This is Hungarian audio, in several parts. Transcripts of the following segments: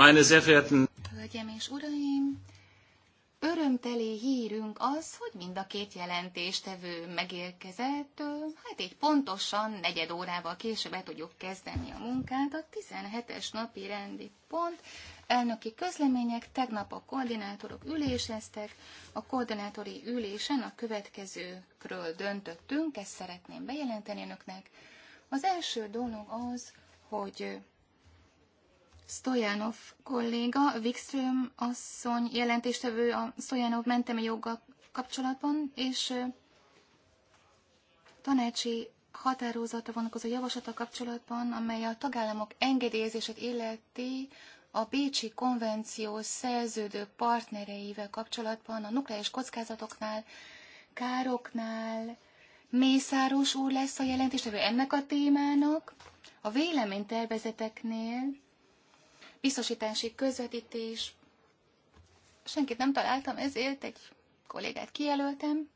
Meine sehr verehrten Hölgyeim és uraim, örömteli hírünk az, hogy mind a két jelentéstevő megérkezett, hát egy pontosan negyed órával később be tudjuk kezdeni a munkát. A 17-es napi rendi pont, elnöki közlemények, tegnap a koordinátorok üléseztek, a koordinátori ülésen a következőkről döntöttünk, ezt szeretném bejelenteni önöknek. Az első dolog az, hogy Stojanov kolléga, Wikström asszony jelentéstevő a Stojanov mentemi joggal kapcsolatban, és tanácsi határozatra vonatkozó javaslata kapcsolatban, amely a tagállamok engedélyezését illeti a Bécsi konvenció szerződő partnereivel kapcsolatban a nukleáris kockázatoknál, károknál. Mészáros úr lesz a jelentéstevő ennek a témának. A véleménytervezeteknél biztosítási közvetítés. Senkit nem találtam, ezért egy kollégát kijelöltem.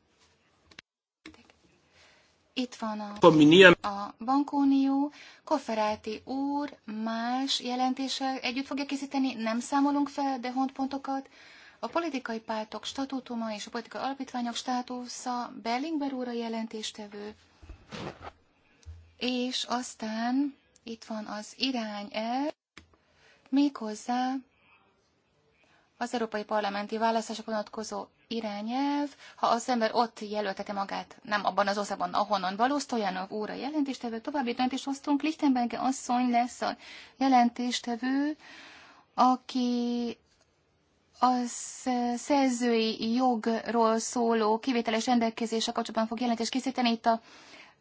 Itt van a, a bankunió, Kofferáti úr más jelentéssel együtt fogja készíteni, nem számolunk fel de pontokat. A politikai pártok statútuma és a politikai alapítványok státusza Berlingber úr a jelentéstevő. És aztán itt van az el méghozzá az európai parlamenti választások vonatkozó irányelv, ha az ember ott jelölteti magát, nem abban az országban, ahonnan való, Stojanov úr a jelentéstevő, további döntést hoztunk, Lichtenberger asszony lesz a jelentéstevő, aki az szerzői jogról szóló kivételes rendelkezésre kapcsolatban fog jelentést készíteni, itt a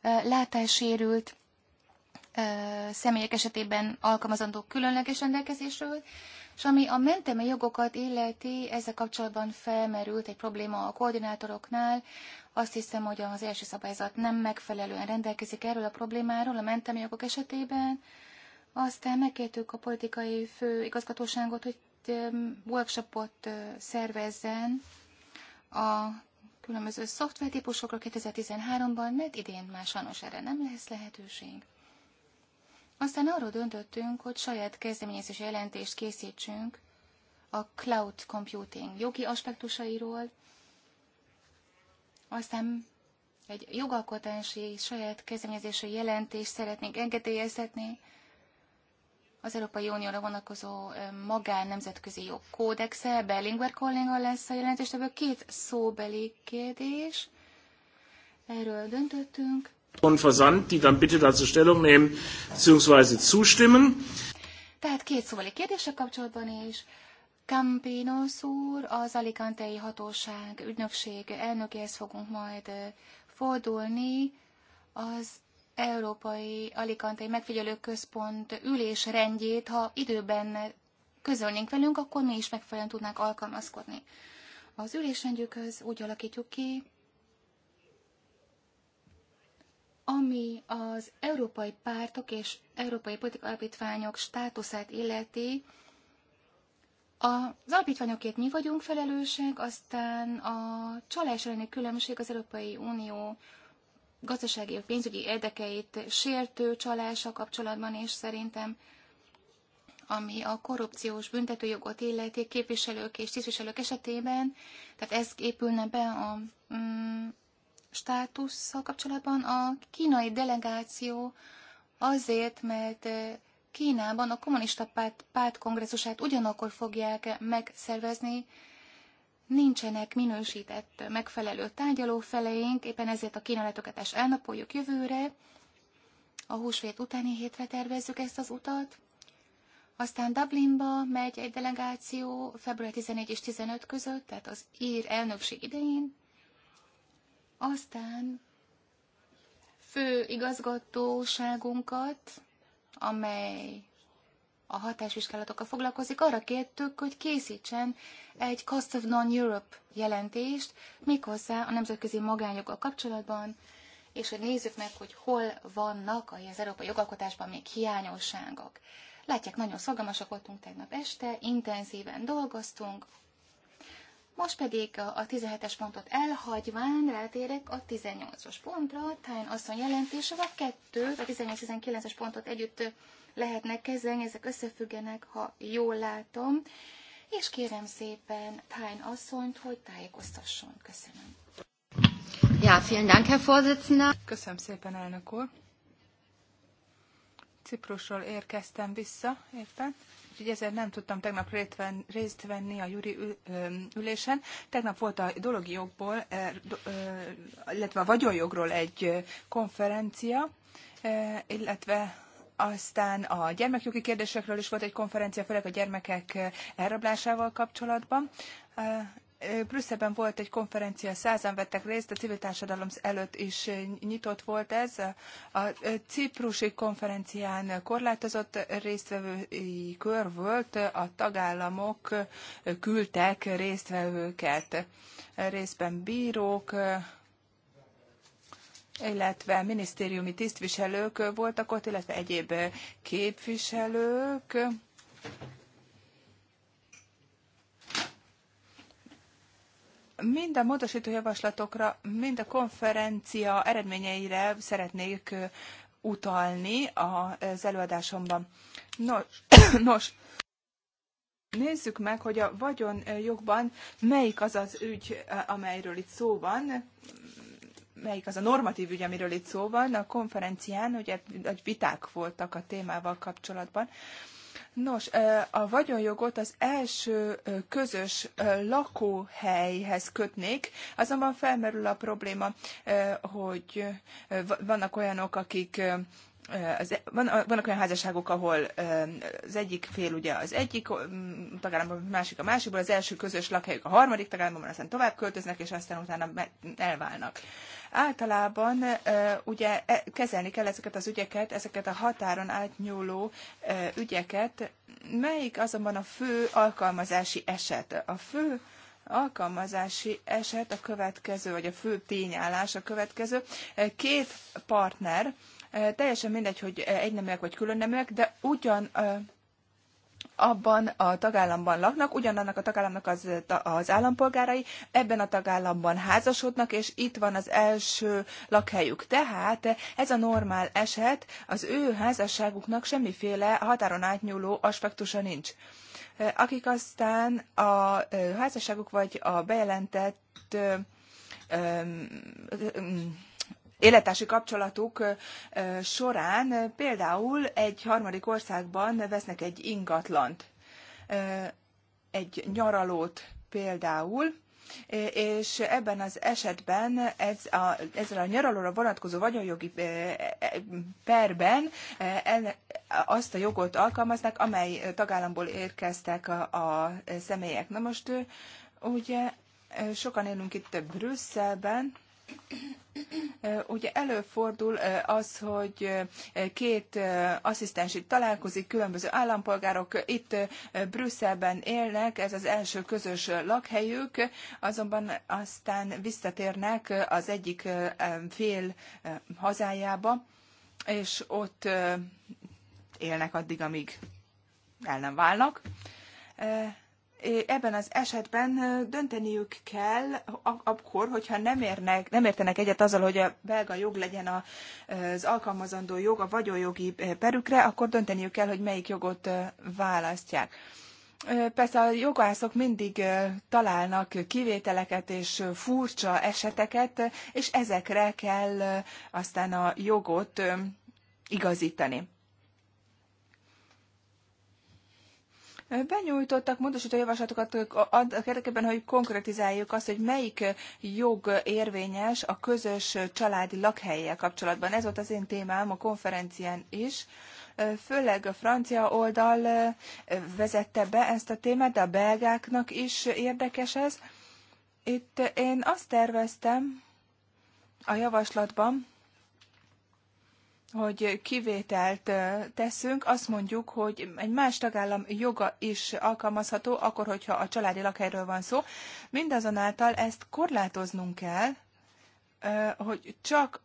eh, látássérült személyek esetében alkalmazandó különleges rendelkezésről, és ami a mentemi jogokat illeti, ezzel kapcsolatban felmerült egy probléma a koordinátoroknál. Azt hiszem, hogy az első szabályzat nem megfelelően rendelkezik erről a problémáról a mentemi jogok esetében. Aztán megkértük a politikai főigazgatóságot, hogy workshopot szervezzen a különböző szoftvertípusokra 2013-ban, mert idén már sajnos erre nem lesz lehetőség. Aztán arról döntöttünk, hogy saját kezdeményezés jelentést készítsünk a cloud computing jogi aspektusairól, aztán egy jogalkotási saját kezdeményezésű jelentést szeretnénk engedélyezhetni az Európai Unióra vonatkozó magán nemzetközi jogkódexe, Bellinger calling lesz a jelentés, ebből két szóbeli kérdés, erről döntöttünk, versandt, die dann bitte dazu Stellung nehmen bzw. zustimmen. Tehát két szóval kérdése kapcsolatban is. Campinos úr, az Alicantei Hatóság ügynökség elnökéhez fogunk majd fordulni. Az Európai Alicantei Megfigyelő Központ ülésrendjét, ha időben közölnénk velünk, akkor mi is megfelelően tudnánk alkalmazkodni. Az ülésrendjükhöz úgy alakítjuk ki, Ami az európai pártok és európai politikai alapítványok státuszát illeti, az alapítványokért mi vagyunk felelősek, aztán a csalás elleni különbség az Európai Unió gazdasági és pénzügyi érdekeit sértő csalása kapcsolatban, és szerintem ami a korrupciós büntetőjogot illeti képviselők és tisztviselők esetében, tehát ez épülne be a mm, státusszal kapcsolatban a kínai delegáció azért, mert eh, Kínában a kommunista párt, párt kongresszusát ugyanakkor fogják megszervezni, nincsenek minősített megfelelő tárgyalófeleink, éppen ezért a kínálatokat elnapoljuk jövőre, a húsvét utáni hétre tervezzük ezt az utat, aztán Dublinba megy egy delegáció február 14 és 15 között, tehát az ír elnökség idején, aztán fő igazgatóságunkat, amely a hatásvizsgálatokkal foglalkozik, arra kértük, hogy készítsen egy Cost of Non-Europe jelentést, méghozzá a nemzetközi magányokkal kapcsolatban, és hogy nézzük meg, hogy hol vannak az európai jogalkotásban még hiányosságok. Látják, nagyon szorgalmasak voltunk tegnap este, intenzíven dolgoztunk, most pedig a 17-es pontot elhagyván rátérek a 18-as pontra. azt a jelentése, vagy kettő, a 18-19-es pontot együtt lehetnek kezelni, ezek összefüggenek, ha jól látom. És kérem szépen Tájn asszonyt, hogy tájékoztasson. Köszönöm. Ja, vielen Dank, Herr Vorsitzender. Köszönöm szépen, elnök úr. Ciprusról érkeztem vissza éppen, úgyhogy ezért nem tudtam tegnap részt venni a júri ülésen. Tegnap volt a dologi jogból, illetve a vagyonjogról egy konferencia, illetve aztán a gyermekjogi kérdésekről is volt egy konferencia, főleg a gyermekek elrablásával kapcsolatban. Brüsszelben volt egy konferencia, százan vettek részt, a civil társadalom előtt is nyitott volt ez. A ciprusi konferencián korlátozott résztvevői kör volt, a tagállamok küldtek résztvevőket, részben bírók, illetve minisztériumi tisztviselők voltak ott, illetve egyéb képviselők Mind a módosító javaslatokra, mind a konferencia eredményeire szeretnék utalni az előadásomban. Nos, nos nézzük meg, hogy a vagyonjogban melyik az az ügy, amelyről itt szó van, melyik az a normatív ügy, amiről itt szó van. A konferencián ugye viták voltak a témával kapcsolatban. Nos, a vagyonjogot az első közös lakóhelyhez kötnék, azonban felmerül a probléma, hogy vannak olyanok, akik az, e-, van, vannak olyan házasságok, ahol az egyik fél ugye az egyik tagállamban, a másik a másikból, az első közös lakhelyük a harmadik tagállamban, aztán tovább költöznek, és aztán utána elválnak. Általában ugye e, kezelni kell ezeket az ügyeket, ezeket a határon átnyúló ügyeket. Melyik azonban a fő alkalmazási eset? A fő alkalmazási eset a következő, vagy a fő tényállás a következő. Két partner, teljesen mindegy, hogy egyneműek vagy különneműek, de ugyan abban a tagállamban laknak, ugyanannak a tagállamnak az, az állampolgárai, ebben a tagállamban házasodnak, és itt van az első lakhelyük. Tehát ez a normál eset, az ő házasságuknak semmiféle határon átnyúló aspektusa nincs. Akik aztán a házasságuk vagy a bejelentett élettársi kapcsolatuk során például egy harmadik országban vesznek egy ingatlant, egy nyaralót például, és ebben az esetben ez a, ezzel a nyaralóra vonatkozó vagyonjogi e, e, perben azt a jogot alkalmaznak, amely tagállamból érkeztek a, a személyek. Na most ugye sokan élünk itt Brüsszelben, Ugye előfordul az, hogy két asszisztens itt találkozik, különböző állampolgárok itt Brüsszelben élnek, ez az első közös lakhelyük, azonban aztán visszatérnek az egyik fél hazájába, és ott élnek addig, amíg el nem válnak ebben az esetben dönteniük kell akkor, hogyha nem, érnek, nem értenek egyet azzal, hogy a belga jog legyen az alkalmazandó jog a vagyonjogi perükre, akkor dönteniük kell, hogy melyik jogot választják. Persze a jogászok mindig találnak kivételeket és furcsa eseteket, és ezekre kell aztán a jogot igazítani. Benyújtottak módosító javaslatokat annak érdekében, hogy konkretizáljuk azt, hogy melyik jog érvényes a közös családi lakhelyek kapcsolatban. Ez volt az én témám a konferencián is. Főleg a francia oldal vezette be ezt a témát, de a belgáknak is érdekes ez. Itt én azt terveztem a javaslatban, hogy kivételt teszünk, azt mondjuk, hogy egy más tagállam joga is alkalmazható, akkor, hogyha a családi lakhelyről van szó. Mindazonáltal ezt korlátoznunk kell, hogy csak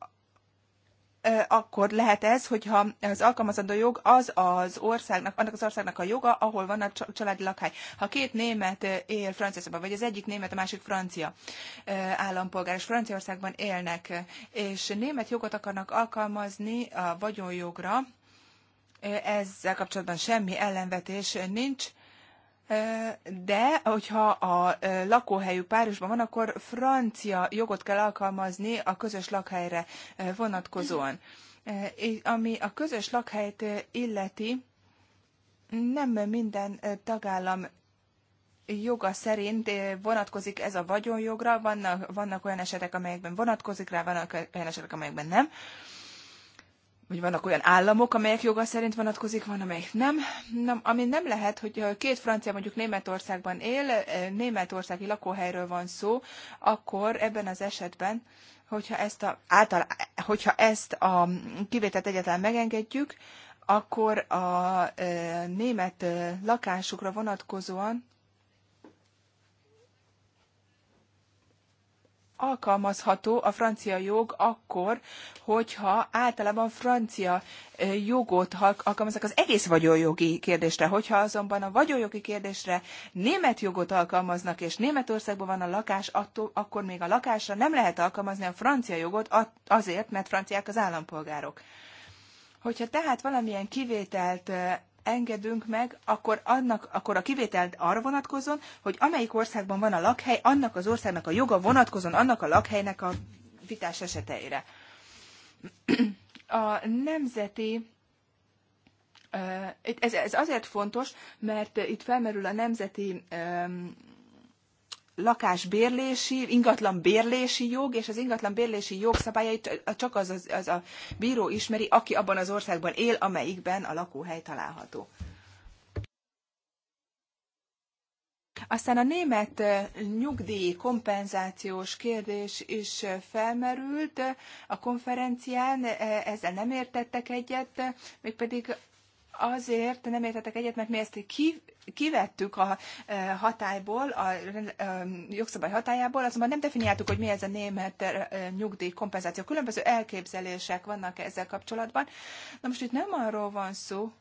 akkor lehet ez, hogyha az alkalmazandó jog az az országnak, annak az országnak a joga, ahol van a családi lakhely. Ha két német él Franciaországban, vagy az egyik német, a másik francia állampolgár, és Franciaországban élnek, és német jogot akarnak alkalmazni a vagyonjogra, ezzel kapcsolatban semmi ellenvetés nincs, de hogyha a lakóhelyük Párizsban van, akkor francia jogot kell alkalmazni a közös lakhelyre vonatkozóan. Ami a közös lakhelyt illeti, nem minden tagállam joga szerint vonatkozik ez a vagyonjogra, vannak, vannak olyan esetek, amelyekben vonatkozik rá, vannak olyan esetek, amelyekben nem hogy vannak olyan államok, amelyek joga szerint vonatkozik, van, amelyik nem. nem ami nem lehet, hogy két francia mondjuk Németországban él, németországi lakóhelyről van szó, akkor ebben az esetben, hogyha ezt a, által, hogyha ezt a kivételt egyáltalán megengedjük, akkor a német lakásukra vonatkozóan alkalmazható a francia jog akkor, hogyha általában francia jogot alkalmaznak az egész vagyonjogi kérdésre. Hogyha azonban a vagyonjogi kérdésre német jogot alkalmaznak, és Németországban van a lakás, attól, akkor még a lakásra nem lehet alkalmazni a francia jogot azért, mert franciák az állampolgárok. Hogyha tehát valamilyen kivételt engedünk meg, akkor, annak, akkor a kivételt arra vonatkozon, hogy amelyik országban van a lakhely, annak az országnak a joga vonatkozon annak a lakhelynek a vitás eseteire. A nemzeti ez, ez azért fontos, mert itt felmerül a nemzeti lakásbérlési, ingatlanbérlési jog, és az ingatlanbérlési jog szabályait csak az, az, az a bíró ismeri, aki abban az országban él, amelyikben a lakóhely található. Aztán a német nyugdíj kompenzációs kérdés is felmerült a konferencián, ezzel nem értettek egyet, mégpedig azért nem értetek egyet, mert mi ezt ki, kivettük a e, hatályból, a, a e, jogszabály hatájából, azonban nem definiáltuk, hogy mi ez a német e, nyugdíj kompenzáció. Különböző elképzelések vannak ezzel kapcsolatban. Na most itt nem arról van szó,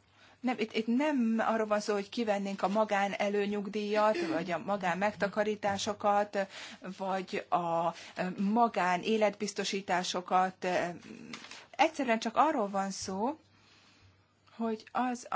nem, itt, itt nem arról van szó, hogy kivennénk a magán előnyugdíjat, vagy a magán megtakarításokat, vagy a magán életbiztosításokat. Egyszerűen csak arról van szó, hogy az,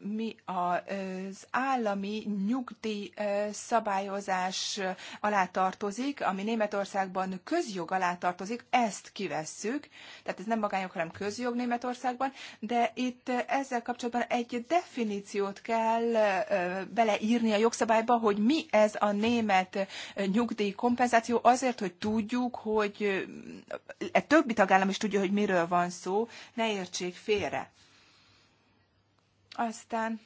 ami az állami nyugdíj szabályozás alá tartozik, ami Németországban közjog alá tartozik, ezt kivesszük, tehát ez nem magányok, hanem közjog Németországban, de itt ezzel kapcsolatban egy definíciót kell beleírni a jogszabályba, hogy mi ez a német nyugdíj kompenzáció, azért, hogy tudjuk, hogy e többi tagállam is tudja, hogy miről van szó, ne értsék félre. Aztán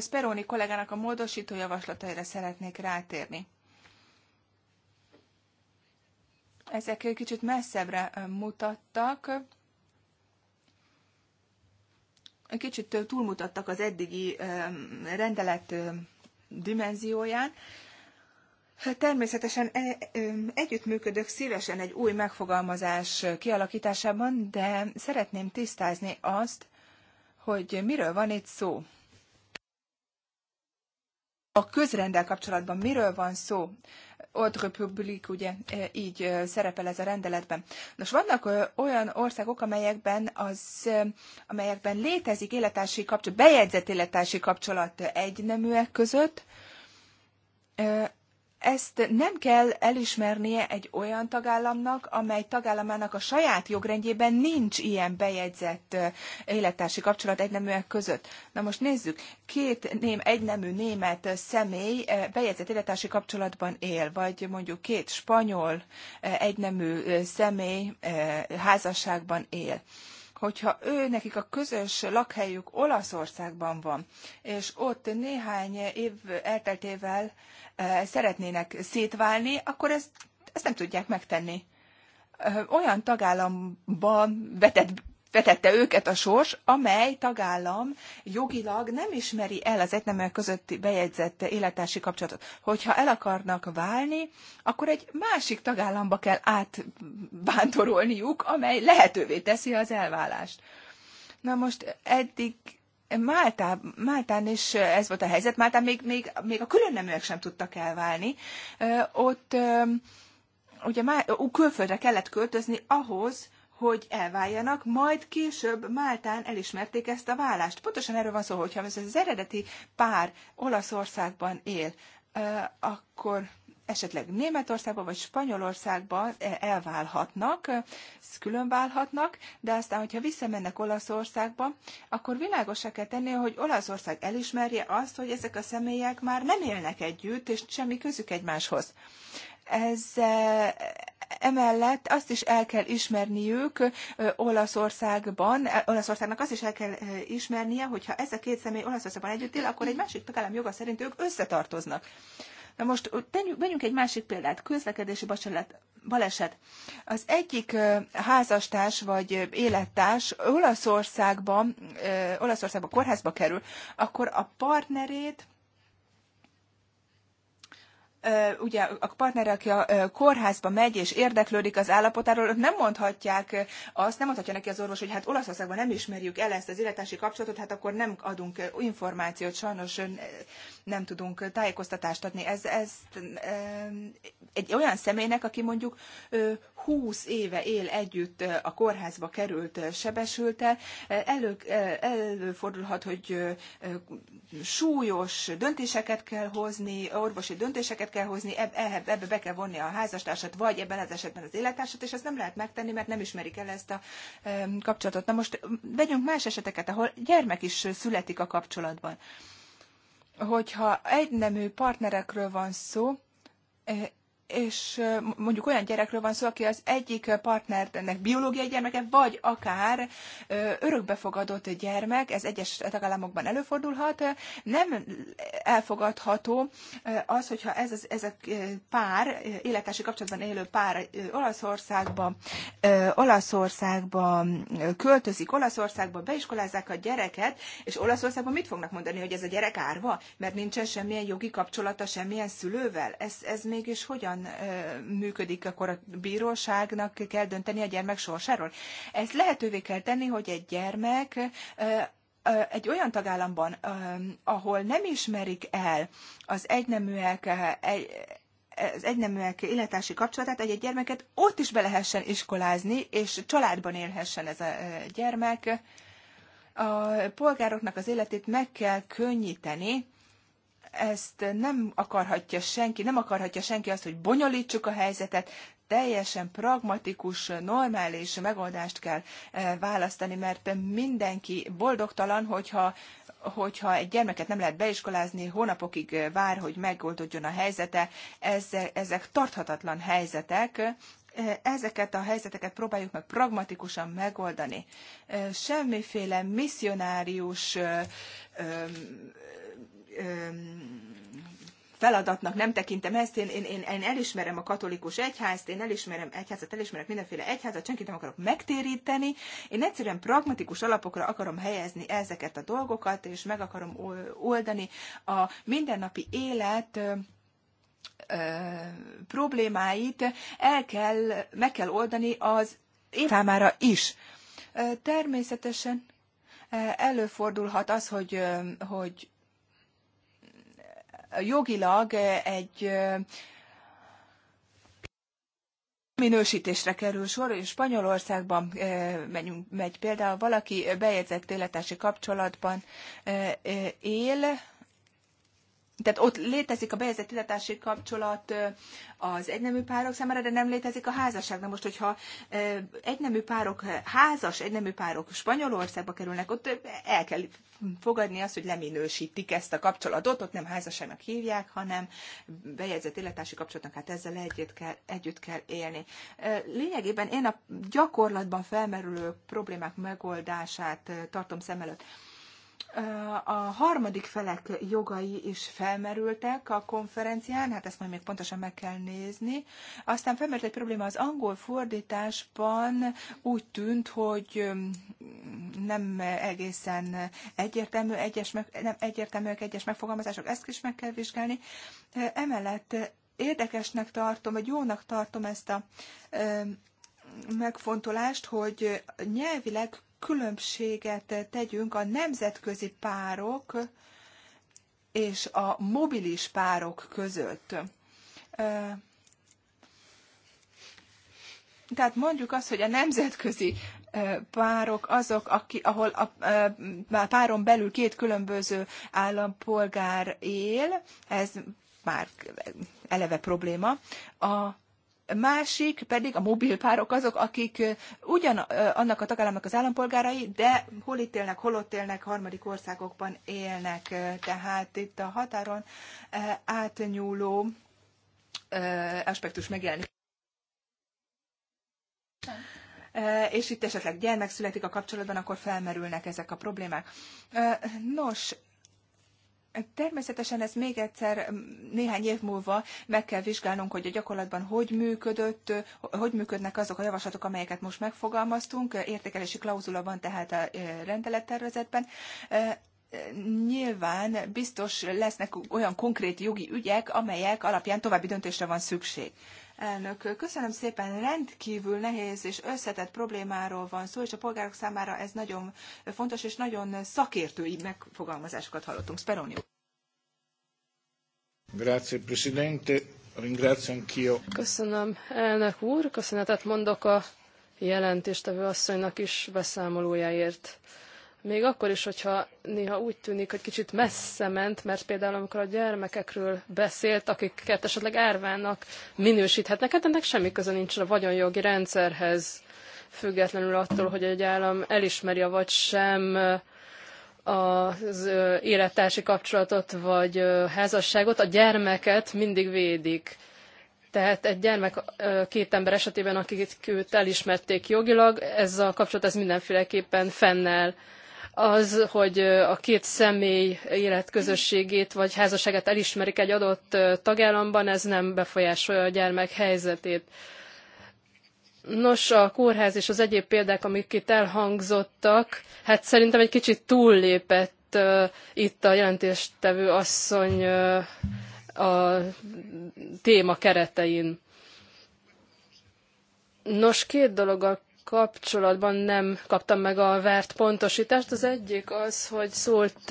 Speroni kollégának a módosító javaslataira szeretnék rátérni. Ezek egy kicsit messzebbre mutattak, egy kicsit túlmutattak az eddigi rendelet dimenzióján. Természetesen e, együttműködök szívesen egy új megfogalmazás kialakításában, de szeretném tisztázni azt, hogy miről van itt szó. A közrendel kapcsolatban miről van szó? Ordre public, ugye e, így e, szerepel ez a rendeletben. Nos, vannak olyan országok, amelyekben, az, e, amelyekben létezik életási kapcsolat, bejegyzett életási kapcsolat egyneműek között, ezt nem kell elismernie egy olyan tagállamnak, amely tagállamának a saját jogrendjében nincs ilyen bejegyzett élettársi kapcsolat egyneműek között. Na most nézzük, két ném, egynemű német személy bejegyzett élettársi kapcsolatban él, vagy mondjuk két spanyol egynemű személy házasságban él hogyha ő nekik a közös lakhelyük Olaszországban van, és ott néhány év elteltével eh, szeretnének szétválni, akkor ezt, ezt nem tudják megtenni. Olyan tagállamban vetett vetette őket a sors, amely tagállam jogilag nem ismeri el az egyneműek közötti bejegyzett élettársi kapcsolatot. Hogyha el akarnak válni, akkor egy másik tagállamba kell átvándorolniuk, amely lehetővé teszi az elválást. Na most eddig Máltán, Máltán is ez volt a helyzet, Máltán még, még, még a külön neműek sem tudtak elválni. Ott ugye már külföldre kellett költözni ahhoz, hogy elváljanak, majd később Máltán elismerték ezt a vállást. Pontosan erről van szó, hogyha ez az eredeti pár Olaszországban él, akkor esetleg Németországban vagy Spanyolországban elválhatnak, különválhatnak, de aztán, hogyha visszamennek Olaszországba, akkor világosra kell tenni, hogy Olaszország elismerje azt, hogy ezek a személyek már nem élnek együtt, és semmi közük egymáshoz. Ez, Emellett azt is el kell ismerniük Olaszországban, Olaszországnak azt is el kell ismernie, hogyha ez a két személy Olaszországban együtt él, akkor egy másik tagállam joga szerint ők összetartoznak. Na most vegyünk egy másik példát, közlekedési baleset. Az egyik házastárs vagy élettárs Olaszországban, Olaszországban kórházba kerül, akkor a partnerét ugye a partner, aki a kórházba megy és érdeklődik az állapotáról, ott nem mondhatják azt, nem mondhatja neki az orvos, hogy hát Olaszországban nem ismerjük el ezt az illetási kapcsolatot, hát akkor nem adunk információt, sajnos nem tudunk tájékoztatást adni. Ez, ez egy olyan személynek, aki mondjuk 20 éve él együtt a kórházba került sebesültel. Elő, előfordulhat, hogy súlyos döntéseket kell hozni, orvosi döntéseket kell hozni, eh, ebbe be kell vonni a házastársat, vagy ebben az esetben az élettársat, és ezt nem lehet megtenni, mert nem ismerik el ezt a kapcsolatot. Na most vegyünk más eseteket, ahol gyermek is születik a kapcsolatban. Hogyha egynemű partnerekről van szó, és mondjuk olyan gyerekről van szó, aki az egyik partnernek biológiai gyermeke, vagy akár örökbefogadott gyermek, ez egyes tagállamokban előfordulhat, nem elfogadható az, hogyha ez, az, ez a pár, életási kapcsolatban élő pár Olaszországba, Olaszországba költözik, Olaszországba beiskolázzák a gyereket, és Olaszországban mit fognak mondani, hogy ez a gyerek árva, mert nincsen semmilyen jogi kapcsolata semmilyen szülővel? Ez, ez mégis hogyan működik, akkor a bíróságnak kell dönteni a gyermek sorsáról. Ezt lehetővé kell tenni, hogy egy gyermek egy olyan tagállamban, ahol nem ismerik el az egyneműek egy, az egyneműek életási kapcsolatát, egy, egy gyermeket ott is be lehessen iskolázni, és családban élhessen ez a gyermek. A polgároknak az életét meg kell könnyíteni, ezt nem akarhatja senki, nem akarhatja senki azt, hogy bonyolítsuk a helyzetet, teljesen pragmatikus, normális megoldást kell eh, választani, mert mindenki boldogtalan, hogyha, hogyha egy gyermeket nem lehet beiskolázni, hónapokig eh, vár, hogy megoldódjon a helyzete, ezek, ezek tarthatatlan helyzetek, eh, ezeket a helyzeteket próbáljuk meg pragmatikusan megoldani. Semmiféle misszionárius feladatnak nem tekintem ezt, én, én, én elismerem a katolikus egyházt, én elismerem egyházat, elismerek mindenféle egyházat, senkit nem akarok megtéríteni, én egyszerűen pragmatikus alapokra akarom helyezni ezeket a dolgokat, és meg akarom oldani a mindennapi élet problémáit el kell, meg kell oldani az én számára is. Természetesen előfordulhat az, hogy, hogy jogilag eh, egy eh, minősítésre kerül sor, és Spanyolországban eh, megyünk, megy például valaki bejegyzett élettársi kapcsolatban él, tehát ott létezik a bejegyzett illetási kapcsolat az egynemű párok számára, de nem létezik a házasság. Na most, hogyha egynemű párok, házas egynemű párok Spanyolországba kerülnek, ott el kell fogadni azt, hogy leminősítik ezt a kapcsolatot, ott nem házasságnak hívják, hanem bejegyzett illetási kapcsolatnak, hát ezzel együtt kell, együtt kell élni. Lényegében én a gyakorlatban felmerülő problémák megoldását tartom szem előtt a harmadik felek jogai is felmerültek a konferencián, hát ezt majd még pontosan meg kell nézni. Aztán felmerült egy probléma az angol fordításban, úgy tűnt, hogy nem egészen egyértelmű, egyes, nem egyértelműek egyes megfogalmazások, ezt is meg kell vizsgálni. Emellett érdekesnek tartom, vagy jónak tartom ezt a megfontolást, hogy nyelvileg különbséget tegyünk a nemzetközi párok és a mobilis párok között. Tehát mondjuk azt, hogy a nemzetközi párok azok, aki, ahol a, a páron belül két különböző állampolgár él, ez már eleve probléma. A másik pedig a mobil párok azok, akik ugyan annak a tagállamnak az állampolgárai, de hol itt élnek, hol ott élnek, harmadik országokban élnek. Tehát itt a határon átnyúló aspektus megjelenik. És itt esetleg gyermek születik a kapcsolatban, akkor felmerülnek ezek a problémák. Nos, Természetesen ez még egyszer néhány év múlva meg kell vizsgálnunk, hogy a gyakorlatban hogy működött, hogy működnek azok a javaslatok, amelyeket most megfogalmaztunk. Értékelési klauzula van tehát a e, rendelettervezetben. E, nyilván biztos lesznek olyan konkrét jogi ügyek, amelyek alapján további döntésre van szükség. Elnök, köszönöm szépen, rendkívül nehéz és összetett problémáról van szó, és a polgárok számára ez nagyon fontos, és nagyon szakértői megfogalmazásokat hallottunk. Speroni Grazie, Presidente. Ringrazio anch'io. Köszönöm, elnök úr. Köszönetet mondok a jelentéstevő asszonynak is beszámolójáért még akkor is, hogyha néha úgy tűnik, hogy kicsit messze ment, mert például amikor a gyermekekről beszélt, akiket esetleg árvának minősíthetnek, hát ennek semmi köze nincs a vagyonjogi rendszerhez, függetlenül attól, hogy egy állam elismeri a vagy sem az élettársi kapcsolatot vagy házasságot, a gyermeket mindig védik. Tehát egy gyermek két ember esetében, akiket őt elismerték jogilag, ez a kapcsolat ez mindenféleképpen fennáll az, hogy a két személy életközösségét vagy házasságát elismerik egy adott tagállamban, ez nem befolyásolja a gyermek helyzetét. Nos, a kórház és az egyéb példák, amik itt elhangzottak, hát szerintem egy kicsit túllépett uh, itt a jelentéstevő asszony uh, a téma keretein. Nos, két dologgal kapcsolatban nem kaptam meg a várt pontosítást. Az egyik az, hogy szólt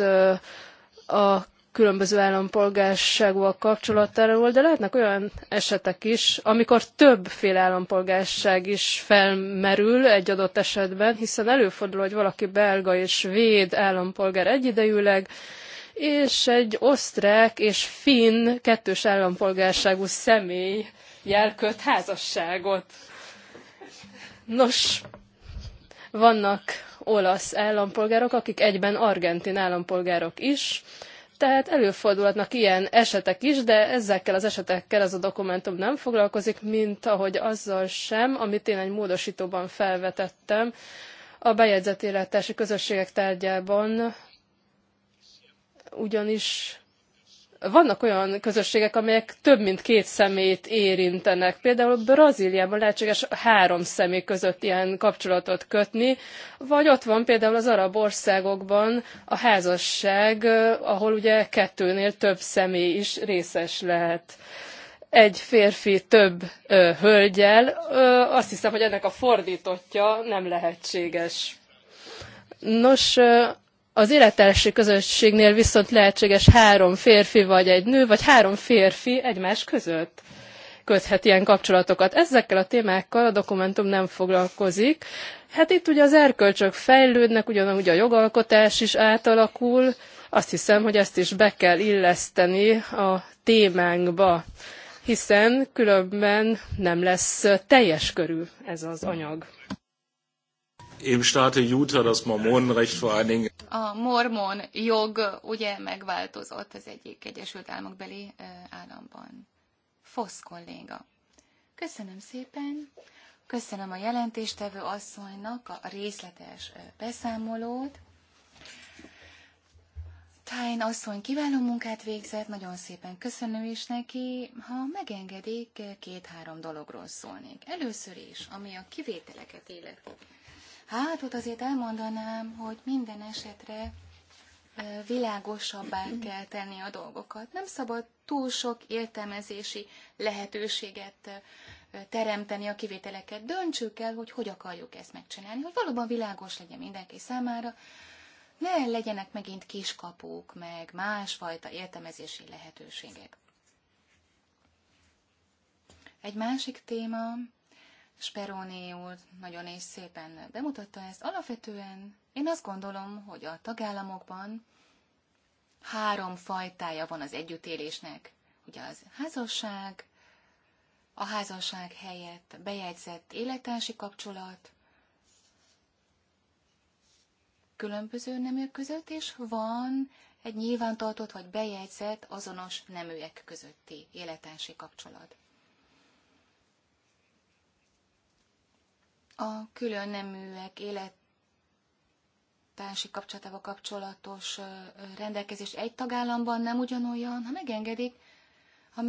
a különböző állampolgárságúak kapcsolatáról, de lehetnek olyan esetek is, amikor többféle állampolgárság is felmerül egy adott esetben, hiszen előfordul, hogy valaki belga és svéd állampolgár egyidejűleg, és egy osztrák és finn kettős állampolgárságú személy jelkölt házasságot. Nos, vannak olasz állampolgárok, akik egyben argentin állampolgárok is, tehát előfordulhatnak ilyen esetek is, de ezekkel az esetekkel ez a dokumentum nem foglalkozik, mint ahogy azzal sem, amit én egy módosítóban felvetettem a bejegyzett élettársi közösségek tárgyában, ugyanis vannak olyan közösségek, amelyek több mint két szemét érintenek. Például Brazíliában lehetséges három személy között ilyen kapcsolatot kötni, vagy ott van például az arab országokban a házasság, ahol ugye kettőnél több személy is részes lehet egy férfi több ö, hölgyel, ö, azt hiszem, hogy ennek a fordítottja nem lehetséges. Nos, az élettársi közösségnél viszont lehetséges három férfi vagy egy nő, vagy három férfi egymás között köthet ilyen kapcsolatokat. Ezekkel a témákkal a dokumentum nem foglalkozik. Hát itt ugye az erkölcsök fejlődnek, ugyanúgy a jogalkotás is átalakul. Azt hiszem, hogy ezt is be kell illeszteni a témánkba, hiszen különben nem lesz teljes körű ez az anyag im Staate Utah das Mormonenrecht vor allen Dingen. A mormon jog ugye megváltozott az egyik Egyesült Államokbeli államban. Fosz kolléga. Köszönöm szépen. Köszönöm a jelentéstevő asszonynak a részletes beszámolót. Tájn asszony kiváló munkát végzett, nagyon szépen köszönöm is neki. Ha megengedik, két-három dologról szólnék. Először is, ami a kivételeket illeti. Hát ott azért elmondanám, hogy minden esetre világosabbá kell tenni a dolgokat. Nem szabad túl sok értelmezési lehetőséget teremteni a kivételeket. Döntsük el, hogy hogy akarjuk ezt megcsinálni, hogy valóban világos legyen mindenki számára, ne legyenek megint kiskapuk, meg másfajta értelmezési lehetőségek. Egy másik téma, Speroni úr nagyon és szépen bemutatta ezt. Alapvetően én azt gondolom, hogy a tagállamokban három fajtája van az együttélésnek. Ugye az házasság, a házasság helyett bejegyzett élettársi kapcsolat, különböző neműek között, és van egy nyilvántartott vagy bejegyzett azonos neműek közötti élettársi kapcsolat. a külön neműek élettársi kapcsolatával kapcsolatos rendelkezés egy tagállamban nem ugyanolyan, ha megengedik, ha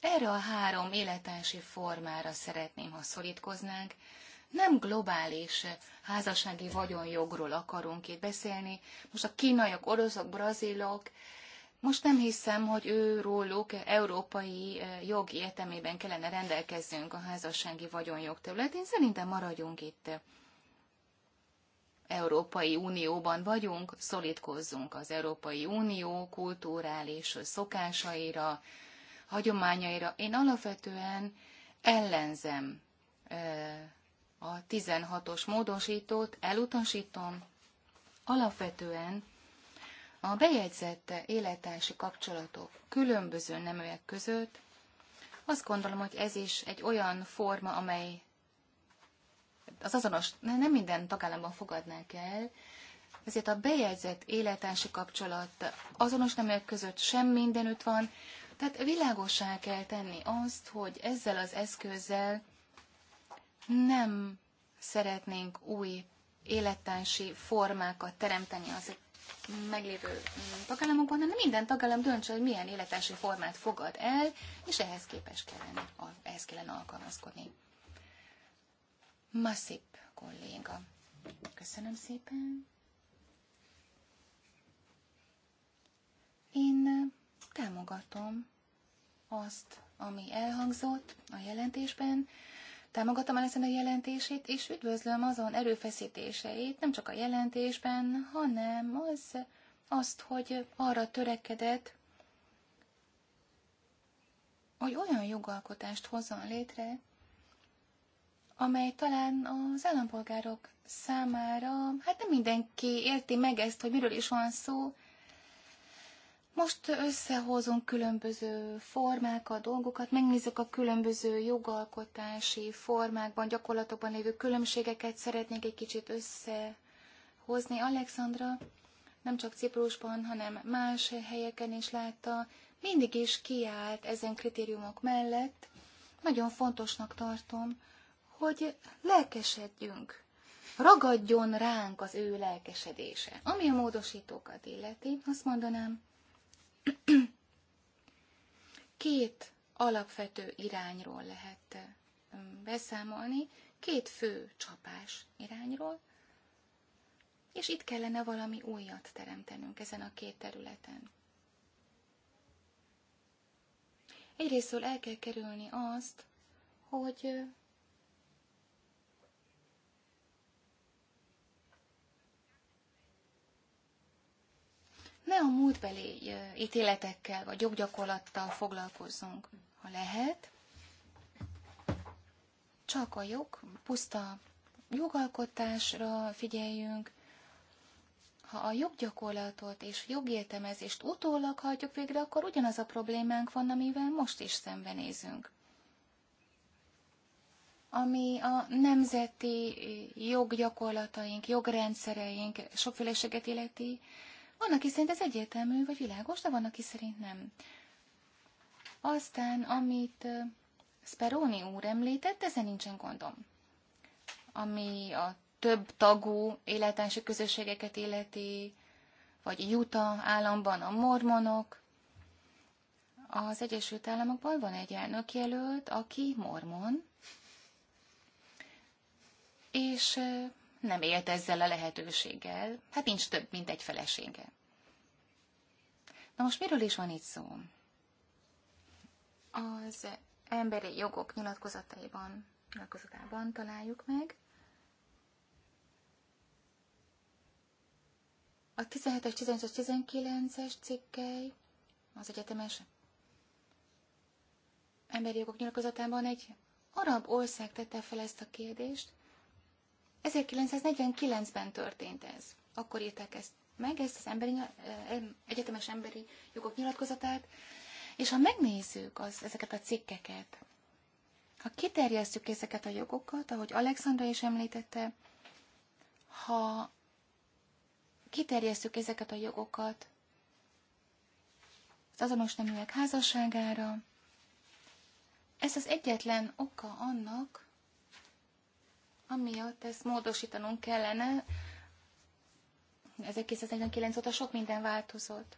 erre a három élettársi formára szeretném, ha szorítkoznánk, nem globális házassági vagyonjogról akarunk itt beszélni. Most a kínaiak, oroszok, brazilok, most nem hiszem, hogy őróluk európai eh, jogi értelmében kellene rendelkezzünk a házassági vagyonjog területén. Szerintem maradjunk itt. Európai Unióban vagyunk, szorítkozzunk az Európai Unió kulturális szokásaira, hagyományaira. Én alapvetően ellenzem eh, a 16-os módosítót, elutasítom. Alapvetően a bejegyzett élettársi kapcsolatok különböző neműek között azt gondolom, hogy ez is egy olyan forma, amely az azonos, nem minden tagállamban fogadnák el, ezért a bejegyzett élettársi kapcsolat azonos neműek között sem mindenütt van, tehát világosá kell tenni azt, hogy ezzel az eszközzel nem szeretnénk új élettársi formákat teremteni az meglévő mm, tagállamokban, hanem minden tagállam döntse, hogy milyen életási formát fogad el, és ehhez képes kellene, ehhez kellene alkalmazkodni. Masszip kolléga. Köszönöm szépen. Én eh, támogatom azt, ami elhangzott a jelentésben, Támogatom Alexander jelentését, és üdvözlöm azon erőfeszítéseit, nem csak a jelentésben, hanem az, azt, hogy arra törekedett, hogy olyan jogalkotást hozzon létre, amely talán az állampolgárok számára, hát nem mindenki érti meg ezt, hogy miről is van szó, most összehozunk különböző formákat, dolgokat, megnézzük a különböző jogalkotási formákban, gyakorlatokban lévő különbségeket, szeretnék egy kicsit összehozni. Alexandra nem csak Ciprusban, hanem más helyeken is látta, mindig is kiállt ezen kritériumok mellett. Nagyon fontosnak tartom, hogy lelkesedjünk, ragadjon ránk az ő lelkesedése. Ami a módosítókat illeti, azt mondanám, Két alapvető irányról lehet um, beszámolni, két fő csapás irányról, és itt kellene valami újat teremtenünk ezen a két területen. Egyrésztől el kell kerülni azt, hogy ne a múltbeli ítéletekkel vagy joggyakorlattal foglalkozzunk, ha lehet. Csak a jog, puszta jogalkotásra figyeljünk. Ha a joggyakorlatot és jogértelmezést utólag hajtjuk végre, akkor ugyanaz a problémánk van, amivel most is szembenézünk ami a nemzeti joggyakorlataink, jogrendszereink sokféleséget illeti, van, aki szerint ez egyértelmű vagy világos, de van, aki szerint nem. Aztán, amit Speroni úr említett, ezen nincsen gondom. Ami a több tagú életási közösségeket illeti, vagy Utah államban a mormonok. Az Egyesült Államokban van egy elnökjelölt, aki mormon, és nem élt ezzel a lehetőséggel, hát nincs több, mint egy felesége. Na most miről is van itt szó? Az emberi jogok nyilatkozataiban, nyilatkozatában találjuk meg. A 17-es, 19-es cikkei az egyetemes emberi jogok nyilatkozatában egy arab ország tette fel ezt a kérdést, 1949-ben történt ez. Akkor írták ezt meg, ezt az emberi, egyetemes emberi jogok nyilatkozatát, és ha megnézzük az, ezeket a cikkeket, ha kiterjesztjük ezeket a jogokat, ahogy Alexandra is említette, ha kiterjesztjük ezeket a jogokat az azonos neműek házasságára, ez az egyetlen oka annak, amiatt ezt módosítanunk kellene. 1949 óta sok minden változott.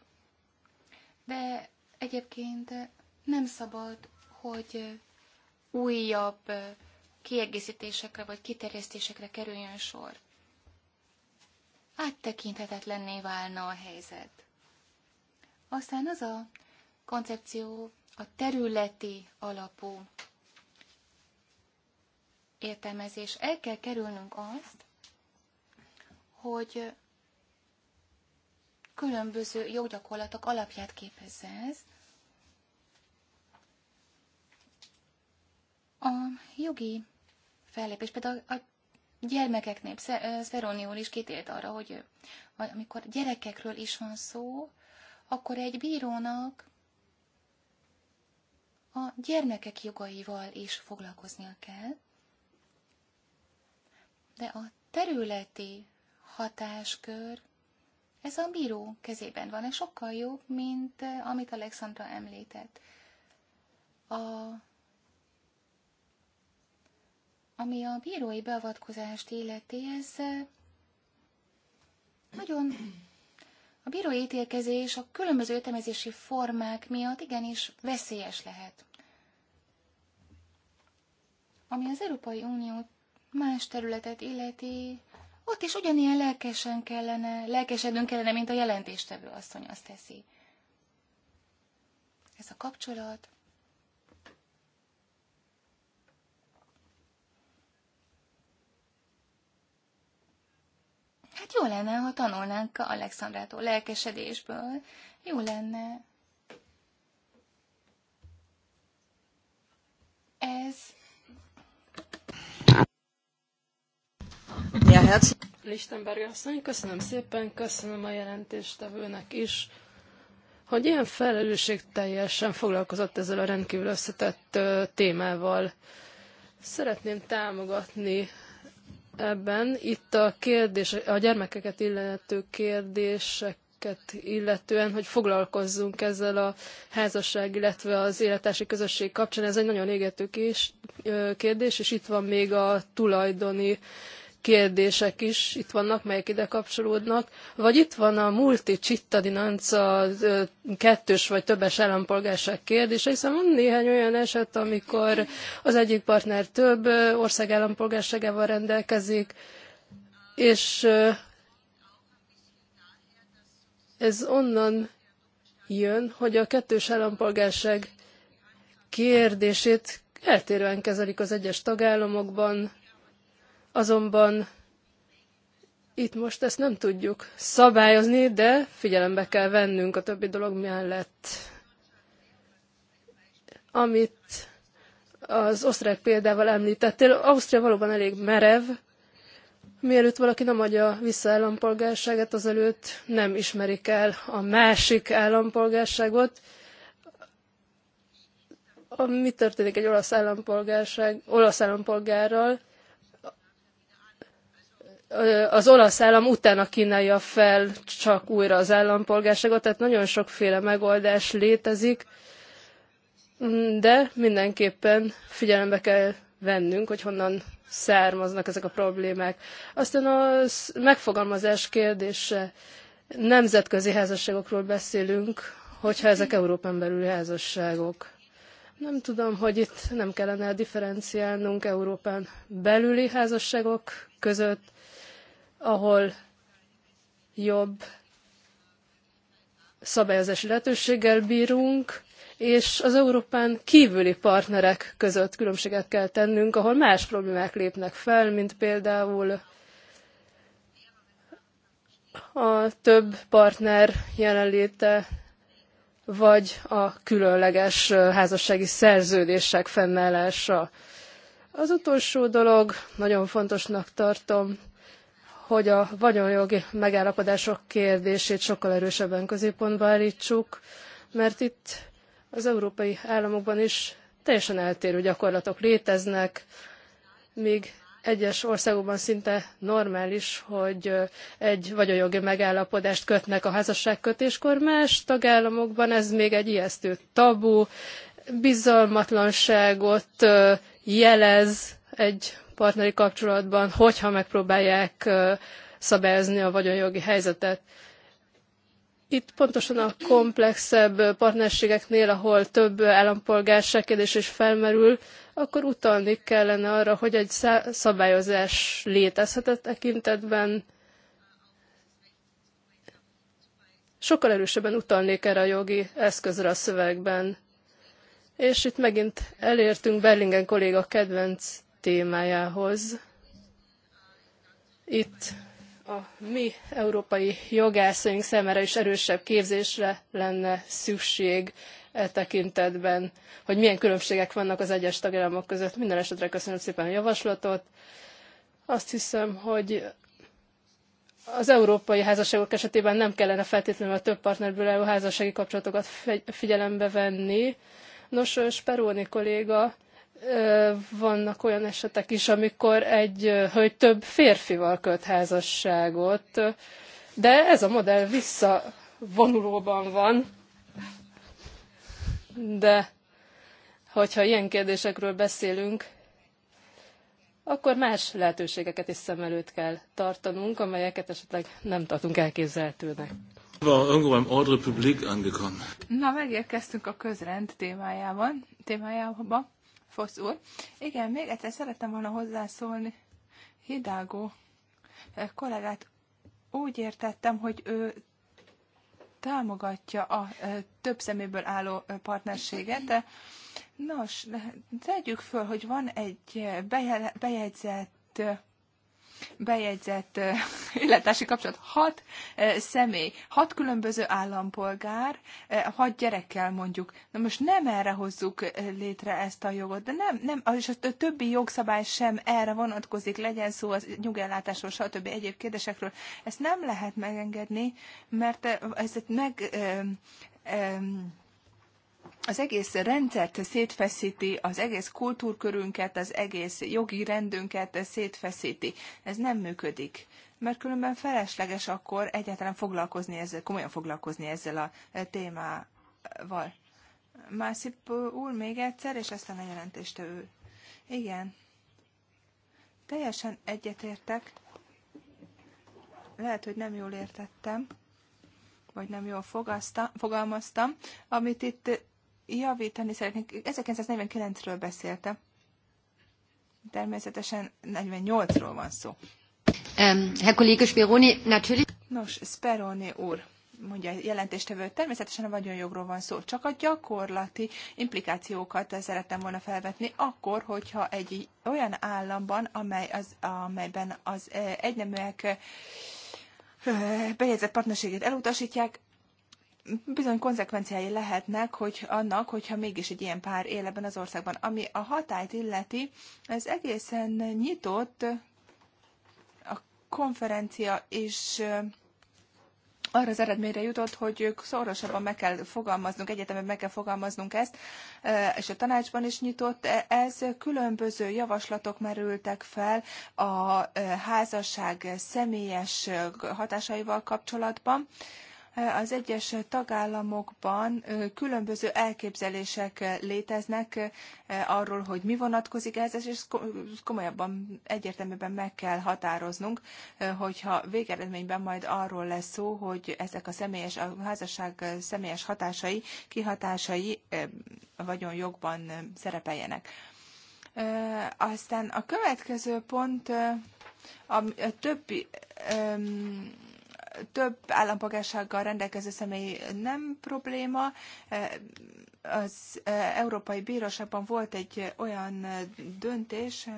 De egyébként nem szabad, hogy újabb kiegészítésekre vagy kiterjesztésekre kerüljön sor. Áttekinthetetlenné válna a helyzet. Aztán az a koncepció, a területi alapú értelmezés. El kell kerülnünk azt, hogy különböző joggyakorlatok alapját képezze ez. A jogi fellépés, például a gyermekeknél, Szeroni úr is kitért arra, hogy amikor gyerekekről is van szó, akkor egy bírónak a gyermekek jogaival is foglalkoznia kell de a területi hatáskör, ez a bíró kezében van, és sokkal jobb, mint eh, amit Alexandra említett. A, ami a bírói beavatkozást illeti, ez eh, nagyon a bírói ítélkezés a különböző ütemezési formák miatt igenis veszélyes lehet. Ami az Európai Uniót más területet illeti, ott is ugyanilyen lelkesen kellene, lelkesedőn kellene, mint a jelentéstevő asszony azt teszi. Ez a kapcsolat. Hát jó lenne, ha tanulnánk Alexandrától lelkesedésből. Jó lenne. Ez Ja, Lichtenberg asszony, köszönöm szépen, köszönöm a jelentéstevőnek is, hogy ilyen felelősségteljesen foglalkozott ezzel a rendkívül összetett témával. Szeretném támogatni ebben. Itt a kérdés, a gyermekeket illető kérdéseket illetően, hogy foglalkozzunk ezzel a házasság, illetve az életási közösség kapcsán. Ez egy nagyon égető kérdés, és itt van még a tulajdoni kérdések is itt vannak, melyek ide kapcsolódnak, vagy itt van a multi cittadinanza kettős vagy többes állampolgárság kérdése, hiszen van néhány olyan eset, amikor az egyik partner több ország állampolgárságával rendelkezik, és ez onnan jön, hogy a kettős állampolgárság kérdését eltérően kezelik az egyes tagállamokban, Azonban itt most ezt nem tudjuk szabályozni, de figyelembe kell vennünk a többi dolog mellett. Amit az osztrák példával említettél, Ausztria valóban elég merev, Mielőtt valaki nem adja vissza állampolgárságát, azelőtt nem ismerik el a másik állampolgárságot. mi történik egy olasz, állampolgárság, olasz állampolgárral? az olasz állam utána kínálja fel csak újra az állampolgárságot, tehát nagyon sokféle megoldás létezik, de mindenképpen figyelembe kell vennünk, hogy honnan származnak ezek a problémák. Aztán a megfogalmazás kérdése. Nemzetközi házasságokról beszélünk, hogyha ezek Európán belüli házasságok. Nem tudom, hogy itt nem kellene differenciálnunk Európán belüli házasságok között, ahol jobb szabályozási lehetőséggel bírunk, és az Európán kívüli partnerek között különbséget kell tennünk, ahol más problémák lépnek fel, mint például a több partner jelenléte, vagy a különleges házassági szerződések fennállása. Az utolsó dolog, nagyon fontosnak tartom, hogy a vagyonjogi megállapodások kérdését sokkal erősebben középpontba állítsuk, mert itt az európai államokban is teljesen eltérő gyakorlatok léteznek, míg egyes országokban szinte normális, hogy egy vagyonjogi megállapodást kötnek a házasságkötéskor, más tagállamokban ez még egy ijesztő tabu, bizalmatlanságot jelez egy partneri kapcsolatban, hogyha megpróbálják szabályozni a vagyonjogi helyzetet. Itt pontosan a komplexebb partnerségeknél, ahol több állampolgárság kérdés is felmerül, akkor utalni kellene arra, hogy egy szabályozás létezhet a tekintetben. Sokkal erősebben utalnék erre a jogi eszközre a szövegben. És itt megint elértünk Berlingen kolléga kedvenc témájához. Itt a mi európai jogászaink számára is erősebb képzésre lenne szükség e tekintetben, hogy milyen különbségek vannak az egyes tagállamok között. Minden esetre köszönöm szépen a javaslatot. Azt hiszem, hogy az európai házasságok esetében nem kellene feltétlenül a több partnerből álló házassági kapcsolatokat figyelembe venni. Nos, Speróni kolléga vannak olyan esetek is, amikor egy hölgy több férfival köt házasságot, de ez a modell visszavonulóban van. De hogyha ilyen kérdésekről beszélünk, akkor más lehetőségeket is szem előtt kell tartanunk, amelyeket esetleg nem tartunk elképzelhetőnek. Na, megérkeztünk a közrend témájában, témájában. Fosz úr. Igen, még egyszer szerettem volna hozzászólni Hidágó eh, kollégát. Úgy értettem, hogy ő támogatja a eh, több szeméből álló eh, partnerséget, de nos, tegyük föl, hogy van egy bejegyzett bejegyzett illetési kapcsolat. Hat személy, hat különböző állampolgár, hat gyerekkel mondjuk. Na most nem erre hozzuk létre ezt a jogot, de nem, nem, és a többi jogszabály sem erre vonatkozik, legyen szó az nyugellátásról, stb. egyéb kérdésekről. Ezt nem lehet megengedni, mert ez meg, az egész rendszert szétfeszíti, az egész kultúrkörünket, az egész jogi rendünket szétfeszíti. Ez nem működik. Mert különben felesleges akkor egyáltalán foglalkozni ezzel, komolyan foglalkozni ezzel a e, témával. Mászip úr még egyszer, és aztán a ő. Igen. Teljesen egyetértek. Lehet, hogy nem jól értettem, vagy nem jól fogalmaztam, amit itt javítani szeretnék. 1949-ről beszéltem. Természetesen 48-ról van szó. Um, Herr Kollege Speroni, natürlich. Nos, Speroni úr, mondja jelentéstevő, természetesen a vagyonjogról van szó, csak a gyakorlati implikációkat szerettem volna felvetni, akkor, hogyha egy olyan államban, amely az, amelyben az eh, egyneműek eh, bejegyzett partnerségét elutasítják, bizony konzekvenciái lehetnek hogy annak, hogyha mégis egy ilyen pár él ebben az országban. Ami a hatályt illeti, ez egészen nyitott a konferencia, és arra az eredményre jutott, hogy ők szorosabban meg kell fogalmaznunk, egyetemben meg kell fogalmaznunk ezt, és a tanácsban is nyitott. E, ez különböző javaslatok merültek fel a házasság személyes hatásaival kapcsolatban az egyes tagállamokban különböző elképzelések léteznek arról, hogy mi vonatkozik ez, és ezt komolyabban, egyértelműen meg kell határoznunk, hogyha végeredményben majd arról lesz szó, hogy ezek a személyes, a házasság személyes hatásai, kihatásai vagyonjogban szerepeljenek. Aztán a következő pont a többi több állampolgársággal rendelkező személy nem probléma. Az Európai Bíróságban volt egy olyan döntés,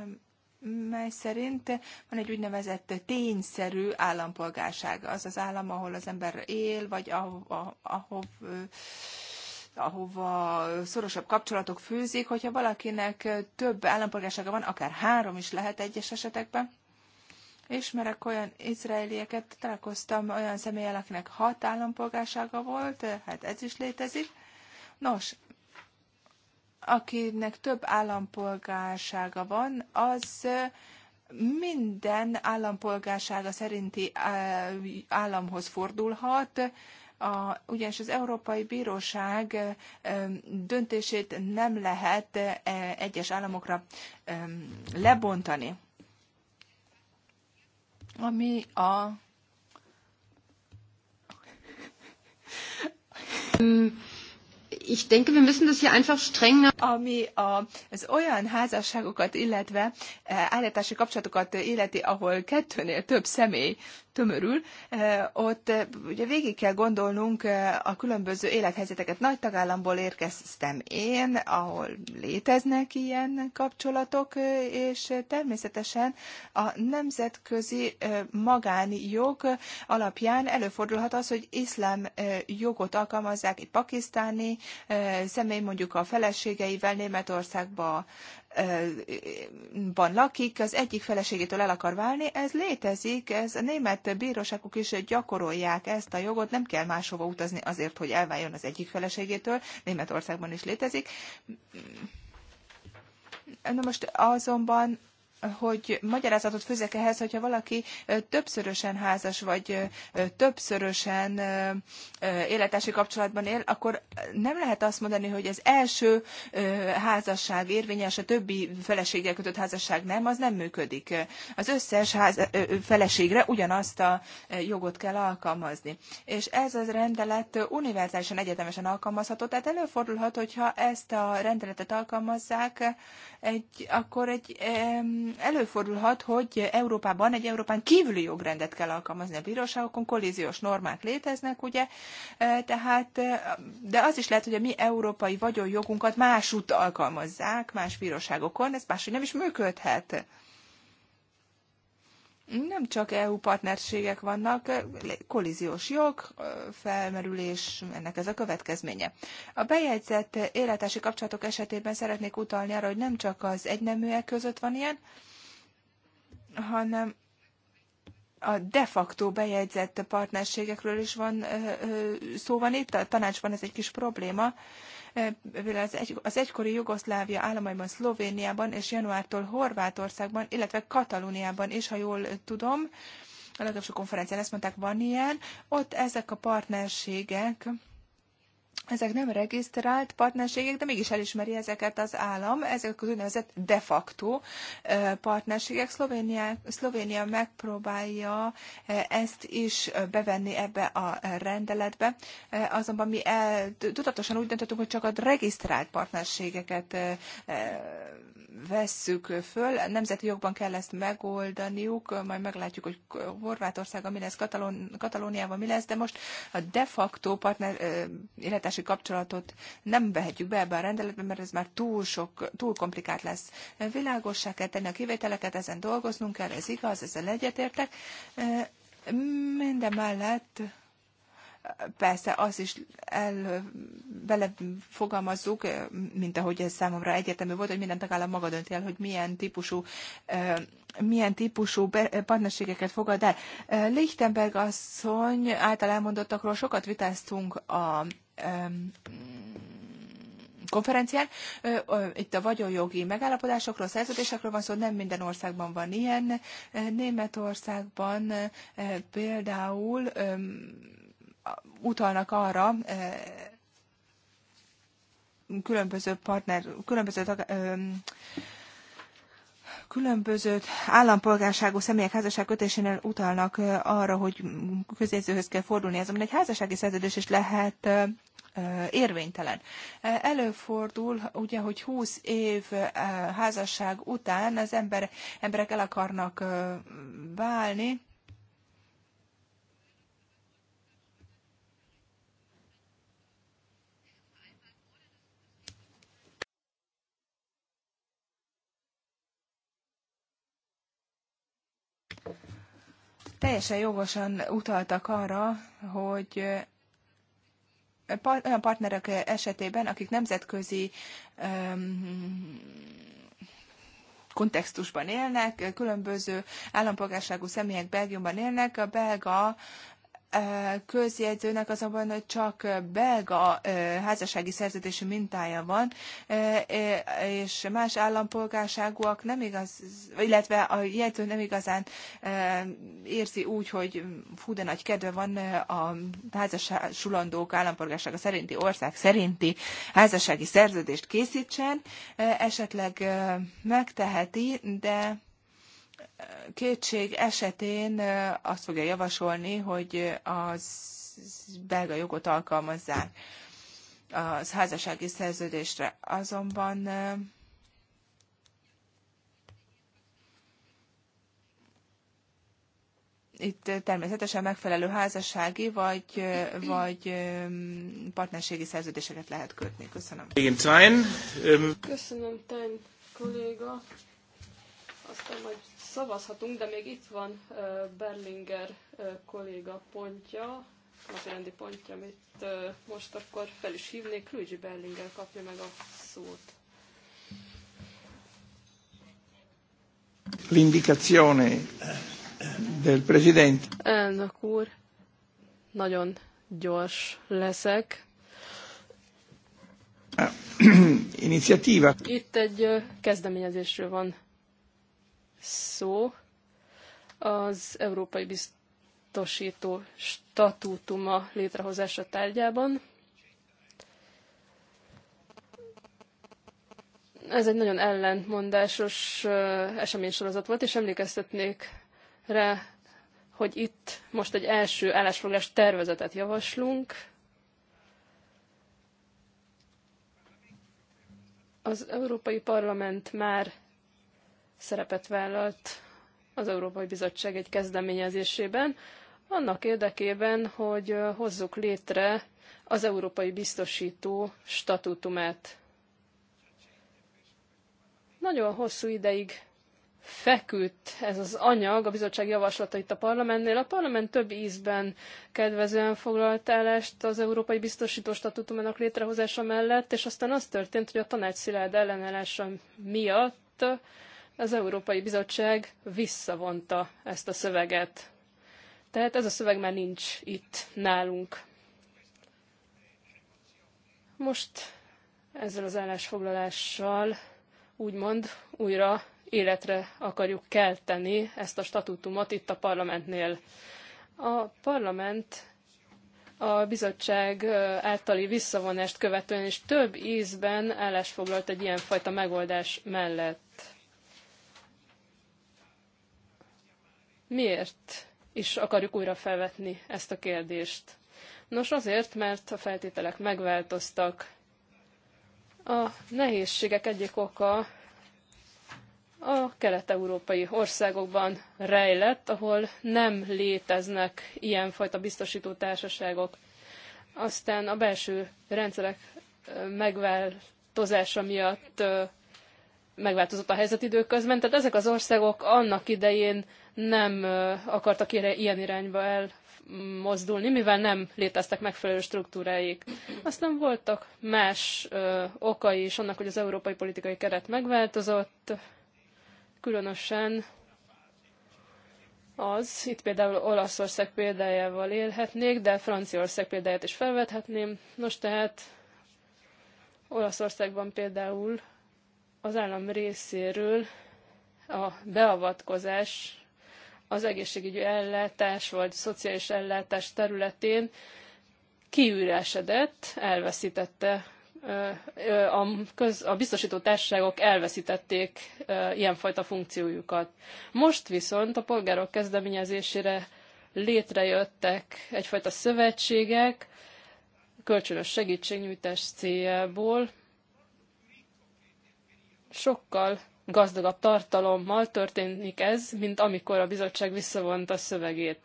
mely szerint van egy úgynevezett tényszerű állampolgárság. Az az állam, ahol az ember él, vagy ahova, ahova, ahova szorosabb kapcsolatok fűzik, hogyha valakinek több állampolgársága van, akár három is lehet egyes esetekben, Ismerek olyan izraelieket, találkoztam olyan személyel, akinek hat állampolgársága volt, hát ez is létezik. Nos, akinek több állampolgársága van, az minden állampolgársága szerinti államhoz fordulhat, a, ugyanis az Európai Bíróság döntését nem lehet egyes államokra lebontani ami a Ich denke, wir müssen das hier einfach streng Ami a, az olyan házasságokat, illetve eh, állítási kapcsolatokat illeti, ahol kettőnél több személy tömörül, eh, ott eh, ugye végig kell gondolnunk eh, a különböző élethelyzeteket. Nagy tagállamból érkeztem én, ahol léteznek ilyen kapcsolatok, és természetesen a nemzetközi magáni jog alapján előfordulhat az, hogy iszlám jogot alkalmazzák egy pakisztáni személy mondjuk a feleségeivel Németországba van lakik, az egyik feleségétől el akar válni, ez létezik, ez a német bíróságok is gyakorolják ezt a jogot, nem kell máshova utazni azért, hogy elváljon az egyik feleségétől, Németországban is létezik. Na most azonban hogy magyarázatot fűzek ehhez, hogyha valaki többszörösen házas, vagy többszörösen élettársi kapcsolatban él, akkor nem lehet azt mondani, hogy az első házasság érvényes, a többi feleséggel kötött házasság nem, az nem működik. Az összes ház, feleségre ugyanazt a jogot kell alkalmazni. És ez az rendelet univerzálisan egyetemesen alkalmazható, tehát előfordulhat, hogyha ezt a rendeletet alkalmazzák, egy, akkor egy előfordulhat, hogy Európában egy Európán kívüli jogrendet kell alkalmazni a bíróságokon, kollíziós normák léteznek, ugye, e, tehát, e, de az is lehet, hogy a mi európai vagyonjogunkat másút alkalmazzák, más bíróságokon, ez máshogy nem is működhet nem csak EU partnerségek vannak, kollíziós jog, felmerülés, ennek ez a következménye. A bejegyzett életási kapcsolatok esetében szeretnék utalni arra, hogy nem csak az egyneműek között van ilyen, hanem a de facto bejegyzett partnerségekről is van szó van itt, a tanácsban ez egy kis probléma, az, az egykori Jugoszlávia államaiban, Szlovéniában és januártól Horvátországban, illetve Katalóniában is, ha jól tudom, a legelső konferencián ezt mondták, van ilyen, ott ezek a partnerségek ezek nem regisztrált partnerségek, de mégis elismeri ezeket az állam, ezek az úgynevezett de facto partnerségek. Szlovénia, Szlovénia megpróbálja ezt is bevenni ebbe a rendeletbe, azonban mi el, tudatosan úgy döntöttünk, hogy csak a regisztrált partnerségeket vesszük föl. nemzeti jogban kell ezt megoldaniuk, majd meglátjuk, hogy Horvátországa mi lesz, Katalón, Katalóniában mi lesz, de most a de facto partner életási kapcsolatot nem vehetjük be ebbe a rendeletbe, mert ez már túl sok, túl komplikált lesz. Világossá kell tenni a kivételeket, ezen dolgoznunk kell, ez igaz, ezzel egyetértek. Minden mellett persze azt is el, bele fogalmazzuk, mint ahogy ez számomra egyetemű volt, hogy minden tagállam maga dönti el, hogy milyen típusú milyen típusú partnerségeket fogad el. Lichtenberg asszony által elmondottakról sokat vitáztunk a konferencián. Itt a vagyonjogi megállapodásokról, szerződésekről van szó, nem minden országban van ilyen. Németországban például utalnak arra, különböző partner, különböző tag, különböző állampolgárságú személyek házasság kötésénél utalnak arra, hogy közjegyzőhöz kell fordulni. Ez egy házassági szerződés is lehet érvénytelen. Előfordul, ugye, hogy 20 év házasság után az ember, emberek el akarnak válni, teljesen jogosan utaltak arra, hogy eh, olyan partnerek esetében, akik nemzetközi ehm, kontextusban élnek, különböző állampolgárságú személyek Belgiumban élnek, a belga közjegyzőnek azonban csak belga házassági szerződési mintája van, és más állampolgárságúak nem igaz, illetve a jegyző nem igazán érzi úgy, hogy fú, de nagy kedve van a házassulandók állampolgársága szerinti ország szerinti házassági szerződést készítsen, esetleg megteheti, de kétség esetén azt fogja javasolni, hogy az belga jogot alkalmazzák az házassági szerződésre. Azonban itt természetesen megfelelő házassági vagy, vagy partnerségi szerződéseket lehet kötni. Köszönöm. Köszönöm, Tán kolléga. Aztán majd szavazhatunk, de még itt van Berlinger kolléga pontja, az napirendi pontja, amit most akkor fel is hívnék. Luigi Berlinger kapja meg a szót. L'indicazione del Presidente. Elnök úr, nagyon gyors leszek. Ah, Iniciatíva. Itt egy kezdeményezésről van szó. Az Európai Biztosító Statútuma létrehozása tárgyában. Ez egy nagyon ellentmondásos eseménysorozat volt, és emlékeztetnék rá, hogy itt most egy első állásfoglalás tervezetet javaslunk, az Európai Parlament már szerepet vállalt az Európai Bizottság egy kezdeményezésében, annak érdekében, hogy hozzuk létre az Európai Biztosító statutumát. Nagyon hosszú ideig feküdt ez az anyag, a bizottság javaslata itt a parlamentnél. A parlament több ízben kedvezően foglalt állást az Európai Biztosító Statutumának létrehozása mellett, és aztán az történt, hogy a tanács szilárd ellenállása miatt az Európai Bizottság visszavonta ezt a szöveget. Tehát ez a szöveg már nincs itt nálunk. Most ezzel az állásfoglalással úgymond újra életre akarjuk kelteni ezt a statutumot itt a parlamentnél. A parlament a bizottság általi visszavonást követően is több ízben állásfoglalt egy ilyenfajta megoldás mellett. Miért is akarjuk újra felvetni ezt a kérdést? Nos, azért, mert a feltételek megváltoztak. A nehézségek egyik oka a kelet-európai országokban rejlett, ahol nem léteznek ilyenfajta biztosító társaságok. Aztán a belső rendszerek megváltozása miatt megváltozott a helyzet időközben, tehát ezek az országok annak idején nem akartak ilyen irányba elmozdulni, mivel nem léteztek megfelelő struktúráik. Aztán voltak más okai is annak, hogy az európai politikai keret megváltozott, különösen az, itt például Olaszország példájával élhetnék, de Franciaország példáját is felvethetném. Nos, tehát Olaszországban például az állam részéről a beavatkozás az egészségügyi ellátás vagy szociális ellátás területén kiüresedett, elveszítette a, köz, a biztosító társaságok elveszítették ilyenfajta funkciójukat. Most viszont a polgárok kezdeményezésére létrejöttek egyfajta szövetségek, kölcsönös segítségnyújtás céljából, sokkal gazdagabb tartalommal történik ez, mint amikor a bizottság visszavonta a szövegét.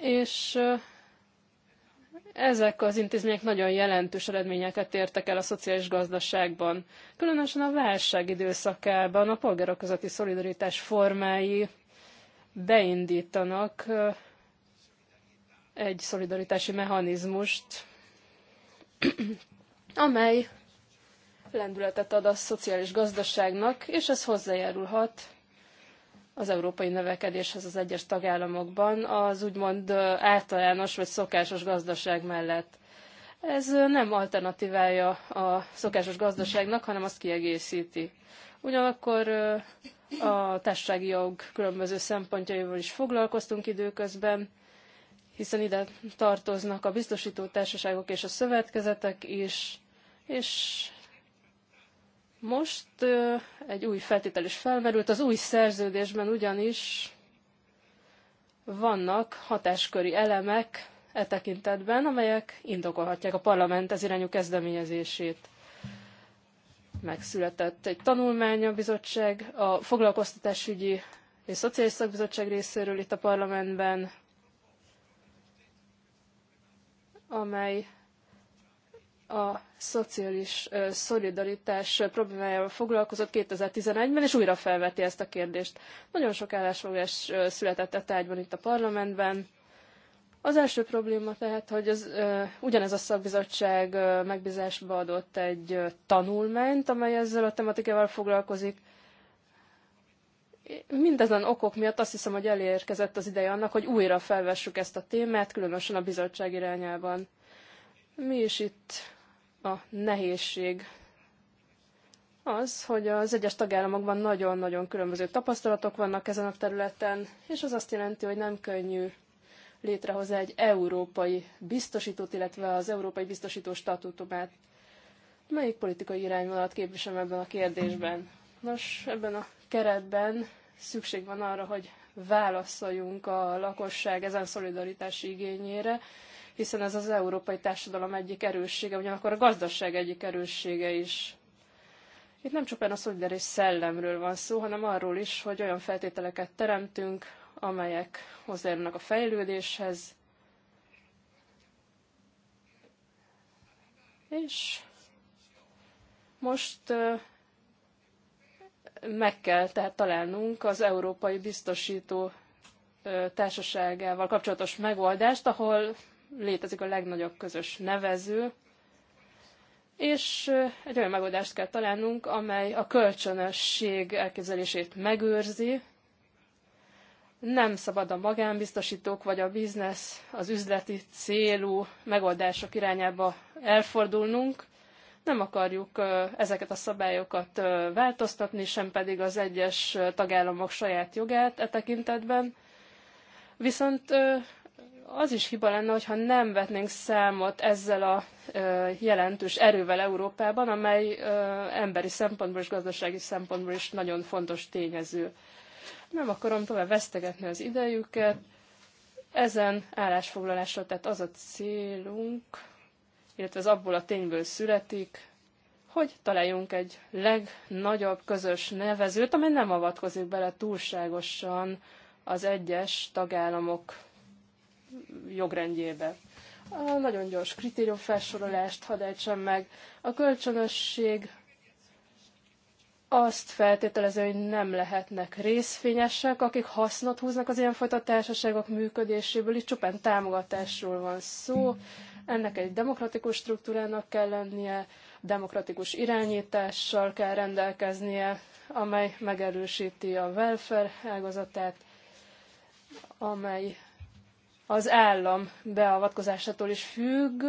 És ezek az intézmények nagyon jelentős eredményeket értek el a szociális gazdaságban. Különösen a válság időszakában a polgárok közötti szolidaritás formái beindítanak egy szolidaritási mechanizmust, amely lendületet ad a szociális gazdaságnak, és ez hozzájárulhat az európai növekedéshez az egyes tagállamokban az úgymond általános vagy szokásos gazdaság mellett. Ez nem alternatívája a szokásos gazdaságnak, hanem azt kiegészíti. Ugyanakkor a társasági jog különböző szempontjaival is foglalkoztunk időközben, hiszen ide tartoznak a biztosító társaságok és a szövetkezetek is, és most egy új feltétel is felmerült, az új szerződésben ugyanis vannak hatásköri elemek e tekintetben, amelyek indokolhatják a parlament ez irányú kezdeményezését. Megszületett egy tanulmány a bizottság, a foglalkoztatásügyi és szociális szakbizottság részéről itt a parlamentben, amely a szociális szolidaritás problémájával foglalkozott 2011-ben, és újra felveti ezt a kérdést. Nagyon sok állásfoglalás született a tárgyban itt a parlamentben. Az első probléma tehát, hogy az, ugyanez a szakbizottság megbízásba adott egy tanulmányt, amely ezzel a tematikával foglalkozik. Mindezen okok miatt azt hiszem, hogy elérkezett az ideje annak, hogy újra felvessük ezt a témát, különösen a bizottság irányában. Mi is itt a nehézség az, hogy az egyes tagállamokban nagyon-nagyon különböző tapasztalatok vannak ezen a területen, és az azt jelenti, hogy nem könnyű létrehozni egy európai biztosítót, illetve az európai biztosító statutumát. Melyik politikai irányvonalat képvisel ebben a kérdésben? Nos, ebben a keretben szükség van arra, hogy válaszoljunk a lakosság ezen szolidaritási igényére, hiszen ez az európai társadalom egyik erőssége, ugyanakkor a gazdaság egyik erőssége is. Itt nem csupán a szolidaris szellemről van szó, hanem arról is, hogy olyan feltételeket teremtünk, amelyek hozzájárulnak a fejlődéshez, és most meg kell tehát találnunk az Európai Biztosító Társaságával kapcsolatos megoldást, ahol létezik a legnagyobb közös nevező, és egy olyan megoldást kell találnunk, amely a kölcsönösség elképzelését megőrzi. Nem szabad a magánbiztosítók vagy a biznesz az üzleti célú megoldások irányába elfordulnunk. Nem akarjuk ezeket a szabályokat változtatni, sem pedig az egyes tagállamok saját jogát e tekintetben. Viszont az is hiba lenne, hogyha nem vetnénk számot ezzel a jelentős erővel Európában, amely emberi szempontból és gazdasági szempontból is nagyon fontos tényező. Nem akarom tovább vesztegetni az idejüket. Ezen állásfoglalásra, tehát az a célunk, illetve az abból a tényből születik, hogy találjunk egy legnagyobb közös nevezőt, amely nem avatkozik bele túlságosan az egyes tagállamok jogrendjébe. A nagyon gyors kritérium felsorolást hadd ejtsem meg. A kölcsönösség azt feltételező, hogy nem lehetnek részfényesek, akik hasznot húznak az ilyenfajta társaságok működéséből, itt csupán támogatásról van szó. Ennek egy demokratikus struktúrának kell lennie, demokratikus irányítással kell rendelkeznie, amely megerősíti a welfare ágazatát, amely az állam beavatkozásától is függ,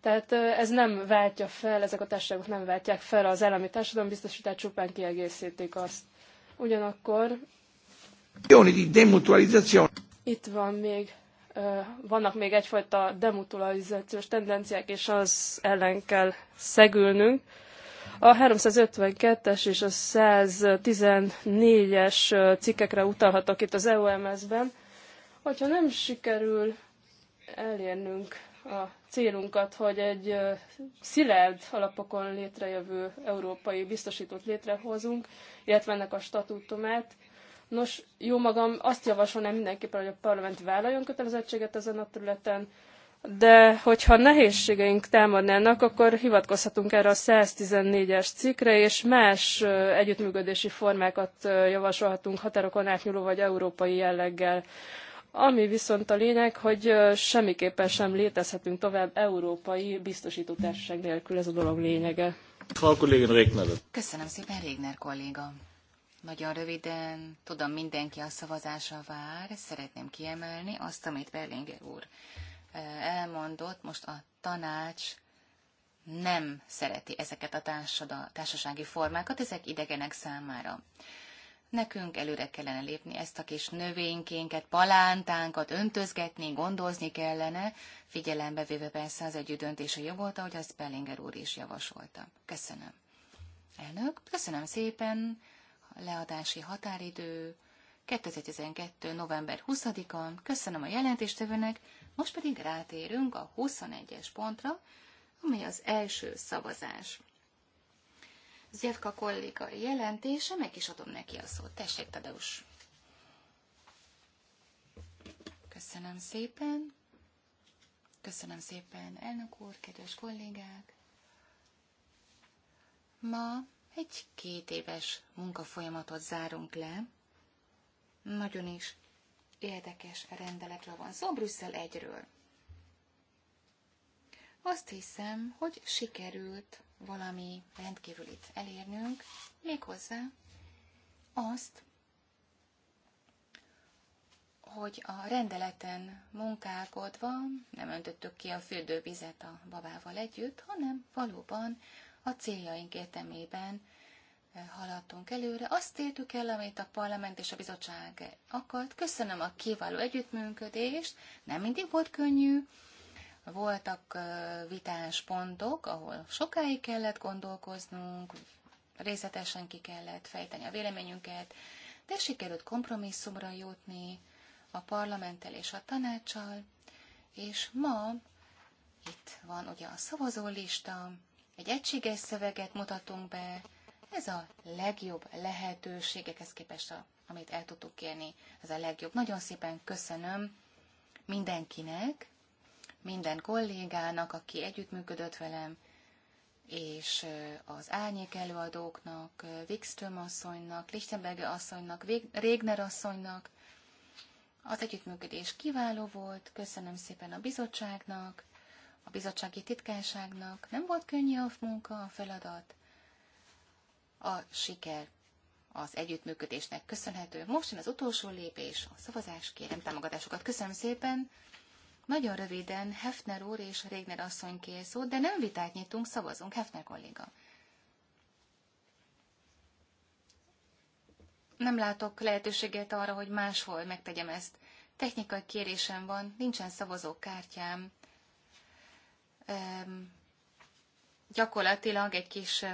tehát ez nem váltja fel, ezek a társaságok nem váltják fel az állami biztosítást, csupán kiegészítik azt. Ugyanakkor itt van még, vannak még egyfajta demutualizációs tendenciák, és az ellen kell szegülnünk. A 352-es és a 114-es cikkekre utalhatok itt az EOMS-ben. Hogyha nem sikerül elérnünk a célunkat, hogy egy szilárd alapokon létrejövő európai biztosítót létrehozunk, illetve ennek a statútumát. Nos, jó magam, azt javasolnám mindenképpen, hogy a parlament vállaljon kötelezettséget ezen a területen, de hogyha nehézségeink támadnának, akkor hivatkozhatunk erre a 114-es cikkre, és más együttműködési formákat javasolhatunk határokon átnyúló vagy európai jelleggel. Ami viszont a lényeg, hogy semmiképpen sem létezhetünk tovább európai biztosító társaság nélkül, ez a dolog lényege. Köszönöm szépen, Régner kolléga. Nagyon röviden, tudom, mindenki a szavazásra vár, szeretném kiemelni azt, amit Berlinger úr elmondott, most a tanács nem szereti ezeket a társasági formákat, ezek idegenek számára. Nekünk előre kellene lépni ezt a kis növénykénket, palántánkat öntözgetni, gondozni kellene, figyelembe véve persze az a jogot, ahogy azt Bellinger úr is javasolta. Köszönöm. Elnök, köszönöm szépen. A leadási határidő 2012. november 20-a. Köszönöm a jelentéstevőnek, most pedig rátérünk a 21-es pontra, amely az első szavazás. Zjevka kolléga jelentése, meg is adom neki a szót. Tessék, Tadeus! Köszönöm szépen! Köszönöm szépen, elnök úr, kedves kollégák! Ma egy két éves munkafolyamatot zárunk le. Nagyon is érdekes rendeletről van szó, Brüsszel egyről. Azt hiszem, hogy sikerült valami rendkívülit elérnünk, méghozzá azt, hogy a rendeleten munkálkodva nem öntöttük ki a fürdővizet a babával együtt, hanem valóban a céljaink értelmében eh, haladtunk előre. Azt értük el, amit a parlament és a bizottság akart. Köszönöm a kiváló együttműködést, nem mindig volt könnyű, voltak vitás pontok, ahol sokáig kellett gondolkoznunk, részletesen ki kellett fejteni a véleményünket, de sikerült kompromisszumra jutni a parlamenttel és a tanácssal, és ma itt van ugye a szavazólista, egy egységes szöveget mutatunk be, ez a legjobb lehetőségekhez képest, a, amit el tudtuk kérni, ez a legjobb. Nagyon szépen köszönöm mindenkinek, minden kollégának, aki együttműködött velem, és az árnyék előadóknak, Wikström asszonynak, Lichtenberger asszonynak, Régner asszonynak. Az együttműködés kiváló volt, köszönöm szépen a bizottságnak, a bizottsági titkárságnak. Nem volt könnyű a munka, a feladat. A siker az együttműködésnek köszönhető. Most jön az utolsó lépés, a szavazás. Kérem támogatásokat. Köszönöm szépen. Nagyon röviden Hefner úr és Régner asszony kész de nem vitát nyitunk, szavazunk, Hefner kolléga. Nem látok lehetőséget arra, hogy máshol megtegyem ezt. Technikai kérésem van, nincsen szavazókártyám. Üm, gyakorlatilag egy kis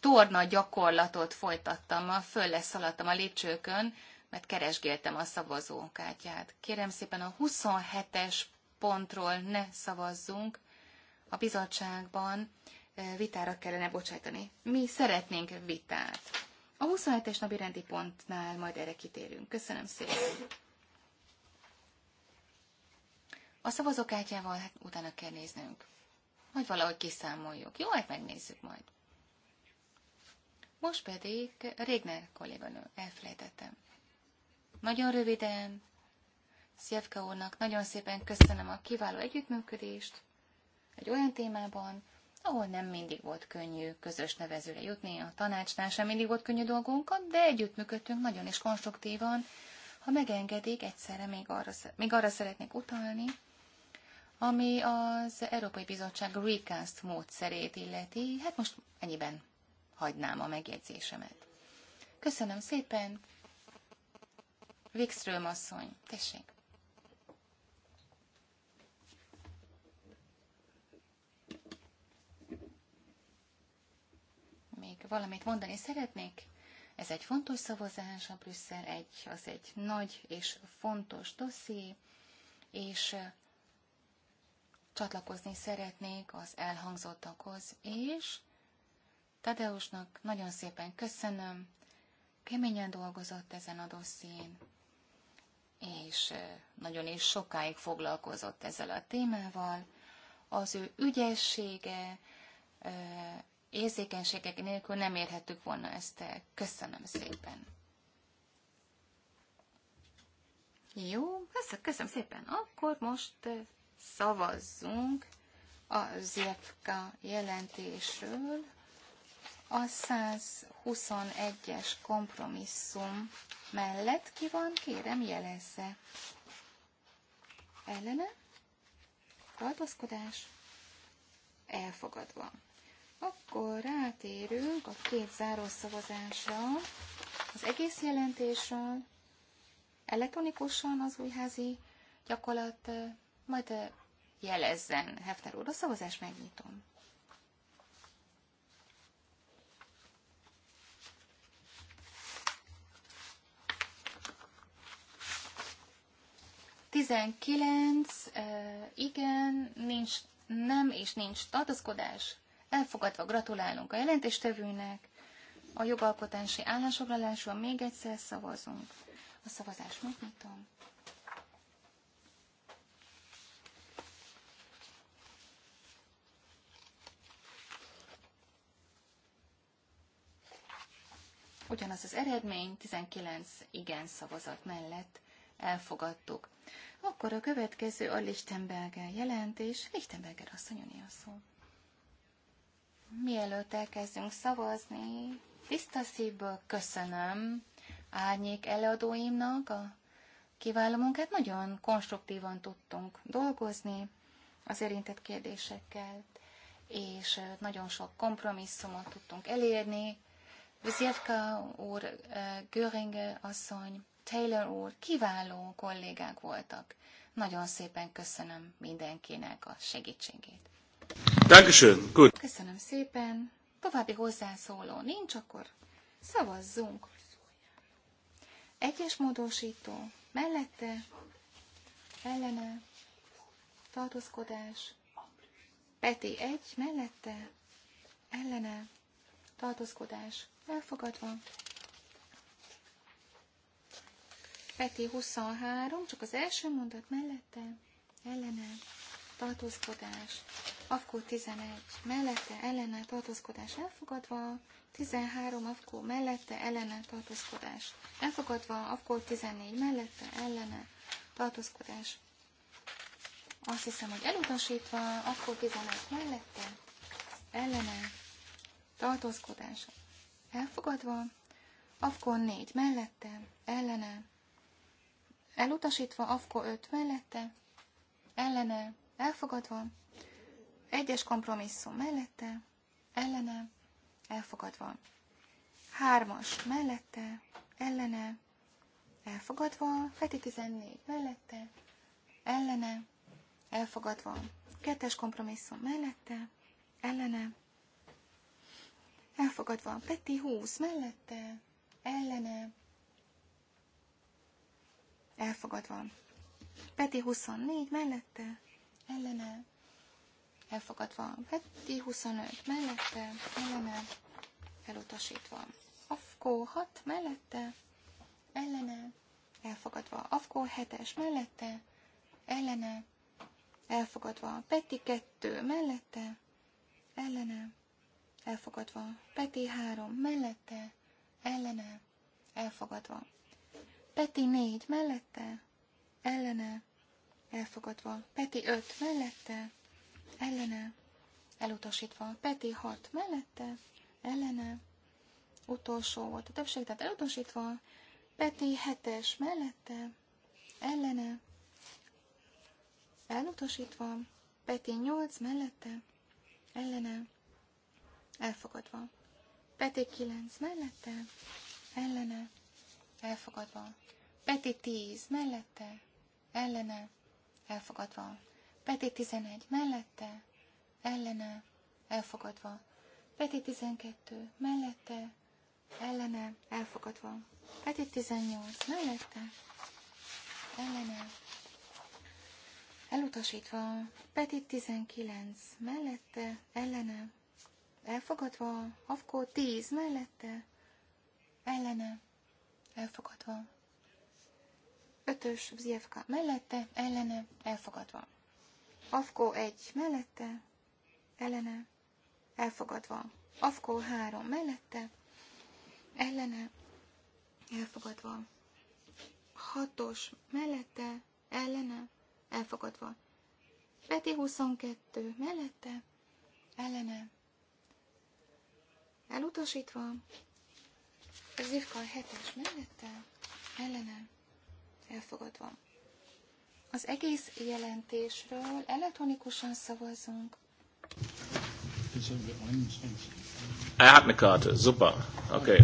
torna gyakorlatot folytattam, föl leszaladtam a lépcsőkön, mert keresgéltem a szavazókártyát. Kérem szépen a 27-es pontról ne szavazzunk, a bizottságban vitára kellene bocsájtani. Mi szeretnénk vitát. A 27-es napi rendi pontnál majd erre kitérünk. Köszönöm szépen. A szavazókártyával hát utána kell néznünk. Majd valahogy kiszámoljuk. Jó, hát megnézzük majd. Most pedig Régner kolléganő, elfelejtettem. Nagyon röviden, Szjevka úrnak nagyon szépen köszönöm a kiváló együttműködést egy olyan témában, ahol nem mindig volt könnyű közös nevezőre jutni, a tanácsnál sem mindig volt könnyű dolgunkat, de együttműködtünk nagyon is konstruktívan. Ha megengedik, egyszerre még arra, még arra szeretnék utalni, ami az Európai Bizottság recast módszerét illeti, hát most ennyiben hagynám a megjegyzésemet. Köszönöm szépen, Wikström asszony, tessék. Még valamit mondani szeretnék? Ez egy fontos szavazás, a Brüsszel egy, az egy nagy és fontos dosszié, és csatlakozni szeretnék az elhangzottakhoz, és Tadeusnak nagyon szépen köszönöm, keményen dolgozott ezen a dosszién, és nagyon is sokáig foglalkozott ezzel a témával. Az ő ügyessége, érzékenységek nélkül nem érhettük volna ezt el. Köszönöm szépen. Jó, köszönöm szépen. Akkor most szavazzunk a Zjevka jelentésről. A 121-es kompromisszum mellett ki van, kérem jelezze. Ellene? Tartózkodás? Elfogadva. Akkor rátérünk a két zárószavazásra, az egész jelentésről, elektronikusan az újházi gyakorlat, majd jelezzen. Hefner úr, a szavazást megnyitom. 19, igen, nincs nem és nincs tartozkodás. Elfogadva gratulálunk a jelentéstevőnek. A jogalkotási állásfoglalásról még egyszer szavazunk. A szavazást megnyitom. Ugyanaz az eredmény, 19 igen szavazat mellett elfogadtuk. Akkor a következő a Lichtenberger jelentés. Lichtenberger asszony a szó. Mielőtt elkezdünk szavazni, tiszta szívből köszönöm árnyék előadóimnak a kiváló munkát. Nagyon konstruktívan tudtunk dolgozni az érintett kérdésekkel, és nagyon sok kompromisszumot tudtunk elérni. Vizierka úr, Göringe asszony, Taylor úr, kiváló kollégák voltak. Nagyon szépen köszönöm mindenkinek a segítségét. Dankeschön. Gut. Köszönöm szépen. További hozzászóló nincs, akkor szavazzunk. Egyes módosító mellette, ellene, tartózkodás, Peti egy mellette, ellene, tartózkodás, elfogadva, Peti 23, csak az első mondat mellette, ellene, tartózkodás. Afkó 11, mellette, ellene, tartózkodás elfogadva. 13, Afkó mellette, ellene, tartózkodás elfogadva. Afkó 14, mellette, ellene, tartózkodás. Azt hiszem, hogy elutasítva, Afkó 11 mellette, ellene, tartózkodás elfogadva. Afkó 4 mellette, ellene, elutasítva, AFKO 5 mellette, ellene, elfogadva, egyes kompromisszum mellette, ellene, elfogadva, hármas mellette, ellene, elfogadva, feti 14 mellette, ellene, elfogadva, kettes kompromisszum mellette, ellene, elfogadva, Peti 20 mellette, ellene, elfogadva. Peti 24 mellette, ellene, elfogadva. Peti 25 mellette, ellene, elutasítva. Afkó 6 mellette, ellene, elfogadva. Afkó 7-es mellette, ellene, elfogadva. Peti 2 mellette, ellene, elfogadva. Peti 3 mellette, ellene, elfogadva. Peti négy mellette, ellene, elfogadva. Peti öt mellette, ellene, elutasítva. Peti hat mellette, ellene, utolsó volt a többség, tehát elutasítva. Peti hetes mellette, ellene, elutasítva. Peti nyolc mellette, ellene, elfogadva. Peti kilenc mellette, ellene, elfogadva. Peti 10 mellette, ellene, elfogadva. Peti 11 mellette, ellene, elfogadva. Peti 12 mellette, ellene, elfogadva. Peti 18 mellette, ellene, elutasítva. Peti 19 mellette, ellene, elfogadva. Afkó 10 mellette, ellene, elfogadva. Ötös Zjevka mellette, ellene, elfogadva. Afko egy mellette, ellene, elfogadva. Afko három mellette, ellene, elfogadva. Hatos mellette, ellene, elfogadva. Peti 22 mellette, ellene, elutasítva. Az Ivka a hetes mellette ellenem elfogadva. Az egész jelentésről elektronikusan szavazunk. Er hat eine Karte, super, okay.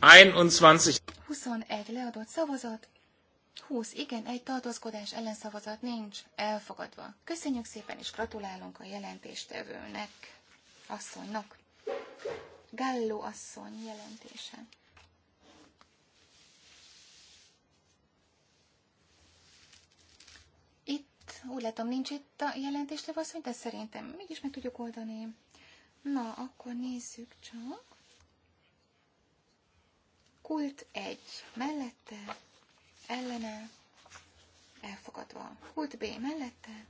Einundzwanzig. 21 leadott szavazat, 20 igen, egy tartózkodás ellenszavazat nincs, elfogadva. Köszönjük szépen, és gratulálunk a jelentéstevőnek, asszonynak. Gallo asszony jelentése. Itt, úgy látom, nincs itt a jelentéstevő asszony, de szerintem mégis meg tudjuk oldani. Na, akkor nézzük csak. Kult 1. Mellette ellene, elfogadva. Kult B mellette,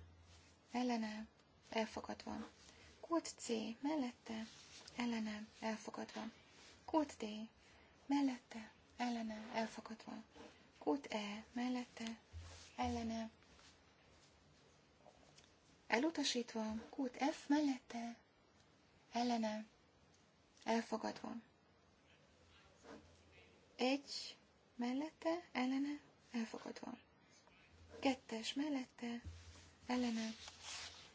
ellene, elfogadva. Kult C mellette, ellene, elfogadva. Kult D mellette, ellene, elfogadva. Kult E mellette, ellene, elutasítva. Kult F mellette, ellene, elfogadva. Egy mellette, ellene, elfogadva. Kettes mellette, ellene,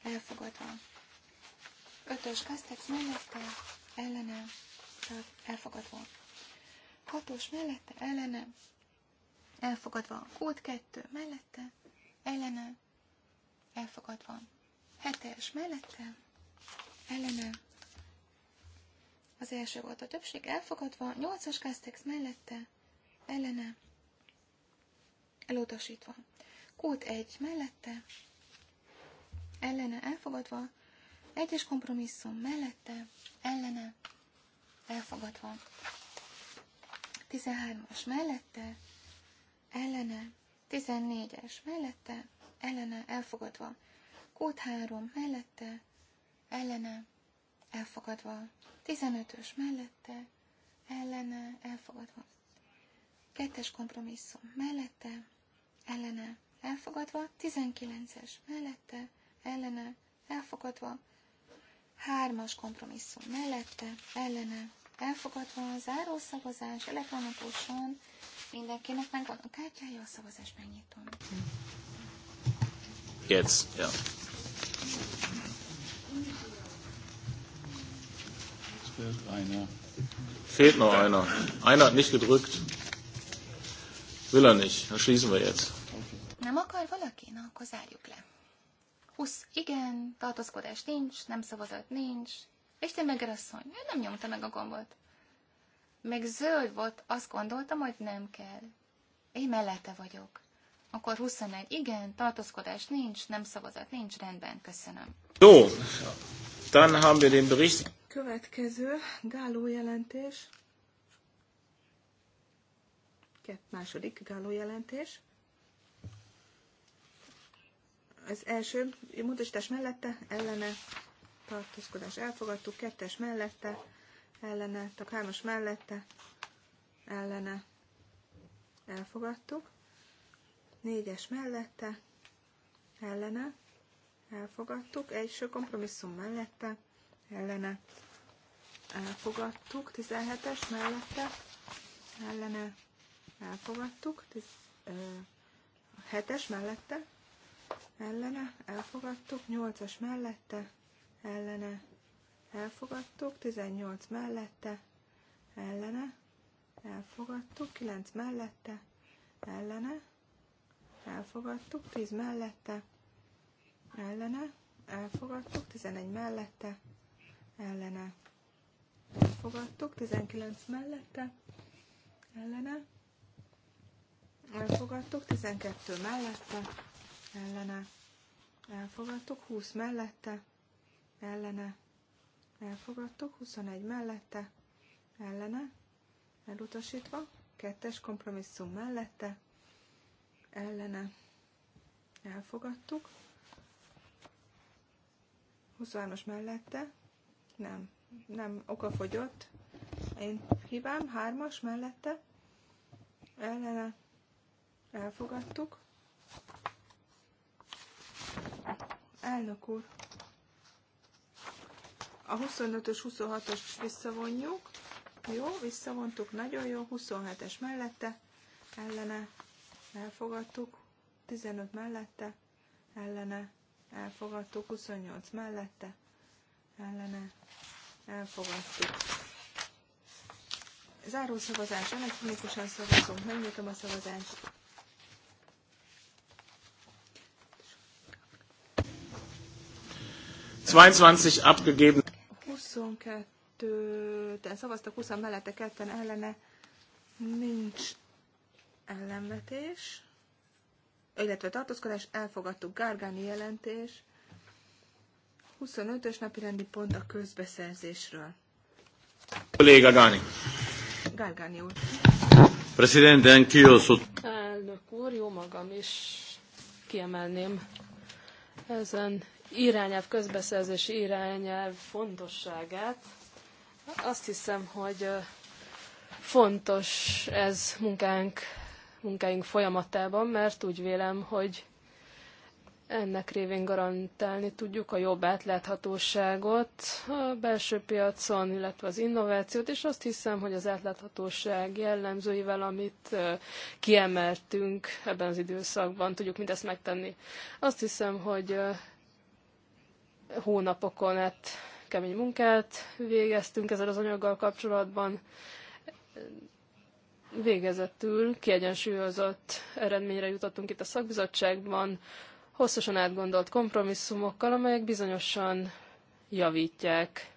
elfogadva. Ötös kasztex mellette, ellene, elfogadva. Hatos mellette, ellene, elfogadva. Kód kettő mellette, ellene, elfogadva. Hetes mellette, ellene, az első volt a többség elfogadva, nyolcas kasztex mellette, ellene, elutasítva. kút egy mellette, ellene, elfogadva. Egyes kompromisszum mellette, ellene, elfogadva. 13-as mellette, ellene, 14-es mellette, ellene, elfogadva. kút 3 mellette, ellene, elfogadva. 15-ös mellette, ellene, elfogadva. Kettes kompromisszum mellette, ellene, elfogadva. 19-es mellette, ellene, elfogadva. Hármas kompromisszum mellette, ellene, elfogadva. Záró szavazás elektronikusan. Mindenkinek megvan a kártyája, a szavazás megnyitom. Jetzt, yeah. Fehlt Fehlt noch einer. Einer hat nicht gedrückt. Will er nicht. Dann schließen wir jetzt. Nem akar valaki? Na, akkor zárjuk le. 20 igen, tartozkodás nincs, nem szavazat nincs. És meg rasszony, ő nem nyomta meg a gombot. Meg zöld volt, azt gondoltam, hogy nem kell. Én mellette vagyok. Akkor 21, igen, tartózkodás nincs, nem szavazat nincs, rendben, köszönöm. Jó, dann haben wir den Bericht. Következő, Gáló jelentés. Kett második gáló jelentés. Az első módosítás mellette ellene tartózkodás elfogadtuk, kettes mellette ellene, a hármas mellette ellene elfogadtuk, négyes mellette ellene elfogadtuk, első kompromisszum mellette ellene elfogadtuk, 17-es mellette ellene elfogadtuk. Hetes mellette, ellene, elfogadtuk. Nyolcas mellette, ellene, elfogadtuk. Tizennyolc mellette, ellene, elfogadtuk. Kilenc mellette, ellene, elfogadtuk. Tíz mellette, ellene, elfogadtuk. Tizenegy mellette, ellene, elfogadtuk. Tizenkilenc mellette, ellene, elfogadtuk, 12 mellette, ellene, elfogadtuk, 20 mellette, ellene, elfogadtuk, 21 mellette, ellene, elutasítva, kettes kompromisszum mellette, ellene, elfogadtuk, 23-as mellette, nem, nem, oka fogyott, én hibám, 3-as mellette, ellene, Elfogadtuk. Elnök úr, a 25-ös, 26-os visszavonjuk. Jó, visszavontuk, nagyon jó. 27-es mellette, ellene, elfogadtuk. 15 mellette, ellene, elfogadtuk. 28 mellette, ellene, elfogadtuk. Zárószavazás, elektronikusan szavazunk, megnyitom a szavazást. 22 abgegeben. 22-en szavaztak, 20 mellette, ketten ellene. Nincs ellenvetés, illetve tartózkodás, elfogadtuk Gárgáni jelentés. 25-ös napi rendi pont a közbeszerzésről. Kolléga Gáni. Gárgáni úr. Presidente, anch'io sotto. Elnök úr, jó magam is kiemelném ezen irányelv, közbeszerzési irányelv fontosságát. Azt hiszem, hogy fontos ez munkánk, munkáink folyamatában, mert úgy vélem, hogy ennek révén garantálni tudjuk a jobb átláthatóságot a belső piacon, illetve az innovációt, és azt hiszem, hogy az átláthatóság jellemzőivel, amit kiemeltünk ebben az időszakban, tudjuk mindezt megtenni. Azt hiszem, hogy hónapokon hát kemény munkát végeztünk ezzel az anyaggal kapcsolatban. Végezetül kiegyensúlyozott eredményre jutottunk itt a szakbizottságban, hosszasan átgondolt kompromisszumokkal, amelyek bizonyosan javítják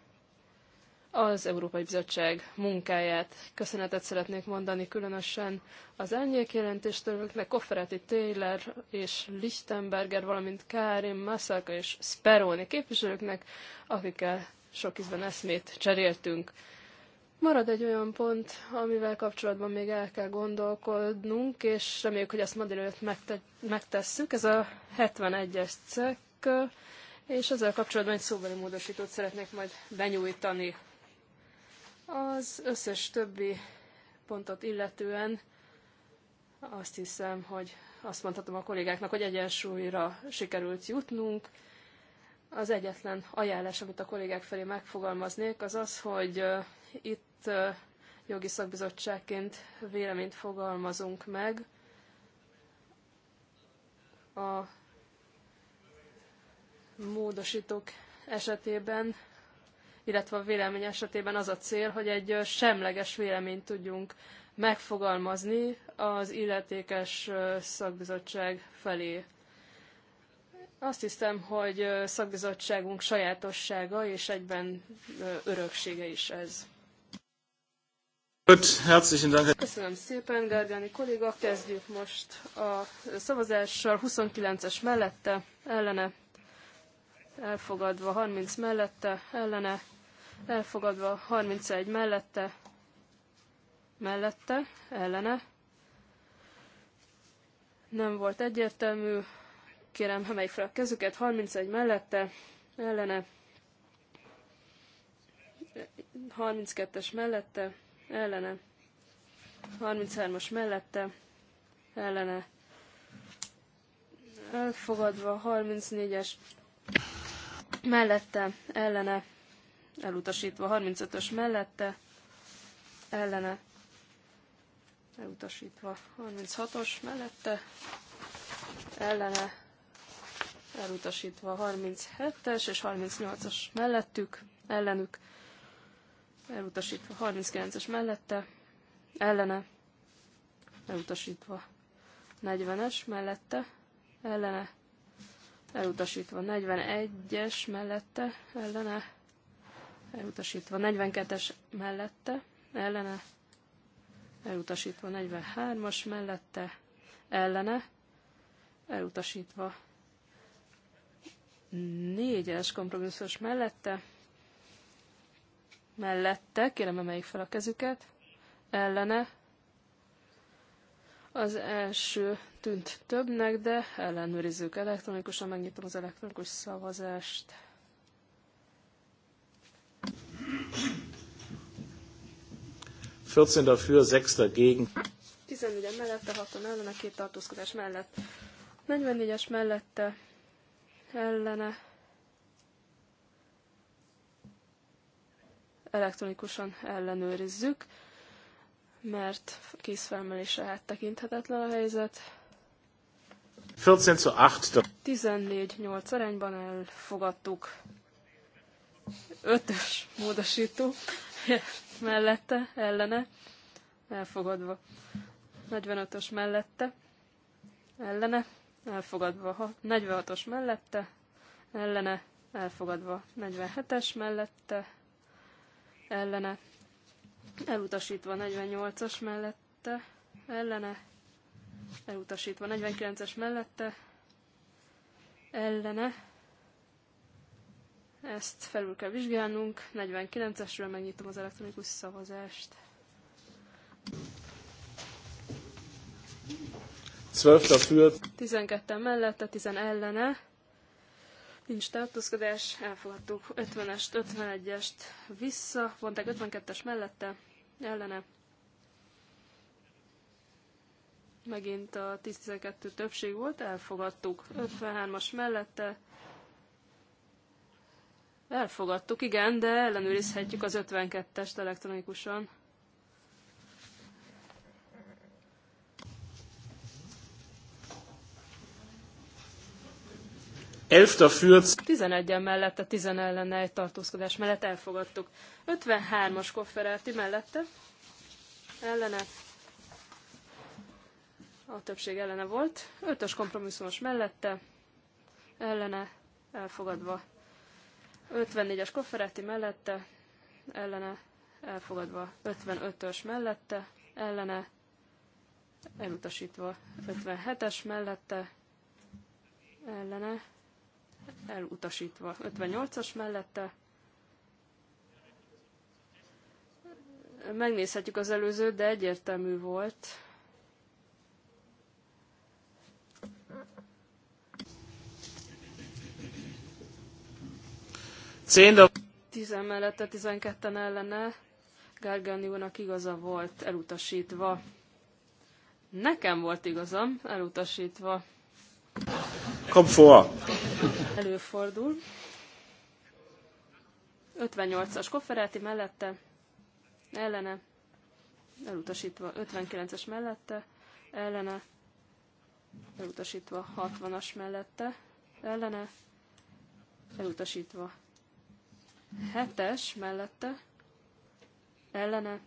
az Európai Bizottság munkáját. Köszönetet szeretnék mondani különösen az elnyék jelentéstőlöknek, Kofferati Taylor és Lichtenberger, valamint Kárim Massaka és Speroni képviselőknek, akikkel sok ízben eszmét cseréltünk. Marad egy olyan pont, amivel kapcsolatban még el kell gondolkodnunk, és reméljük, hogy ezt ma délelőtt megtesszük. Ez a 71-es cekk, és ezzel kapcsolatban egy szóbeli módosítót szeretnék majd benyújtani. Az összes többi pontot illetően azt hiszem, hogy azt mondhatom a kollégáknak, hogy egyensúlyra sikerült jutnunk. Az egyetlen ajánlás, amit a kollégák felé megfogalmaznék, az az, hogy itt jogi szakbizottságként véleményt fogalmazunk meg a módosítók esetében, illetve a vélemény esetében az a cél, hogy egy semleges véleményt tudjunk megfogalmazni az illetékes szakbizottság felé. Azt hiszem, hogy szakbizottságunk sajátossága és egyben öröksége is ez. Köszönöm szépen, Gárgáni kolléga. Kezdjük most a szavazással. 29-es mellette, ellene, elfogadva, 30 mellette, ellene, elfogadva 31 mellette, mellette, ellene. Nem volt egyértelmű, kérem, emelj fel a kezüket, 31 mellette, ellene, 32-es mellette, ellene, 33-as mellette, ellene, elfogadva 34-es mellette, ellene, elutasítva 35-ös mellette, ellene, elutasítva 36-os mellette, ellene, elutasítva 37-es és 38-as mellettük, ellenük, elutasítva 39-es mellette, ellene, elutasítva 40-es mellette, ellene, elutasítva 41-es mellette, ellene, elutasítva 42-es mellette, ellene, elutasítva 43-as mellette, ellene, elutasítva 4-es kompromisszus mellette, mellette, kérem emeljük fel a kezüket, ellene, az első tűnt többnek, de ellenőrizzük elektronikusan, megnyitom az elektronikus szavazást. 14 dafür, 6 dagegen. 14 mellette, 6 ellene, két tartózkodás mellett. 44-es mellette, ellene. Elektronikusan ellenőrizzük, mert készfelmelésre hát tekinthetetlen a helyzet. 14 8 arányban elfogadtuk. Ötös módosító mellette, ellene, elfogadva. 45-ös mellette, ellene, elfogadva. 46-os mellette, ellene, elfogadva. 47-es mellette, ellene, elutasítva. 48-as mellette, ellene, elutasítva. 49-es mellette, ellene, ezt felül kell vizsgálnunk. 49-esről megnyitom az elektronikus szavazást. 12 mellett, a 10 ellene. Nincs tartózkodás, elfogadtuk 50-est, 51-est vissza, mondták 52-es mellette, ellene. Megint a 10-12 többség volt, elfogadtuk 53-as mellette, Elfogadtuk, igen, de ellenőrizhetjük az 52-est elektronikusan. Elfta fürc. 11 mellette, 10 ellen egy tartózkodás mellett elfogadtuk. 53-as kofferelti mellette ellene. A többség ellene volt. 5-ös kompromisszumos mellette ellene elfogadva. 54-es Kofferetti mellette, ellene elfogadva. 55-ös mellette, ellene elutasítva. 57-es mellette, ellene elutasítva. 58-as mellette, megnézhetjük az előzőt, de egyértelmű volt. Céndo. 10 mellette, 12-en ellene. Gárgáni úrnak igaza volt, elutasítva. Nekem volt igazam, elutasítva. Komfort. Előfordul. 58-as kofferáti mellette, ellene, elutasítva 59-es mellette, ellene, elutasítva 60-as mellette, ellene, elutasítva Hetes mellette ellene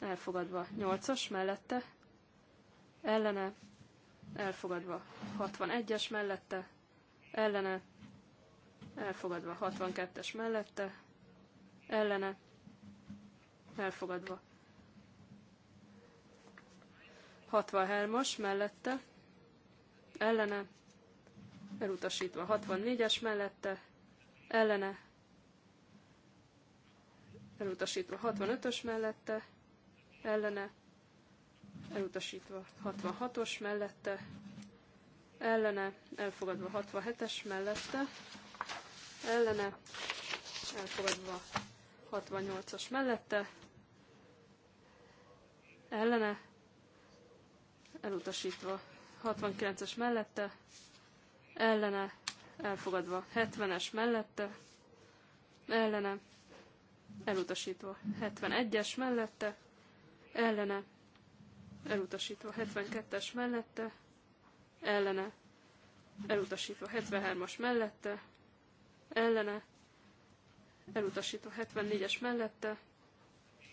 elfogadva. Nyolcas mellette ellene elfogadva. 61-es mellette ellene elfogadva. 62-es mellette ellene elfogadva. 63-as mellette, ellene, elutasítva 64-es mellette, ellene, elutasítva 65-ös mellette, ellene, elutasítva 66-os mellette, ellene, elfogadva 67-es mellette, ellene, elfogadva 68-as mellette, ellene, elutasítva 69-es mellette, ellene, elfogadva 70-es mellette, ellene, elutasítva 71-es mellette, ellene, elutasítva 72-es mellette, ellene, elutasítva 73-as mellette, ellene, elutasítva 74-es mellette,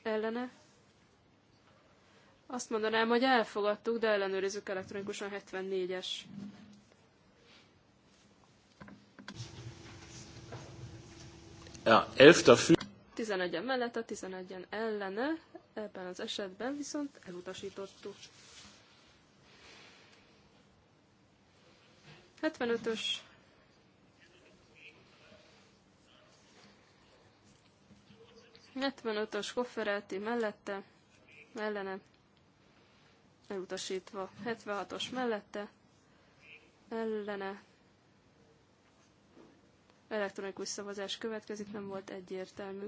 ellene. Azt mondanám, hogy elfogadtuk, de ellenőrizzük elektronikusan 74-es. Ja, elfter 11-en mellette, 11-en ellene, ebben az esetben viszont elutasítottuk. 75-ös ös Kofferelti mellette, ellene, elutasítva. 76-os mellette, ellene, elektronikus szavazás következik, nem volt egyértelmű.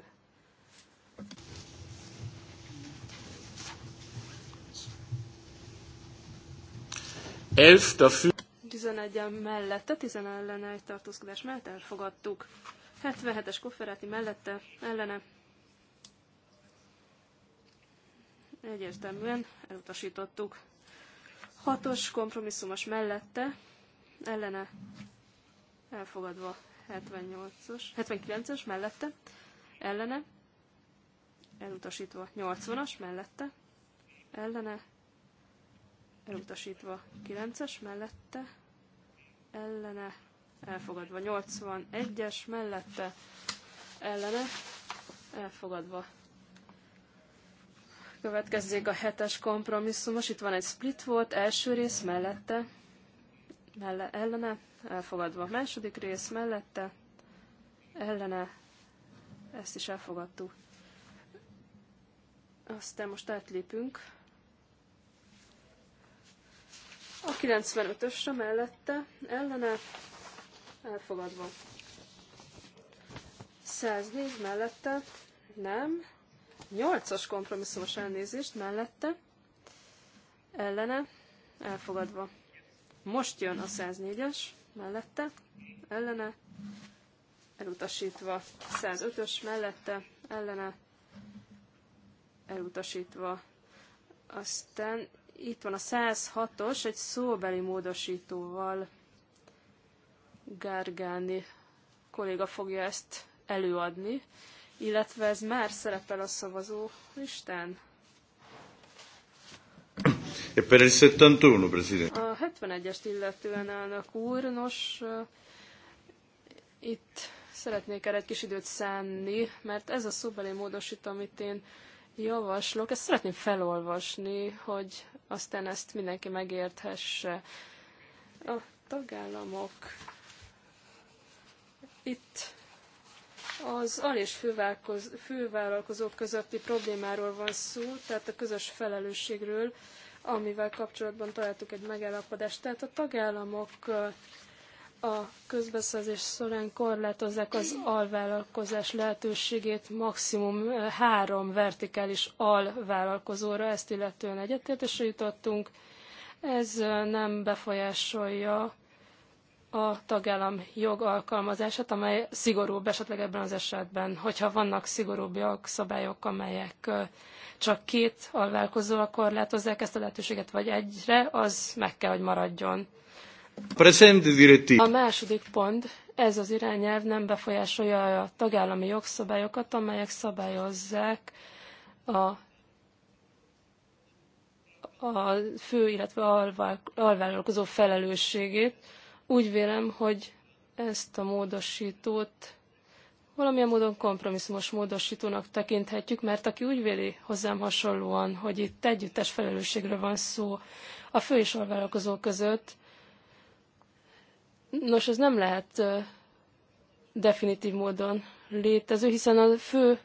Elf dafür. 11 mellette, 10 ellene egy tartózkodás mellett elfogadtuk. 77-es kofferáti mellette, ellene. Egyértelműen elutasítottuk. 6-os kompromisszumos mellette, ellene elfogadva 78-os, 79-es mellette, ellene elutasítva 80-as mellette, ellene, elutasítva 9-es mellette, ellene, elfogadva 81-es mellette, ellene, elfogadva. Következzék a hetes kompromisszumos, itt van egy split volt, első rész mellette, melle, ellene, elfogadva. Második rész mellette, ellene, ezt is elfogadtuk. Aztán most átlépünk a 95-ösre mellette, ellene elfogadva. 104 mellette, nem, 8-as kompromisszumos elnézést mellette, ellene, elfogadva. Most jön a 104-es, mellette, ellene, elutasítva. 105-ös mellette, ellene, elutasítva. Aztán itt van a 106-os, egy szóbeli módosítóval Gárgáni kolléga fogja ezt előadni, illetve ez már szerepel a szavazó listán. 71, e A 71-est illetően elnök úr, nos, itt szeretnék erre egy kis időt szánni, mert ez a szóbeli módosító, amit én javaslok, ezt szeretném felolvasni, hogy aztán ezt mindenki megérthesse. A tagállamok itt az al- és fővállalkozók közötti problémáról van szó, tehát a közös felelősségről, amivel kapcsolatban találtuk egy megállapodást. Tehát a tagállamok a közbeszerzés során korlátozzák az alvállalkozás lehetőségét maximum eh, három vertikális alvállalkozóra, ezt illetően egyetértésre jutottunk. Ez eh, nem befolyásolja a tagállam jogalkalmazását, amely szigorúbb esetleg ebben az esetben, hogyha vannak szigorúbb jogszabályok, amelyek eh, csak két alvállalkozóra korlátozzák ezt a lehetőséget, vagy egyre, az meg kell, hogy maradjon. A második pont, ez az irányelv nem befolyásolja a tagállami jogszabályokat, amelyek szabályozzák a a fő, illetve alvállalkozó felelősségét. Úgy vélem, hogy ezt a módosítót valamilyen módon kompromisszumos módosítónak tekinthetjük, mert aki úgy véli hozzám hasonlóan, hogy itt együttes felelősségről van szó a fő és alvállalkozó között, Nos, ez nem lehet definitív módon létező, hiszen a fő,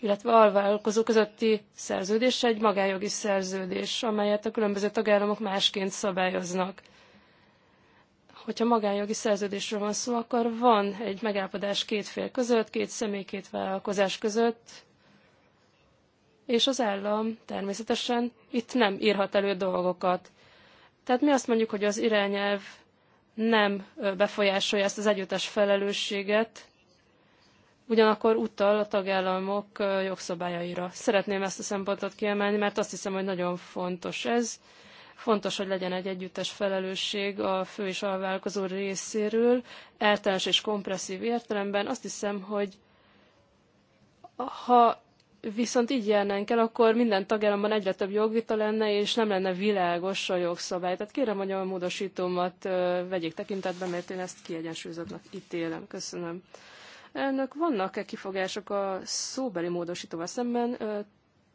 illetve alvállalkozó közötti szerződés egy magánjogi szerződés, amelyet a különböző tagállamok másként szabályoznak. Hogyha magánjogi szerződésről van szó, akkor van egy megállapodás két fél között, két személy, két vállalkozás között, és az állam természetesen itt nem írhat elő dolgokat. Tehát mi azt mondjuk, hogy az irányelv nem befolyásolja ezt az együttes felelősséget, ugyanakkor utal a tagállamok jogszabályaira. Szeretném ezt a szempontot kiemelni, mert azt hiszem, hogy nagyon fontos ez. Fontos, hogy legyen egy együttes felelősség a fő és alvállalkozó részéről, általános és kompresszív értelemben. Azt hiszem, hogy ha Viszont így jelennénk el, akkor minden tagállamban egyre több jogvita lenne, és nem lenne világos a jogszabály. Tehát kérem, hogy a módosítómat vegyék tekintetbe, mert én ezt kiegyensúlyozottnak ítélem. Köszönöm. Ennek vannak-e kifogások a szóbeli módosítóval szemben?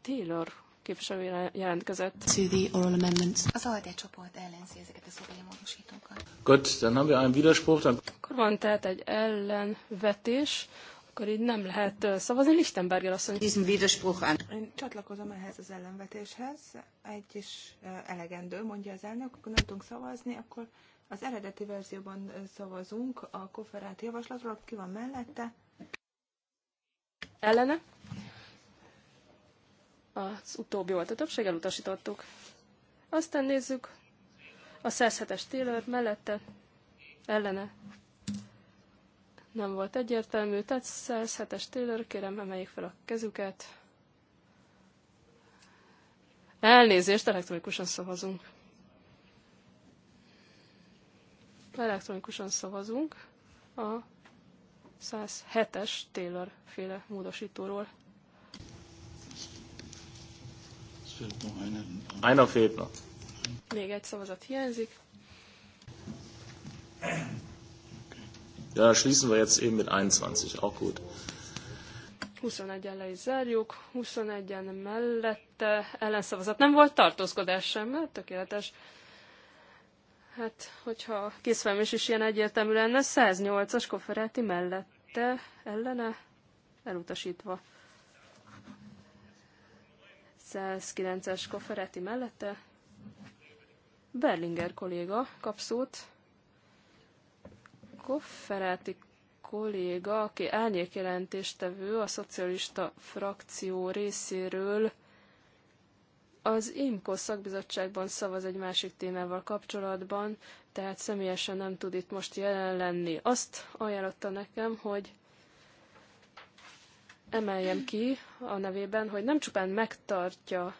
Taylor képviselő jelentkezett. To the oral amendments. Az ALDE csoport ellenzi ezeket a szóbeli módosítókat. Gut, dann haben wir einen Widerspruch. Dann... Akkor van tehát egy ellenvetés akkor így nem lehet szavazni. Lichtenberger mondja. Én csatlakozom ehhez az ellenvetéshez. Egy is elegendő, mondja az elnök, akkor nem tudunk szavazni, akkor az eredeti verzióban szavazunk a konferált javaslatról, ki van mellette. Ellene? Az utóbbi volt a többség, elutasítottuk. Aztán nézzük a 107-es Taylor mellette, ellene nem volt egyértelmű, tehát 107-es Taylor, kérem emeljék fel a kezüket. Elnézést, elektronikusan szavazunk. Elektronikusan szavazunk a 107-es Taylor féle módosítóról. Még egy szavazat hiányzik. Ja, schließen wir jetzt eben mit 21, auch gut. 21-en le is zárjuk, 21-en mellette ellenszavazat nem volt, tartózkodás sem, mert tökéletes. Hát, hogyha készfelmés is ilyen egyértelmű lenne, 108-as koferáti mellette ellene elutasítva. 109-es koferáti mellette Berlinger kolléga kap szót. Kofferáti kolléga, aki elnyékjelentéstevő a szocialista frakció részéről, az IMKO szakbizottságban szavaz egy másik témával kapcsolatban, tehát személyesen nem tud itt most jelen lenni. Azt ajánlotta nekem, hogy emeljem ki a nevében, hogy nem csupán megtartja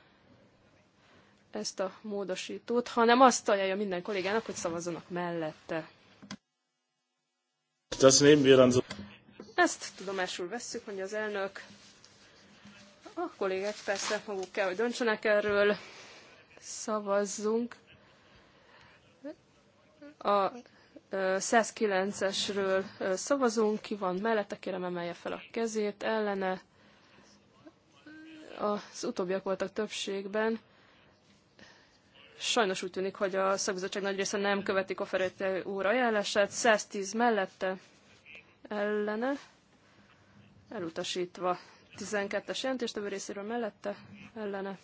ezt a módosítót, hanem azt ajánlja minden kollégának, hogy szavazzanak mellette das nehmen wir dann so. Ezt tudomásul vesszük, mondja az elnök. A kollégák persze maguk kell, hogy döntsenek erről. Szavazzunk. A 109-esről szavazunk, ki van mellette, kérem emelje fel a kezét, ellene. Az utóbbiak voltak többségben. Sajnos úgy tűnik, hogy a szakbizottság nagy része nem követik a Ferete úr ajánlását. 110 mellette ellene, elutasítva 12-es jelentéstevő részéről mellette, ellene,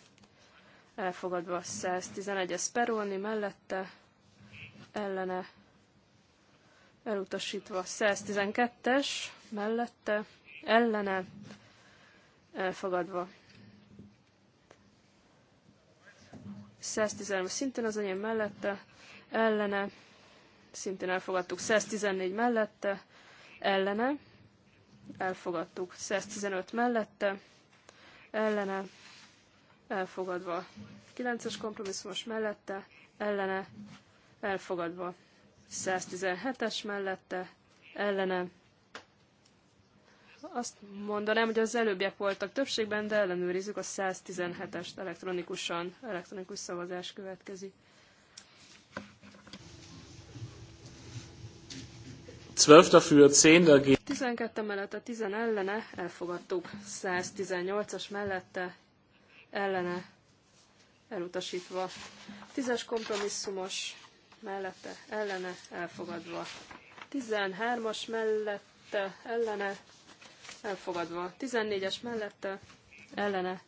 elfogadva 111-es Peroni mellette, ellene, elutasítva 112-es mellette, ellene, elfogadva 113 szintén az enyém mellette, ellene, szintén elfogadtuk 114 mellette, ellene, elfogadtuk 115 mellette, ellene, elfogadva 9-es kompromisszumos mellette, ellene, elfogadva 117-es mellette, ellene. Azt mondanám, hogy az előbbiek voltak többségben, de ellenőrizzük a 117-est elektronikusan. Elektronikus szavazás következik. 12 dafür, 10 dagegen. 12 mellette, 10 ellene, elfogadtuk. 118-as mellette, ellene, elutasítva. 10-es kompromisszumos mellette, ellene, elfogadva. 13-as mellette, ellene, elfogadva. 14-es mellette, ellene,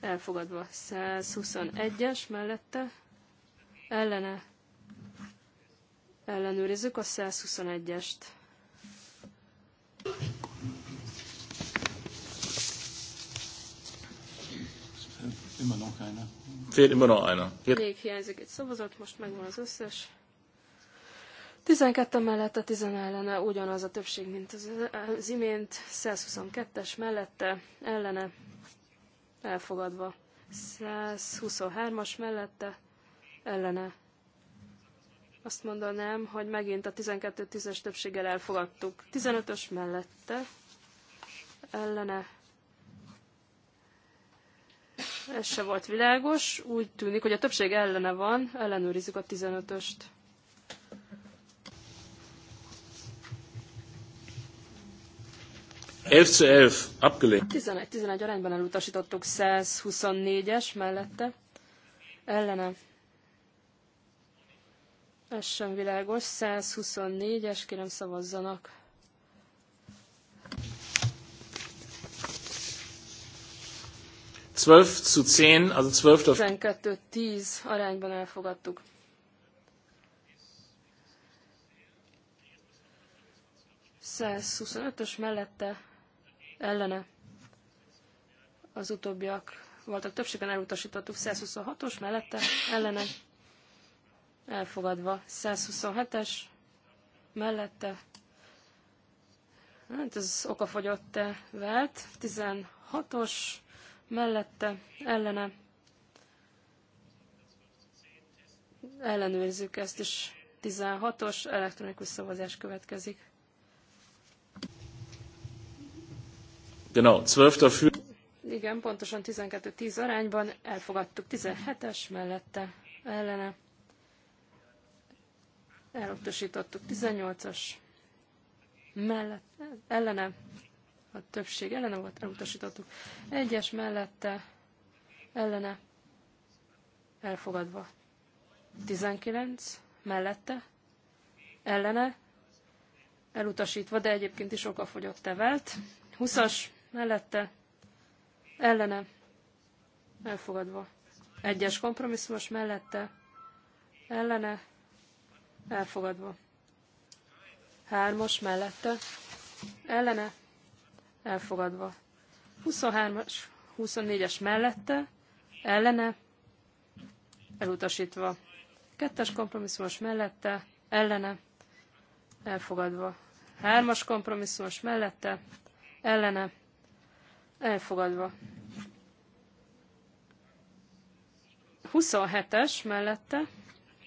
elfogadva. 121-es mellette, ellene, elfogadva. Ellenőrizzük a 121-est. Immer noch einer. Még hiányzik egy szavazat, most megvan az összes. 12 mellette, 10 ellene, ugyanaz a többség, mint az, az imént. 122-es mellette, ellene, elfogadva. 123-as mellette, ellene, azt mondanám, hogy megint a 12-10-es többséggel elfogadtuk. 15-ös mellette ellene ez se volt világos. Úgy tűnik, hogy a többség ellene van. Ellenőrizzük a 15-öst. Elf 11, 11 arányban elutasítottuk 124-es mellette. Ellene ez sem világos. 124-es, kérem szavazzanak. Zwölf zu 10, also 12 auf... 12-10 arányban elfogadtuk. ös mellette ellene az utóbbiak voltak többségen elutasítottuk, 126-os mellette ellene elfogadva. 127-es mellette, hát ez okafogyotte vált, 16-os mellette, ellene, ellenőrizzük ezt is, 16-os elektronikus szavazás következik. Genau, 12 Igen, pontosan 12-10 arányban elfogadtuk 17-es mellette, ellene elutasítottuk. 18-as mellett, ellene, a többség ellene volt, elutasítottuk. Egyes mellette, ellene, elfogadva. 19 mellette, ellene, elutasítva, de egyébként is okafogyott tevelt. 20-as mellette, ellene, elfogadva. Egyes kompromisszumos mellette, ellene, elfogadva. Hármas mellette, ellene, elfogadva. 23-as, 24-es mellette, ellene, elutasítva. Kettes kompromisszumos mellette, ellene, elfogadva. Hármas kompromisszumos mellette, ellene, elfogadva. 27-es mellette,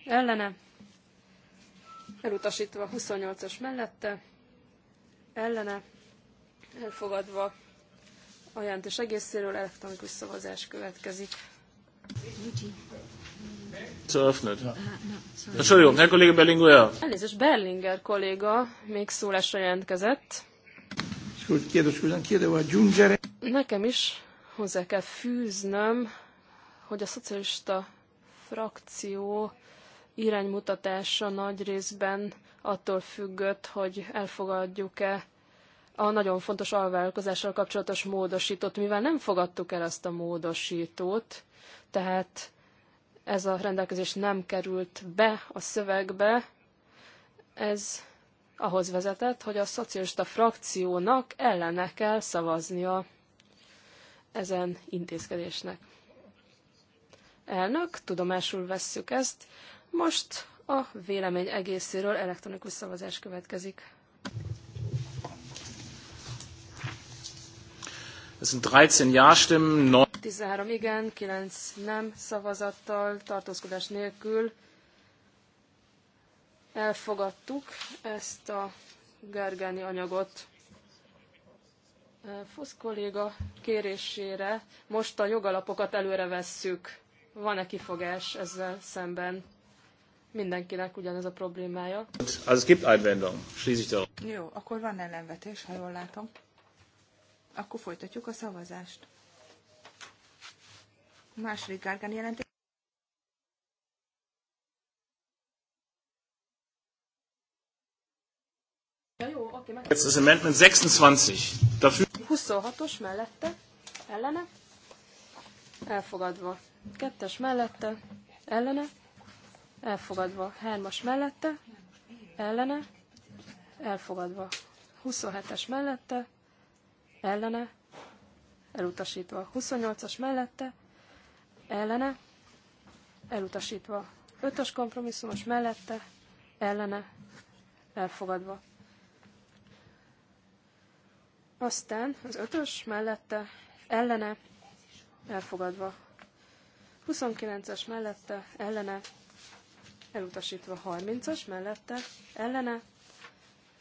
ellene, elutasítva 28-as mellette, ellene, elfogadva a jelentés egészéről elektronikus szavazás következik. Elnézést, Berlinger kolléga még szólásra jelentkezett. Nekem is hozzá kell fűznöm, hogy a szocialista frakció iránymutatása nagy részben attól függött, hogy elfogadjuk-e a nagyon fontos alvállalkozással kapcsolatos módosítót, mivel nem fogadtuk el ezt a módosítót, tehát ez a rendelkezés nem került be a szövegbe, ez ahhoz vezetett, hogy a szocialista frakciónak ellene kell szavaznia ezen intézkedésnek. Elnök, tudomásul vesszük ezt, most a vélemény egészéről elektronikus szavazás következik. Ez 13 Ja-Stimmen, 9... 13 igen, 9 nem szavazattal, tartózkodás nélkül elfogadtuk ezt a Gergáni anyagot. Fosz kolléga kérésére most a jogalapokat előre vesszük. Van-e kifogás ezzel szemben? Mindenkinek ugyanez a problémája. Az gibt Einwendung, schließlich Jó, akkor van ellenvetés, ha jól látom. Akkor folytatjuk a szavazást. Második Gárgán jelentés. Jetzt ist Amendment 26. Dafür 26-os mellette, ellene, elfogadva. Kettes mellette, ellene, elfogadva. Hármas mellette, ellene, elfogadva. 27-es mellette, ellene, elutasítva. 28-as mellette, ellene, elutasítva. 5-ös kompromisszumos mellette, ellene, elfogadva. Aztán az 5-ös mellette, ellene, elfogadva. 29-es mellette, ellene, elutasítva 30-as mellette, ellene,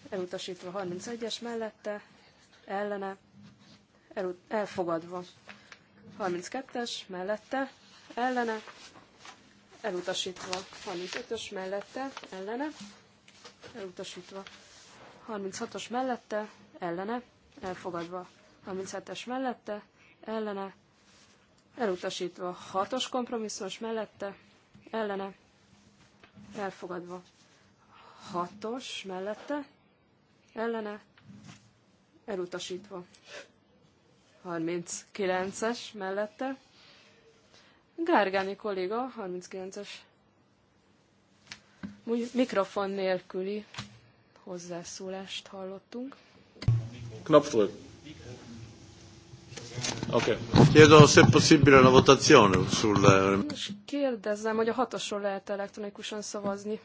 elutasítva 31-es mellette, ellene, elfogadva 32-es mellette, ellene, elutasítva 35-ös mellette, ellene, elutasítva 36-os mellette, ellene, elfogadva 37-es mellette, ellene, elutasítva 6-os kompromisszumos mellette, ellene, elfogadva. Hatos mellette, ellene, elutasítva. 39-es mellette. Gárgáni kolléga, 39-es. Mikrofon nélküli hozzászólást hallottunk. Knopfdrück. Okay. Chiedo se possibile una votazione sul... hogy a hatosról lehet elektronikusan szavazni.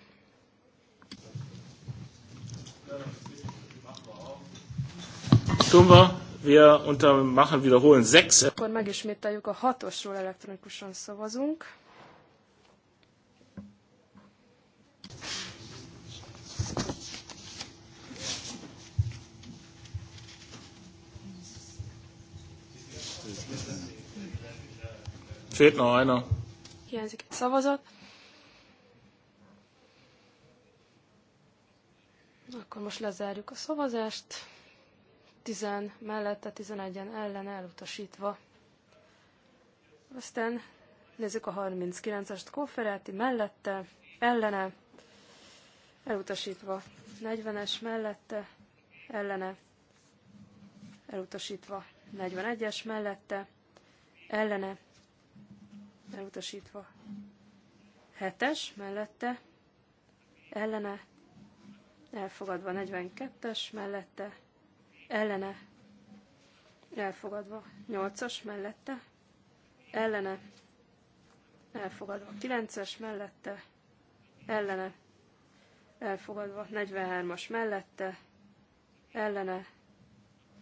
Tun wir, wir wiederholen sechs. Akkor megismételjük a hatosról elektronikusan szavazunk. Fehlt noch einer. Hiányzik egy szavazat. Akkor most lezárjuk a szavazást. 10 mellette, 11-en ellen elutasítva. Aztán nézzük a 39-est konferáti mellette, ellene, elutasítva. 40-es mellette, ellene, elutasítva. 41-es mellette, ellene, elutasítva. Hetes mellette, ellene, elfogadva. 42-es mellette, ellene, elfogadva. 8-as mellette, ellene, elfogadva. 9-es mellette, ellene, elfogadva. 43-as mellette, ellene,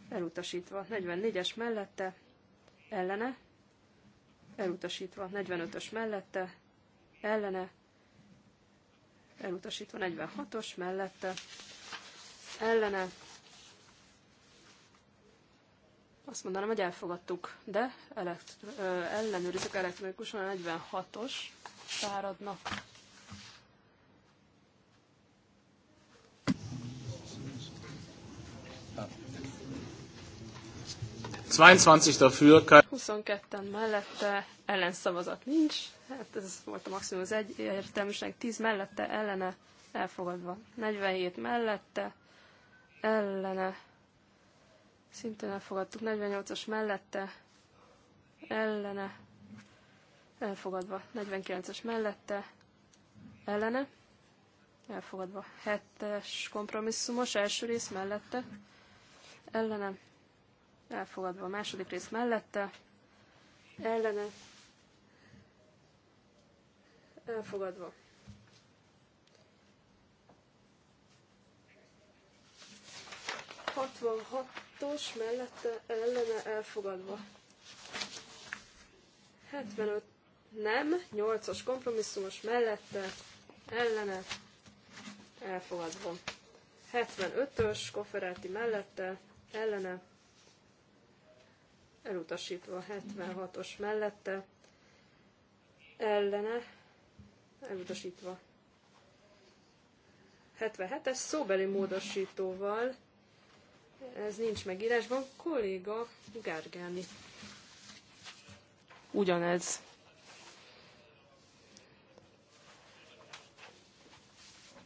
elutasítva. 44-es mellette, ellene, elutasítva 45-ös mellette, ellene, elutasítva 46-os mellette, ellene, azt mondanám, hogy elfogadtuk, de elekt, ö, ellenőrizzük elektronikusan a 46-os száradnak. 22 dafür. 22 mellette ellenszavazat nincs. Hát ez volt a maximum az egy értelműség. 10 mellette ellene elfogadva. 47 mellette ellene. Szintén elfogadtuk. 48-as mellette ellene. Elfogadva. 49-es mellette ellene. Elfogadva. 7-es kompromisszumos első rész mellette ellene elfogadva a második rész mellette, ellene, elfogadva. Hatvanhatos mellette, ellene, elfogadva. 75 nem, 8-as kompromisszumos mellette, ellene, elfogadva. 75-ös, koferáti mellette, ellene, elutasítva 76-os mellette, ellene, elutasítva 77-es szóbeli módosítóval, ez nincs megírásban, kolléga Gárgáni. Ugyanez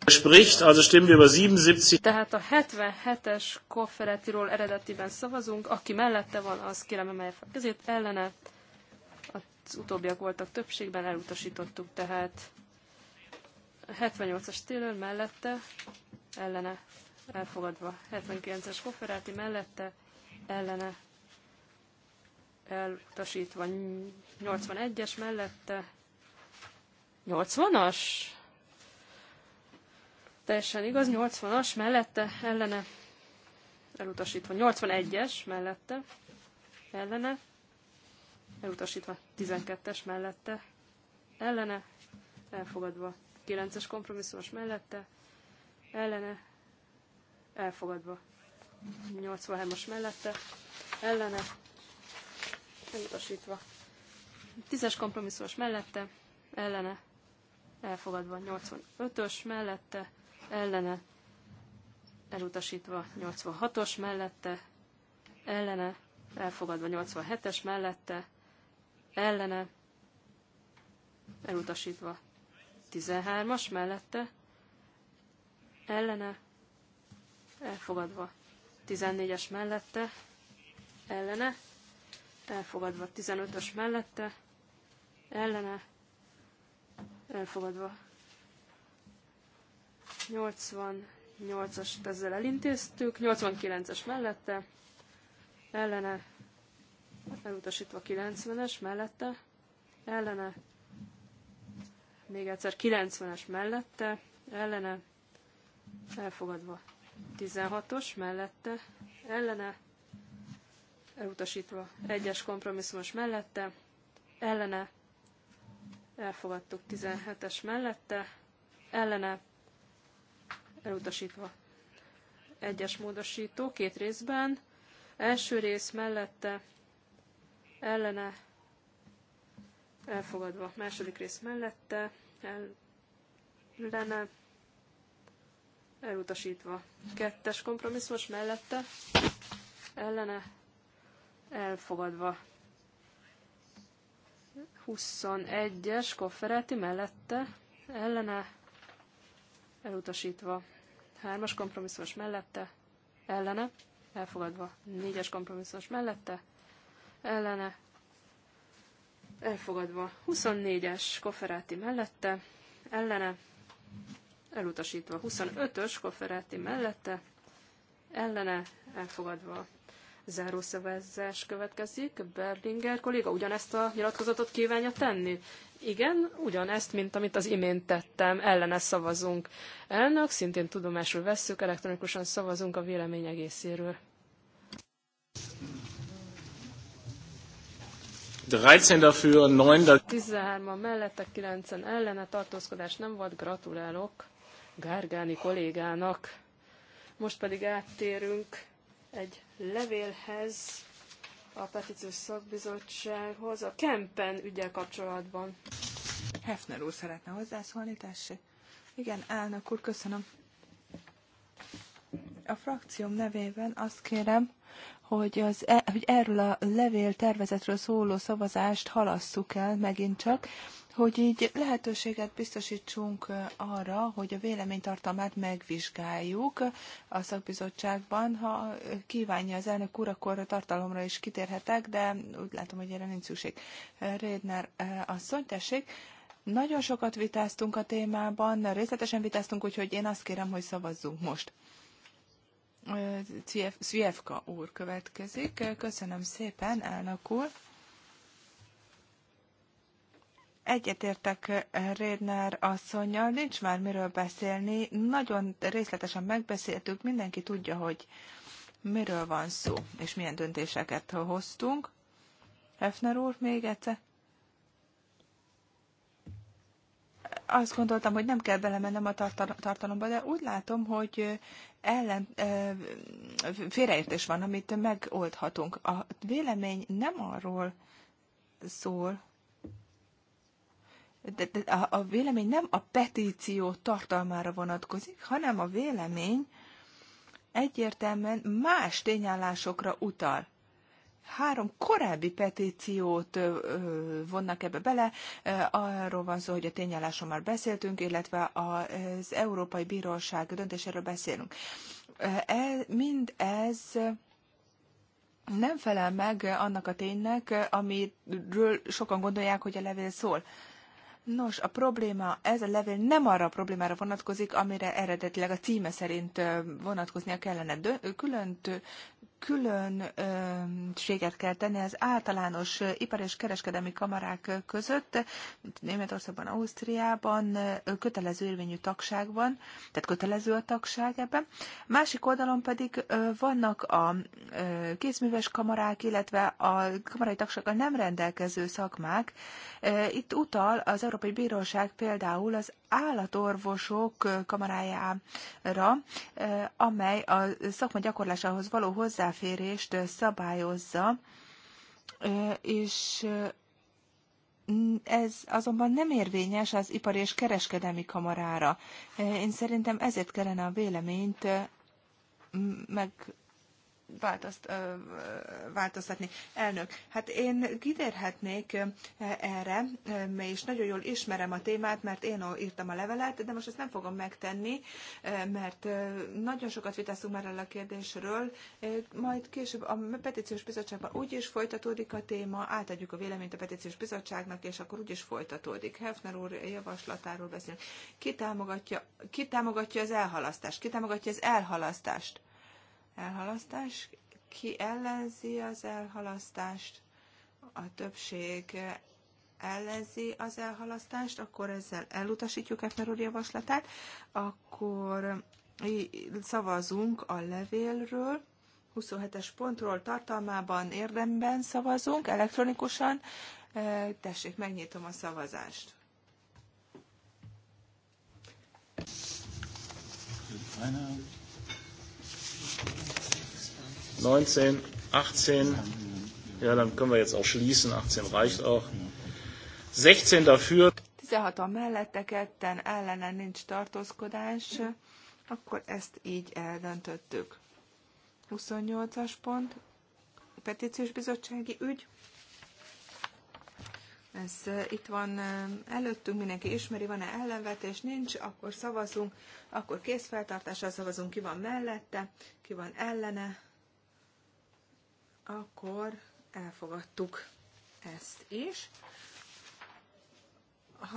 Spricht, also stimmen wir über 77. Tehát a 77-es Kofferetiról eredetiben szavazunk, aki mellette van, az kérem emelje fel kezét, ellene. Az utóbbiak voltak többségben, elutasítottuk tehát. 78-as télőr mellette, ellene, elfogadva. 79-es Kofferáti mellette, ellene, elutasítva. 81-es mellette, 80-as? Teljesen igaz, 80-as mellette, ellene, elutasítva. 81-es mellette, ellene, elutasítva. 12-es mellette, ellene, elfogadva. 9-es kompromisszumos mellette, ellene, elfogadva. 83-as mellette, ellene, elutasítva. 10-es kompromisszumos mellette, ellene, elfogadva. 85-ös mellette, ellene, elutasítva 86-os mellette, ellene, elfogadva 87-es mellette, ellene, elutasítva 13-as mellette, ellene, elfogadva 14-es mellette, ellene, elfogadva 15-ös mellette, ellene, elfogadva 88-as ezzel elintéztük, 89-es mellette, ellene, elutasítva 90-es mellette, ellene, még egyszer 90-es mellette, ellene, elfogadva 16-os mellette, ellene, elutasítva 1-es kompromisszumos mellette, ellene, elfogadtuk 17-es mellette, ellene, elutasítva. Egyes módosító két részben. Első rész mellette ellene elfogadva. Második rész mellette ellene elutasítva. Kettes kompromisszumos mellette ellene elfogadva. 21-es kofferáti mellette ellene elutasítva hármas kompromisszumos mellette, ellene, elfogadva négyes kompromisszumos mellette, ellene, elfogadva 24-es koferáti mellette, ellene, elutasítva 25-ös koferáti mellette, ellene, elfogadva Zárószavazás következik. Berlinger kolléga ugyanezt a nyilatkozatot kívánja tenni? Igen, ugyanezt, mint amit az imént tettem, ellene szavazunk. Elnök, szintén tudomásul vesszük, elektronikusan szavazunk a vélemény egészéről. 13 dafür, 9 13-an mellette, 9-en ellene, tartózkodás nem volt, gratulálok Gárgáni kollégának. Most pedig áttérünk egy levélhez a petíciós szakbizottsághoz a Kempen ügyel kapcsolatban. Hefner úr szeretne hozzászólni, tessék. Igen, elnök úr, köszönöm. A frakcióm nevében azt kérem, hogy, az, e- hogy erről a levél tervezetről szóló szavazást halasszuk el megint csak, hogy így lehetőséget biztosítsunk arra, hogy a véleménytartalmát megvizsgáljuk a szakbizottságban. Ha kívánja az elnök úr, akkor a tartalomra is kitérhetek, de úgy látom, hogy erre nincs szükség. Rédner asszony, tessék. Nagyon sokat vitáztunk a témában, részletesen vitáztunk, úgyhogy én azt kérem, hogy szavazzunk most. Szüjevka úr következik. Köszönöm szépen, elnök úr. Egyetértek eh, Rédnár asszonynal, nincs már miről beszélni, nagyon részletesen megbeszéltük, mindenki tudja, hogy miről van szó, és milyen döntéseket hoztunk. Hefner úr, még egyszer. Azt gondoltam, hogy nem kell belemennem a tartalomba, de úgy látom, hogy eh, ellen, eh, félreértés van, amit megoldhatunk. A vélemény nem arról szól, de, de a, a vélemény nem a petíció tartalmára vonatkozik, hanem a vélemény egyértelműen más tényállásokra utal. Három korábbi petíciót vonnak ebbe bele, arról van szó, hogy a tényállásról már beszéltünk, illetve az Európai Bíróság döntéséről beszélünk. E, mind ez nem felel meg annak a ténynek, amiről sokan gondolják, hogy a levél szól. Nos, a probléma, ez a levél nem arra a problémára vonatkozik, amire eredetileg a címe szerint vonatkoznia kellene. külön különbséget kell tenni az általános ipar és kereskedelmi kamarák között, Németországban, Ausztriában kötelező érvényű tagságban, tehát kötelező a tagság ebben. Másik oldalon pedig vannak a kézműves kamarák, illetve a kamarai tagsággal nem rendelkező szakmák. Itt utal az Európai Bíróság például az állatorvosok kamarájára, amely a szakma gyakorlásához való hozzáférést szabályozza, és ez azonban nem érvényes az ipari és kereskedelmi kamarára. Én szerintem ezért kellene a véleményt meg változt, változtatni. Elnök, hát én kitérhetnék erre, és nagyon jól ismerem a témát, mert én írtam a levelet, de most ezt nem fogom megtenni, mert nagyon sokat vitázunk már el a kérdésről, majd később a petíciós bizottságban úgyis folytatódik a téma, átadjuk a véleményt a petíciós bizottságnak, és akkor úgyis folytatódik. Hefner úr javaslatáról beszélünk. Ki támogatja, ki támogatja az elhalasztást? Ki támogatja az elhalasztást? elhalasztás. Ki ellenzi az elhalasztást, a többség ellenzi az elhalasztást, akkor ezzel elutasítjuk Efner úr javaslatát, akkor szavazunk a levélről, 27-es pontról tartalmában érdemben szavazunk elektronikusan. E, tessék, megnyitom a szavazást. Final. 19, 18. Ja, dann können wir jetzt auch schließen. 18 reicht auch. 16 dafür. 16-an mellette, ketten ellene nincs tartózkodás, akkor ezt így eldöntöttük. 28-as pont, petíciós bizottsági ügy. Ez eh, itt van eh, előttünk, mindenki ismeri, van-e ellenvetés, nincs, akkor szavazunk, akkor készfeltartással szavazunk, ki van mellette, ki van ellene, akkor elfogadtuk ezt is. A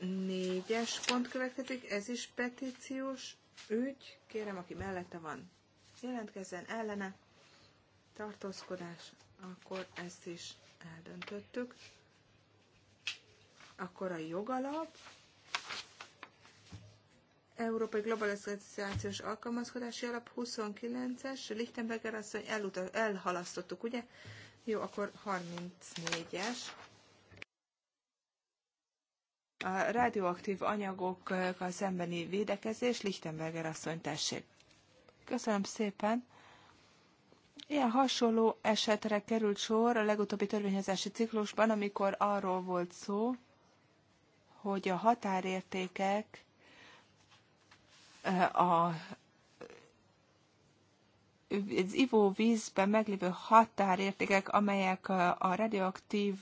34-es pont következik, ez is petíciós ügy. Kérem, aki mellette van, jelentkezzen ellene. Tartózkodás, akkor ezt is eldöntöttük. Akkor a jogalap, Európai Globalizációs Alkalmazkodási Alap 29-es, Lichtenberger asszony, elutaz, elhalasztottuk, ugye? Jó, akkor 34-es. A radioaktív anyagokkal szembeni védekezés, Lichtenberger asszony, tessék. Köszönöm szépen. Ilyen hasonló esetre került sor a legutóbbi törvényezési ciklusban, amikor arról volt szó, hogy a határértékek a az ivóvízben meglévő határértékek, amelyek a radioaktív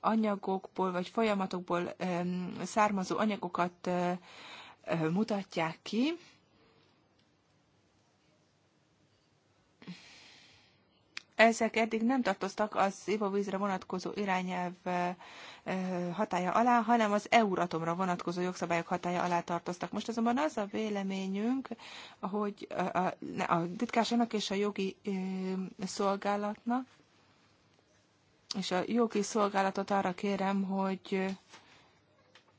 anyagokból vagy folyamatokból származó anyagokat mutatják ki, ezek eddig nem tartoztak az ivóvízre vonatkozó irányelv hatája alá, hanem az euratomra vonatkozó jogszabályok hatája alá tartoztak. Most azonban az a véleményünk, hogy a, a, titkárságnak és a jogi szolgálatnak, és a jogi szolgálatot arra kérem, hogy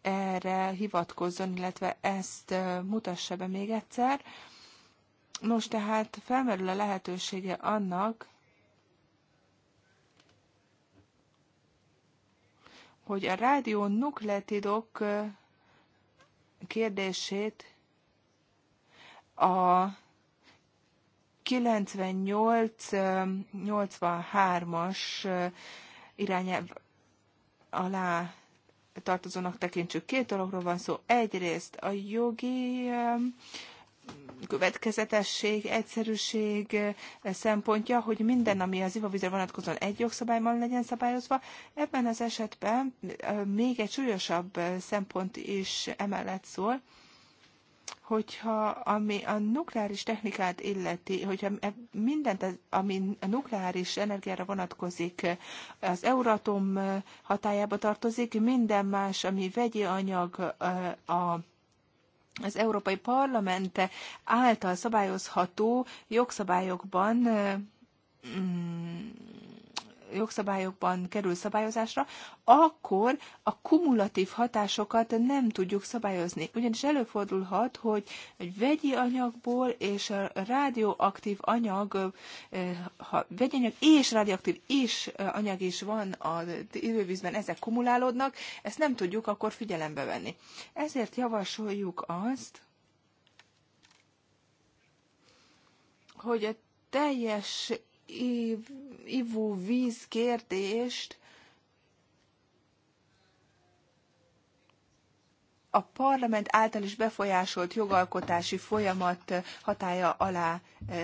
erre hivatkozzon, illetve ezt mutassa be még egyszer. Most tehát felmerül a lehetősége annak, hogy a rádió nukleotidok kérdését a 98-83-as irányelv alá tartozónak tekintsük. Két dologról van szó. Egyrészt a jogi következetesség, egyszerűség eh, szempontja, hogy minden, ami az ivóvízre vonatkozóan egy jogszabályban legyen szabályozva, ebben az esetben eh, még egy súlyosabb eh, szempont is emellett szól, hogyha ami a nukleáris technikát illeti, hogyha e- mindent, ami a nukleáris energiára vonatkozik, az Euratom hatájába tartozik, minden más, ami vegyi anyag, a az Európai Parlament által szabályozható jogszabályokban mm, jogszabályokban kerül szabályozásra, akkor a kumulatív hatásokat nem tudjuk szabályozni. Ugyanis előfordulhat, hogy egy vegyi anyagból és a rádióaktív anyag, ha vegyi anyag és rádióaktív és anyag is van a idővízben ezek kumulálódnak, ezt nem tudjuk akkor figyelembe venni. Ezért javasoljuk azt, hogy a teljes ivóvíz kérdést a parlament által is befolyásolt jogalkotási folyamat hatája alá e,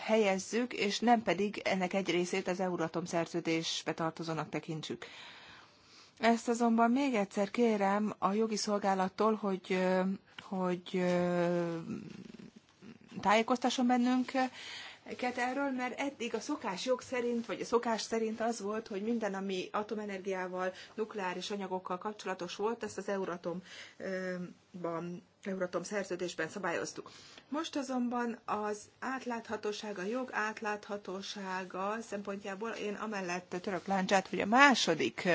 helyezzük, és nem pedig ennek egy részét az Euratom szerződésbe tartozónak tekintsük. Ezt azonban még egyszer kérem a jogi szolgálattól, hogy, e, hogy e, tájékoztasson bennünk erről, mert eddig a szokás jog szerint, vagy a szokás szerint az volt, hogy minden, ami atomenergiával, nukleáris anyagokkal kapcsolatos volt, ezt az Euratomban, Euratom szerződésben szabályoztuk. Most azonban az átláthatóság, a jog átláthatósága szempontjából én amellett török láncsát, hogy a második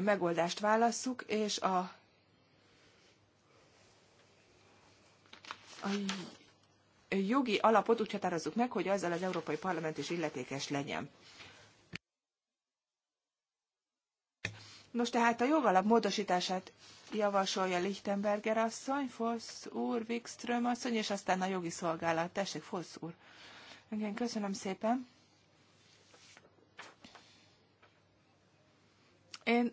megoldást válasszuk, és a a jogi alapot úgy határozzuk meg, hogy azzal az Európai Parlament is illetékes legyen. Nos, tehát a jogalap módosítását javasolja Lichtenberger asszony, Foss úr, Wikström asszony, és aztán a jogi szolgálat. Tessék, Foss úr. Igen, köszönöm szépen. Én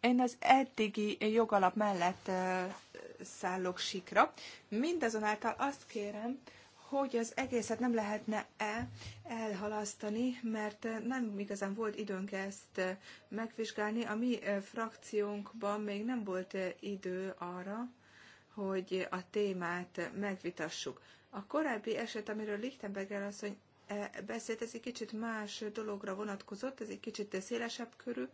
én az eddigi jogalap mellett szállok sikra. Mindazonáltal azt kérem, hogy az egészet nem lehetne-e elhalasztani, mert nem igazán volt időnk ezt megvizsgálni. A mi frakciónkban még nem volt idő arra, hogy a témát megvitassuk. A korábbi eset, amiről Lichtenberger asszony beszélt, ez egy kicsit más dologra vonatkozott, ez egy kicsit szélesebb körű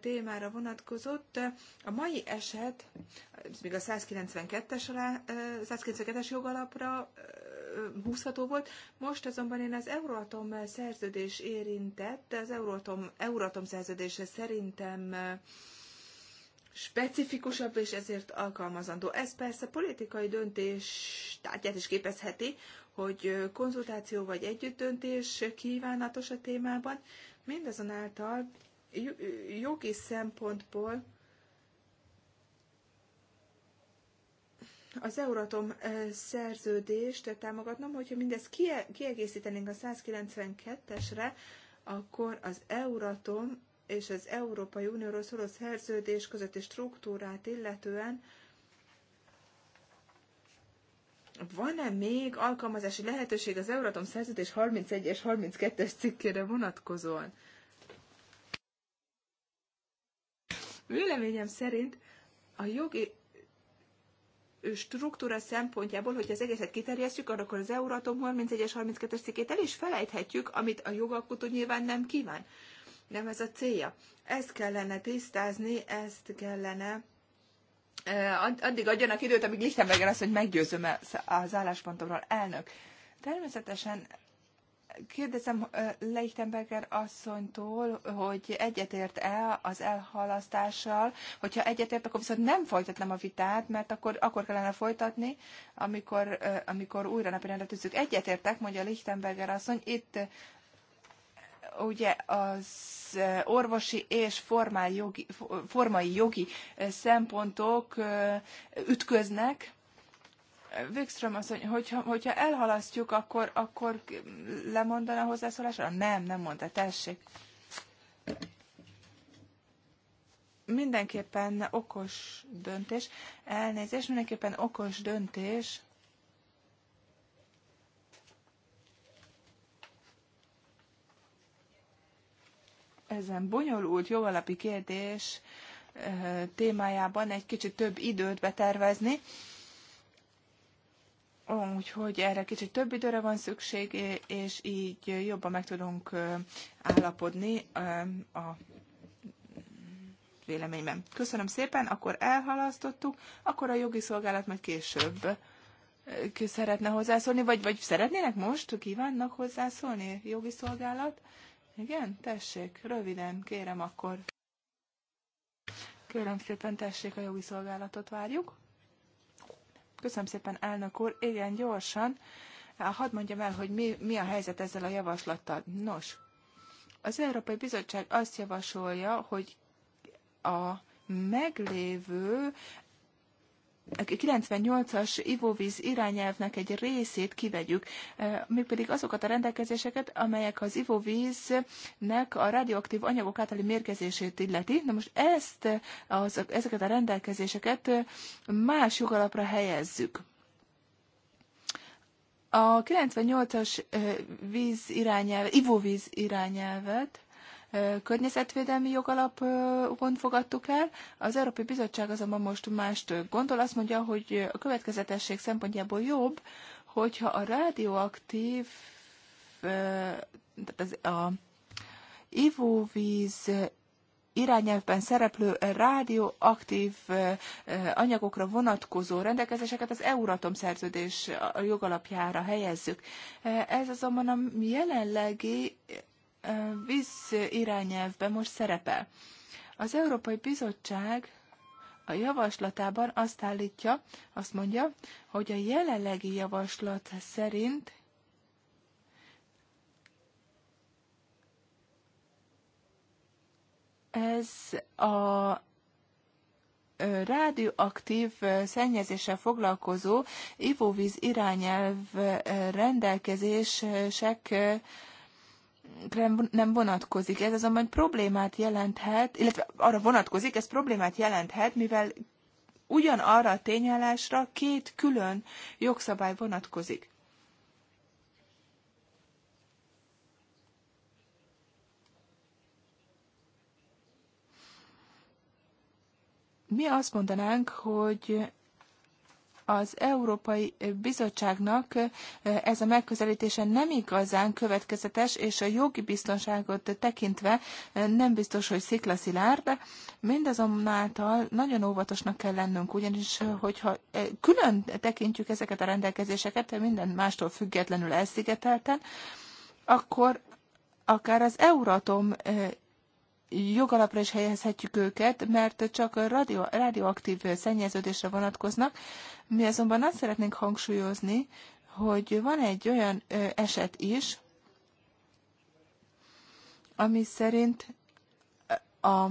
témára vonatkozott. A mai eset, ez még a 192-es, 192-es jogalapra húzható volt, most azonban én az Euratom szerződés érintett, az Euratom, Euratom szerződése szerintem specifikusabb és ezért alkalmazandó. Ez persze politikai döntés tárgyát is képezheti, hogy konzultáció vagy együttdöntés kívánatos a témában, mindazonáltal jogi szempontból az Euratom eh, szerződést támogatnom, hogyha mindezt kiegészítenénk a 192-esre, akkor az Euratom és az Európai Unióról szóló szerződés közötti struktúrát illetően van-e még alkalmazási lehetőség az Euratom szerződés 31 és 32-es cikkére vonatkozóan? Véleményem szerint a jogi struktúra szempontjából, hogy az egészet kiterjesztjük, akkor az Euratom 31-es 32-es cikkét el is felejthetjük, amit a jogalkotó nyilván nem kíván. Nem ez a célja. Ezt kellene tisztázni, ezt kellene addig adjanak időt, amíg Lichtenberger azt, hogy meggyőzöm az álláspontomról. Elnök, természetesen Kérdezem Leichtenberger asszonytól, hogy egyetért el az elhalasztással, hogyha egyetért, akkor viszont nem folytatnám a vitát, mert akkor, akkor kellene folytatni, amikor, amikor újra napirendre tűzzük. Egyetértek, mondja Leichtenberger asszony, itt ugye az orvosi és formál jogi, formai jogi szempontok ütköznek, Wikström asszony, hogyha, hogyha elhalasztjuk, akkor, akkor lemondana a hozzászólásra? Nem, nem mondta, tessék. Mindenképpen okos döntés, Elnézést, mindenképpen okos döntés, ezen bonyolult jogalapi kérdés eh, témájában egy kicsit több időt betervezni. Úgyhogy erre kicsit több időre van szükség, és így jobban meg tudunk állapodni a véleményben. Köszönöm szépen, akkor elhalasztottuk, akkor a jogi szolgálat majd később szeretne hozzászólni, vagy, vagy szeretnének most, kívánnak hozzászólni jogi szolgálat? Igen, tessék, röviden, kérem akkor. Kérem szépen, tessék, a jogi szolgálatot várjuk. Köszönöm szépen, elnök úr. Igen, gyorsan. Hát, hadd mondjam el, hogy mi, mi a helyzet ezzel a javaslattal. Nos, az Európai Bizottság azt javasolja, hogy a meglévő 98-as ivóvíz irányelvnek egy részét kivegyük, e, mégpedig azokat a rendelkezéseket, amelyek az ivóvíznek a radioaktív anyagok általi mérgezését illeti. Na most ezt, az, ezeket a rendelkezéseket más jogalapra helyezzük. A 98-as e, víz ivóvíz irányelvet környezetvédelmi jogalapon fogadtuk el. Az Európai Bizottság azonban most mást gondol, azt mondja, hogy a következetesség szempontjából jobb, hogyha a rádióaktív, tehát az, a ivóvíz irányelvben szereplő rádióaktív anyagokra vonatkozó rendelkezéseket az Euratom szerződés jogalapjára helyezzük. Ez azonban a jelenlegi víz irányelvben most szerepel. Az Európai Bizottság a javaslatában azt állítja, azt mondja, hogy a jelenlegi javaslat szerint ez a rádióaktív szennyezéssel foglalkozó ivóvíz irányelv rendelkezések nem vonatkozik. Ez azonban problémát jelenthet, illetve arra vonatkozik, ez problémát jelenthet, mivel ugyanarra a tényállásra két külön jogszabály vonatkozik. Mi azt mondanánk, hogy az Európai Bizottságnak ez a megközelítése nem igazán következetes, és a jogi biztonságot tekintve nem biztos, hogy sziklaszilárd. Mindazonáltal nagyon óvatosnak kell lennünk, ugyanis hogyha külön tekintjük ezeket a rendelkezéseket, minden mástól függetlenül elszigetelten, akkor akár az Euratom jogalapra is helyezhetjük őket, mert csak radio, radioaktív szennyeződésre vonatkoznak. Mi azonban azt szeretnénk hangsúlyozni, hogy van egy olyan eset is, ami szerint a,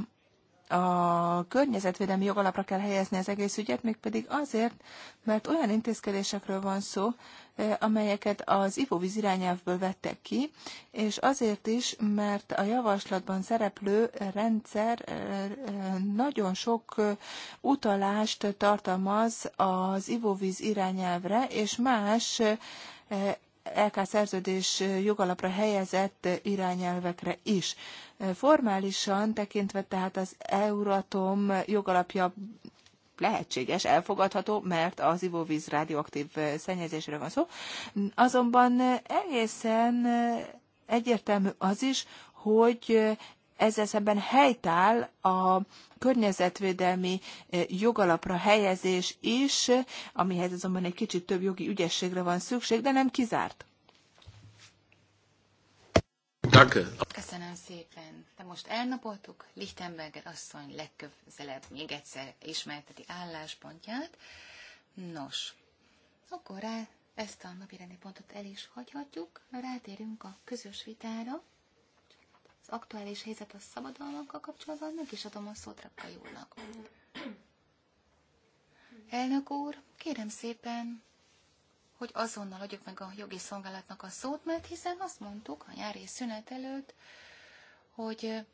a környezetvédelmi jogalapra kell helyezni az egész ügyet, mégpedig azért, mert olyan intézkedésekről van szó, amelyeket az ivóvíz irányelvből vettek ki, és azért is, mert a javaslatban szereplő rendszer eh, eh, nagyon sok eh, utalást tartalmaz az ivóvíz irányelvre, és más LK szerződés jogalapra helyezett irányelvekre is. Formálisan tekintve tehát az Euratom jogalapja lehetséges, elfogadható, mert az ivóvíz radioaktív szennyezésről van szó. Azonban egészen egyértelmű az is, hogy ezzel szemben helytáll a környezetvédelmi jogalapra helyezés is, amihez azonban egy kicsit több jogi ügyességre van szükség, de nem kizárt. Danke. Köszönöm szépen. De most elnapoltuk Lichtenberger asszony legközelebb még egyszer ismerteti álláspontját. Nos, akkor rá ezt a napirendi pontot el is hagyhatjuk, rátérünk a közös vitára. Az aktuális helyzet a szabadalmakkal kapcsolatban, meg is adom a szót Rakka Elnök úr, kérem szépen, hogy azonnal adjuk meg a jogi szolgálatnak a szót, mert hiszen azt mondtuk a nyári szünet előtt, hogy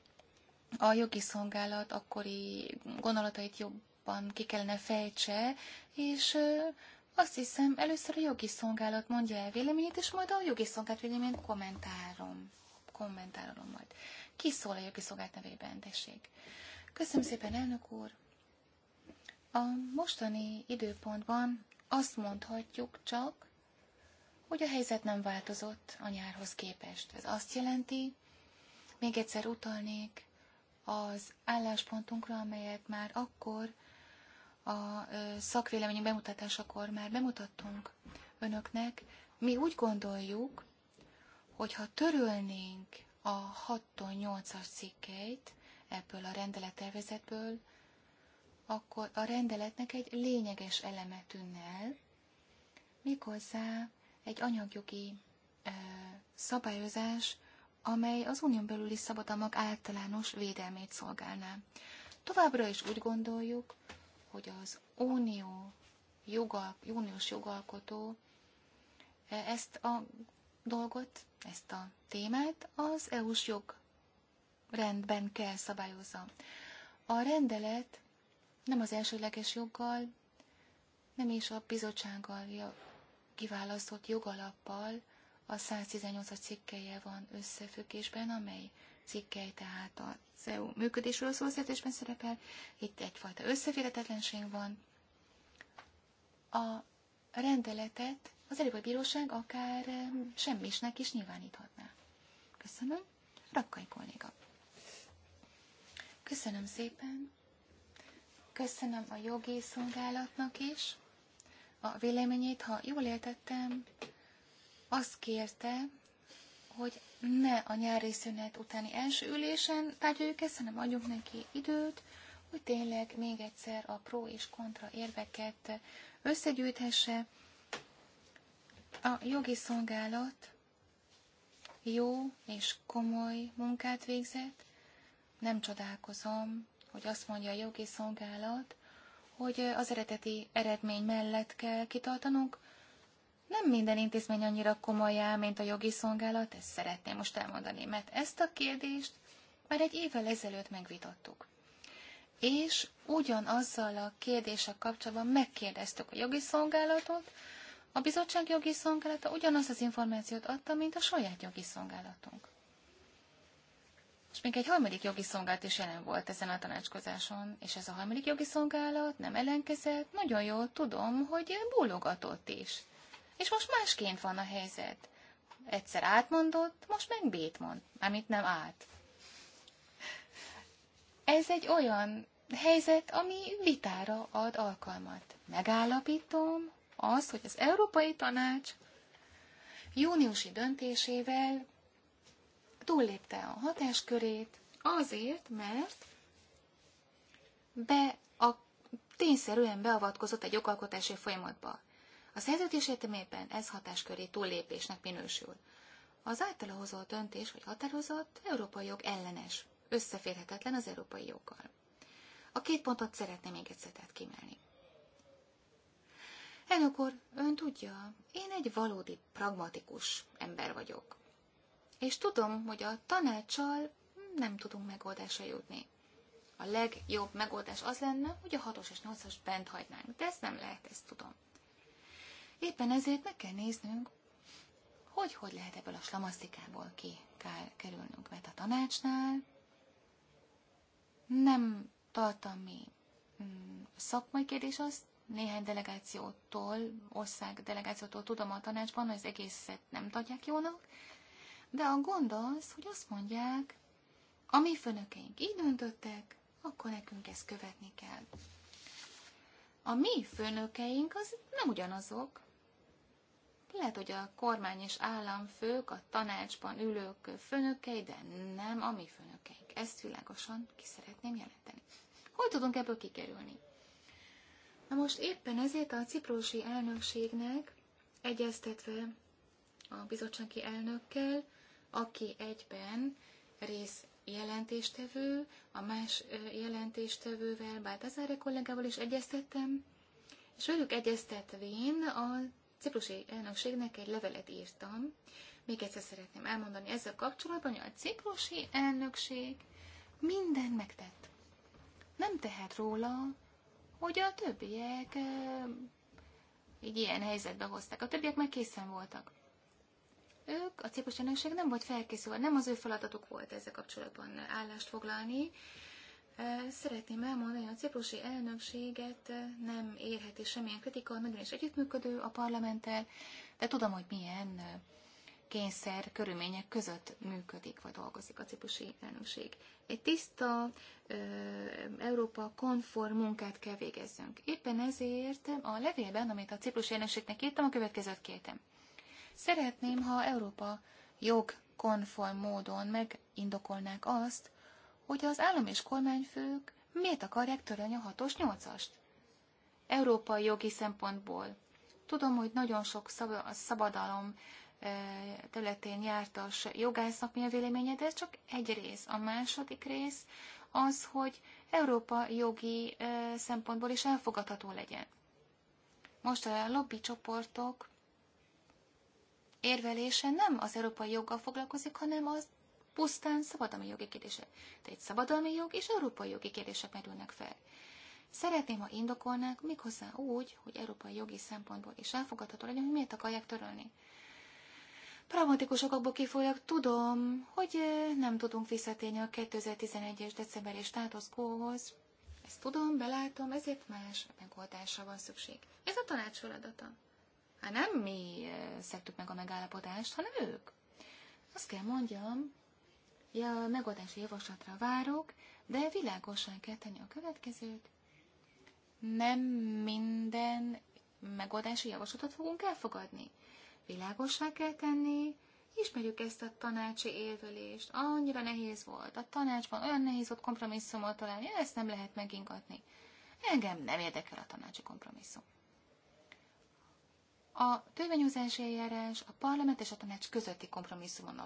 a jogi szolgálat akkori gondolatait jobban ki kellene fejtse, és azt hiszem, először a jogi szolgálat mondja el véleményét, és majd a jogi szolgálat véleményét kommentárom. Kommentálom majd. Ki szól a jogi szolgálat nevében, tessék? Köszönöm szépen, elnök úr! A mostani időpontban azt mondhatjuk csak, hogy a helyzet nem változott a nyárhoz képest. Ez azt jelenti, még egyszer utalnék az álláspontunkra, amelyet már akkor a szakvéleményünk bemutatásakor már bemutattunk önöknek. Mi úgy gondoljuk, hogy ha törölnénk a 6-8-as cikkeit ebből a rendelettervezetből, akkor a rendeletnek egy lényeges eleme tűnne el, méghozzá egy anyagjogi ö, szabályozás, amely az unión belüli szabadalmak általános védelmét szolgálná. Továbbra is úgy gondoljuk, hogy az unió jogal, uniós jogalkotó ezt a dolgot, ezt a témát az EU-s jogrendben kell szabályozza. A rendelet nem az elsőleges joggal, nem is a bizottsággal kiválasztott jogalappal a 118-as cikkelje van összefüggésben, amely cikkely tehát az CEU működésről szóló szerepel. Itt egyfajta összeférhetetlenség van. A rendeletet az a Bíróság akár semmisnek is nyilváníthatná. Köszönöm. Rakkai kolléga. Köszönöm szépen. Köszönöm a jogi szolgálatnak is a véleményét. Ha jól értettem, azt kérte, hogy ne a nyári szünet utáni első ülésen tárgyaljuk ezt, hanem adjunk neki időt, hogy tényleg még egyszer a pro és kontra érveket összegyűjthesse. A jogi szolgálat jó és komoly munkát végzett, nem csodálkozom, hogy azt mondja a jogi szolgálat, hogy az eredeti eredmény mellett kell kitartanunk. Nem minden intézmény annyira komoly mint a jogi szolgálat, ezt szeretném most elmondani, mert ezt a kérdést már egy évvel ezelőtt megvitattuk. És ugyanazzal a kérdéssel kapcsolatban megkérdeztük a jogi szolgálatot, a bizottság jogi szolgálata ugyanazt az információt adta, mint a saját jogi szolgálatunk. És még egy harmadik jogi szolgálat is jelen volt ezen a tanácskozáson, és ez a harmadik jogi szolgálat nem ellenkezett, nagyon jól tudom, hogy bólogatott is. És most másként van a helyzet. Egyszer átmondott, most meg bét mond, amit nem át. Ez egy olyan helyzet, ami vitára ad alkalmat. Megállapítom az, hogy az Európai Tanács júniusi döntésével túllépte a hatáskörét azért, mert be a tényszerűen beavatkozott egy jogalkotási folyamatba. A szerződés értelmében ez hatásköré túllépésnek minősül. Az általa hozott döntés vagy határozat európai jog ellenes, összeférhetetlen az európai joggal. A két pontot szeretném még egyszer tehát kimelni. Elnök úr, ön tudja, én egy valódi pragmatikus ember vagyok és tudom, hogy a tanácsal nem tudunk megoldásra jutni. A legjobb megoldás az lenne, hogy a 6-os és 8-as bent hagynánk, de ezt nem lehet, ezt tudom. Éppen ezért meg kell néznünk, hogy hogy lehet ebből a slamasztikából ki kell kerülnünk, mert a tanácsnál nem tartalmi mm, szakmai kérdés az, néhány delegációtól, ország delegációtól tudom a tanácsban, hogy az egészet nem tartják jónak, de a gond az, hogy azt mondják, a mi főnökeink így döntöttek, akkor nekünk ezt követni kell. A mi főnökeink az nem ugyanazok. Lehet, hogy a kormány és államfők, a tanácsban ülők főnökei, de nem a mi főnökeink. Ezt világosan ki szeretném jelenteni. Hogy tudunk ebből kikerülni? Na most éppen ezért a ciprusi elnökségnek egyeztetve a bizottsági elnökkel aki egyben rész jelentéstevő, a más jelentéstevővel, Báltazáre kollégával is egyeztettem, és velük egyeztetvén a ciprusi elnökségnek egy levelet írtam. Még egyszer szeretném elmondani ezzel kapcsolatban, hogy a ciprusi elnökség minden megtett. Nem tehet róla, hogy a többiek így ilyen helyzetbe hozták. A többiek már készen voltak. Ők, a ciprus elnökség nem volt felkészülve, nem az ő feladatuk volt ezzel kapcsolatban állást foglalni. Szeretném elmondani, a ciprusi elnökséget nem érheti semmilyen kritika, nagyon is együttműködő a parlamenttel, de tudom, hogy milyen kényszer körülmények között működik vagy dolgozik a ciprusi elnökség. Egy tiszta, Európa konform munkát kell végezzünk. Éppen ezért a levélben, amit a ciprusi elnökségnek írtam, a következőt kértem. Szeretném, ha Európa jogkonform módon megindokolnák azt, hogy az állam és kormányfők miért akarják törölni a 6-os 8-ast. Európai jogi szempontból. Tudom, hogy nagyon sok szab szabadalom eh, területén jártas jogásznak mi a véleménye, de ez csak egy rész. A második rész az, hogy Európa jogi eh, szempontból is elfogadható legyen. Most a lobby csoportok érvelése nem az európai joggal foglalkozik, hanem az pusztán szabadalmi jogi kérdése. Tehát szabadalmi jog és európai jogi kérdések merülnek fel. Szeretném, ha indokolnák méghozzá úgy, hogy európai jogi szempontból is elfogadható legyen, hogy miért akarják törölni. Pragmatikus okokból tudom, hogy nem tudunk visszatérni a 2011-es decemberi státuszkóhoz. Ezt tudom, belátom, ezért más megoldásra van szükség. Ez a tanács feladata. Hát nem mi eh, szedtük meg a megállapodást, hanem ők. Azt kell mondjam, ja, a megoldási javaslatra várok, de világosan kell tenni a következőt. Nem minden megoldási javaslatot fogunk elfogadni. Világossá kell tenni, ismerjük ezt a tanácsi érvelést. Annyira nehéz volt. A tanácsban olyan nehéz volt kompromisszumot találni, ezt nem lehet megingatni. Engem nem érdekel a tanácsi kompromisszum. A törvényhozási eljárás a parlament és a tanács közötti kompromisszumon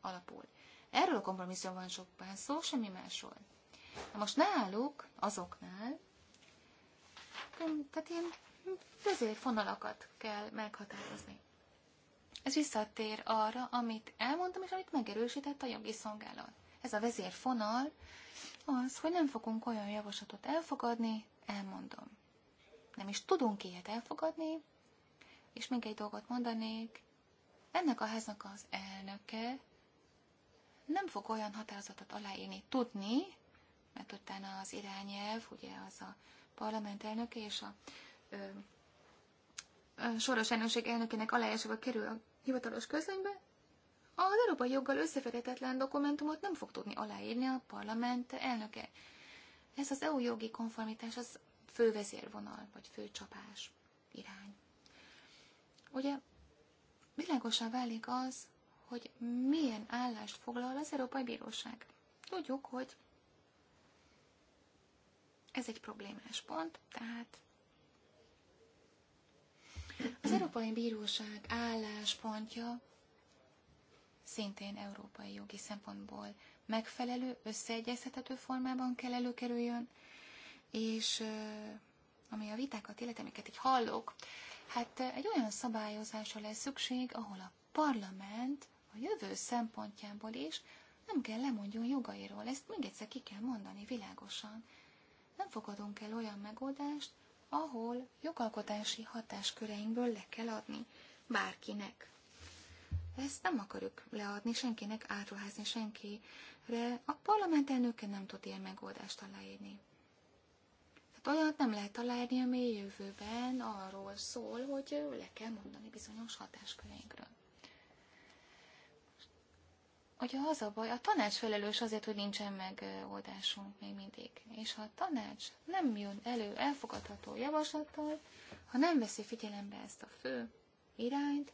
alapul. Erről a kompromisszum van sokban szó, semmi másról. Na most náluk, azoknál, tehát ilyen vezérfonalakat kell meghatározni. Ez visszatér arra, amit elmondtam, és amit megerősített a jogi szolgálat. Ez a vezérfonal az, hogy nem fogunk olyan javaslatot elfogadni, elmondom. Nem is tudunk ilyet elfogadni, és még egy dolgot mondanék, ennek a háznak az elnöke nem fog olyan határozatot aláírni tudni, mert utána az irányelv, ugye az a parlament elnöke és a, ö, ö, soros elnökség elnökének aláírásába kerül a hivatalos közlönybe, az európai joggal összeférhetetlen dokumentumot nem fog tudni aláírni a parlament elnöke. Ez az EU jogi konformitás az fővezérvonal vagy főcsapás. Ugye világosan válik az, hogy milyen állást foglal az Európai Bíróság. Tudjuk, hogy ez egy problémás pont, tehát az Európai Bíróság álláspontja szintén európai jogi szempontból megfelelő, összeegyeztethető formában kell előkerüljön, és ami a vitákat illeti, amiket így hallok, Hát eh, egy olyan szabályozásra lesz szükség, ahol a parlament a jövő szempontjából is nem kell lemondjon jogairól. Ezt még egyszer ki kell mondani világosan. Nem fogadunk el olyan megoldást, ahol jogalkotási hatásköreinkből le kell adni bárkinek. Ezt nem akarjuk leadni senkinek, átruházni senkire. A parlament elnöke nem tud ilyen megoldást aláírni. Tehát olyat nem lehet találni, ami jövőben arról szól, hogy le kell mondani bizonyos hatásköreinkről. Ugye az a baj, a tanács felelős azért, hogy nincsen megoldásunk még mindig. És ha a tanács nem jön elő elfogadható javaslattal, ha nem veszi figyelembe ezt a fő irányt,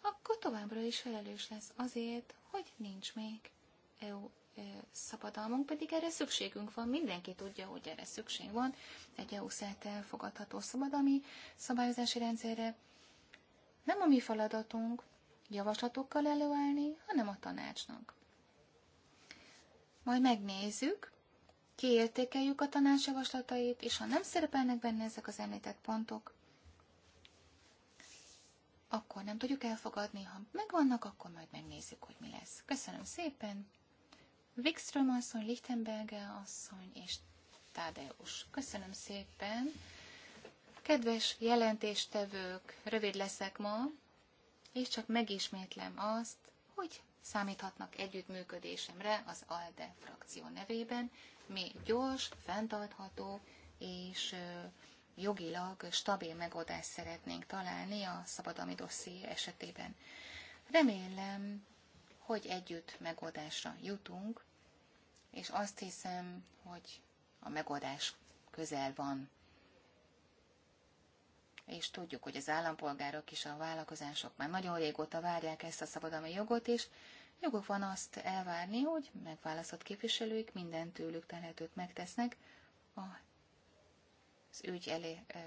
akkor továbbra is felelős lesz azért, hogy nincs még EU szabadalmunk, pedig erre szükségünk van, mindenki tudja, hogy erre szükség van, egy EU szerte elfogadható szabadalmi szabályozási rendszerre. Nem a mi feladatunk javaslatokkal előállni, hanem a tanácsnak. Majd megnézzük, kiértékeljük a tanács javaslatait, és ha nem szerepelnek benne ezek az említett pontok, akkor nem tudjuk elfogadni, ha megvannak, akkor majd megnézzük, hogy mi lesz. Köszönöm szépen! Wikström asszony, Lichtenberger asszony és Tádeusz. Köszönöm szépen. Kedves jelentéstevők, rövid leszek ma, és csak megismétlem azt, hogy számíthatnak együttműködésemre az ALDE frakció nevében, mi gyors, fenntartható és jogilag stabil megoldást szeretnénk találni a szabadalmi dosszié esetében. Remélem, hogy együtt megoldásra jutunk, és azt hiszem, hogy a megoldás közel van. És tudjuk, hogy az állampolgárok is a vállalkozások már nagyon régóta várják ezt a szabadalmi jogot, és joguk van azt elvárni, hogy megválasztott képviselőik minden tőlük telhetőt megtesznek a az ügy elé ö,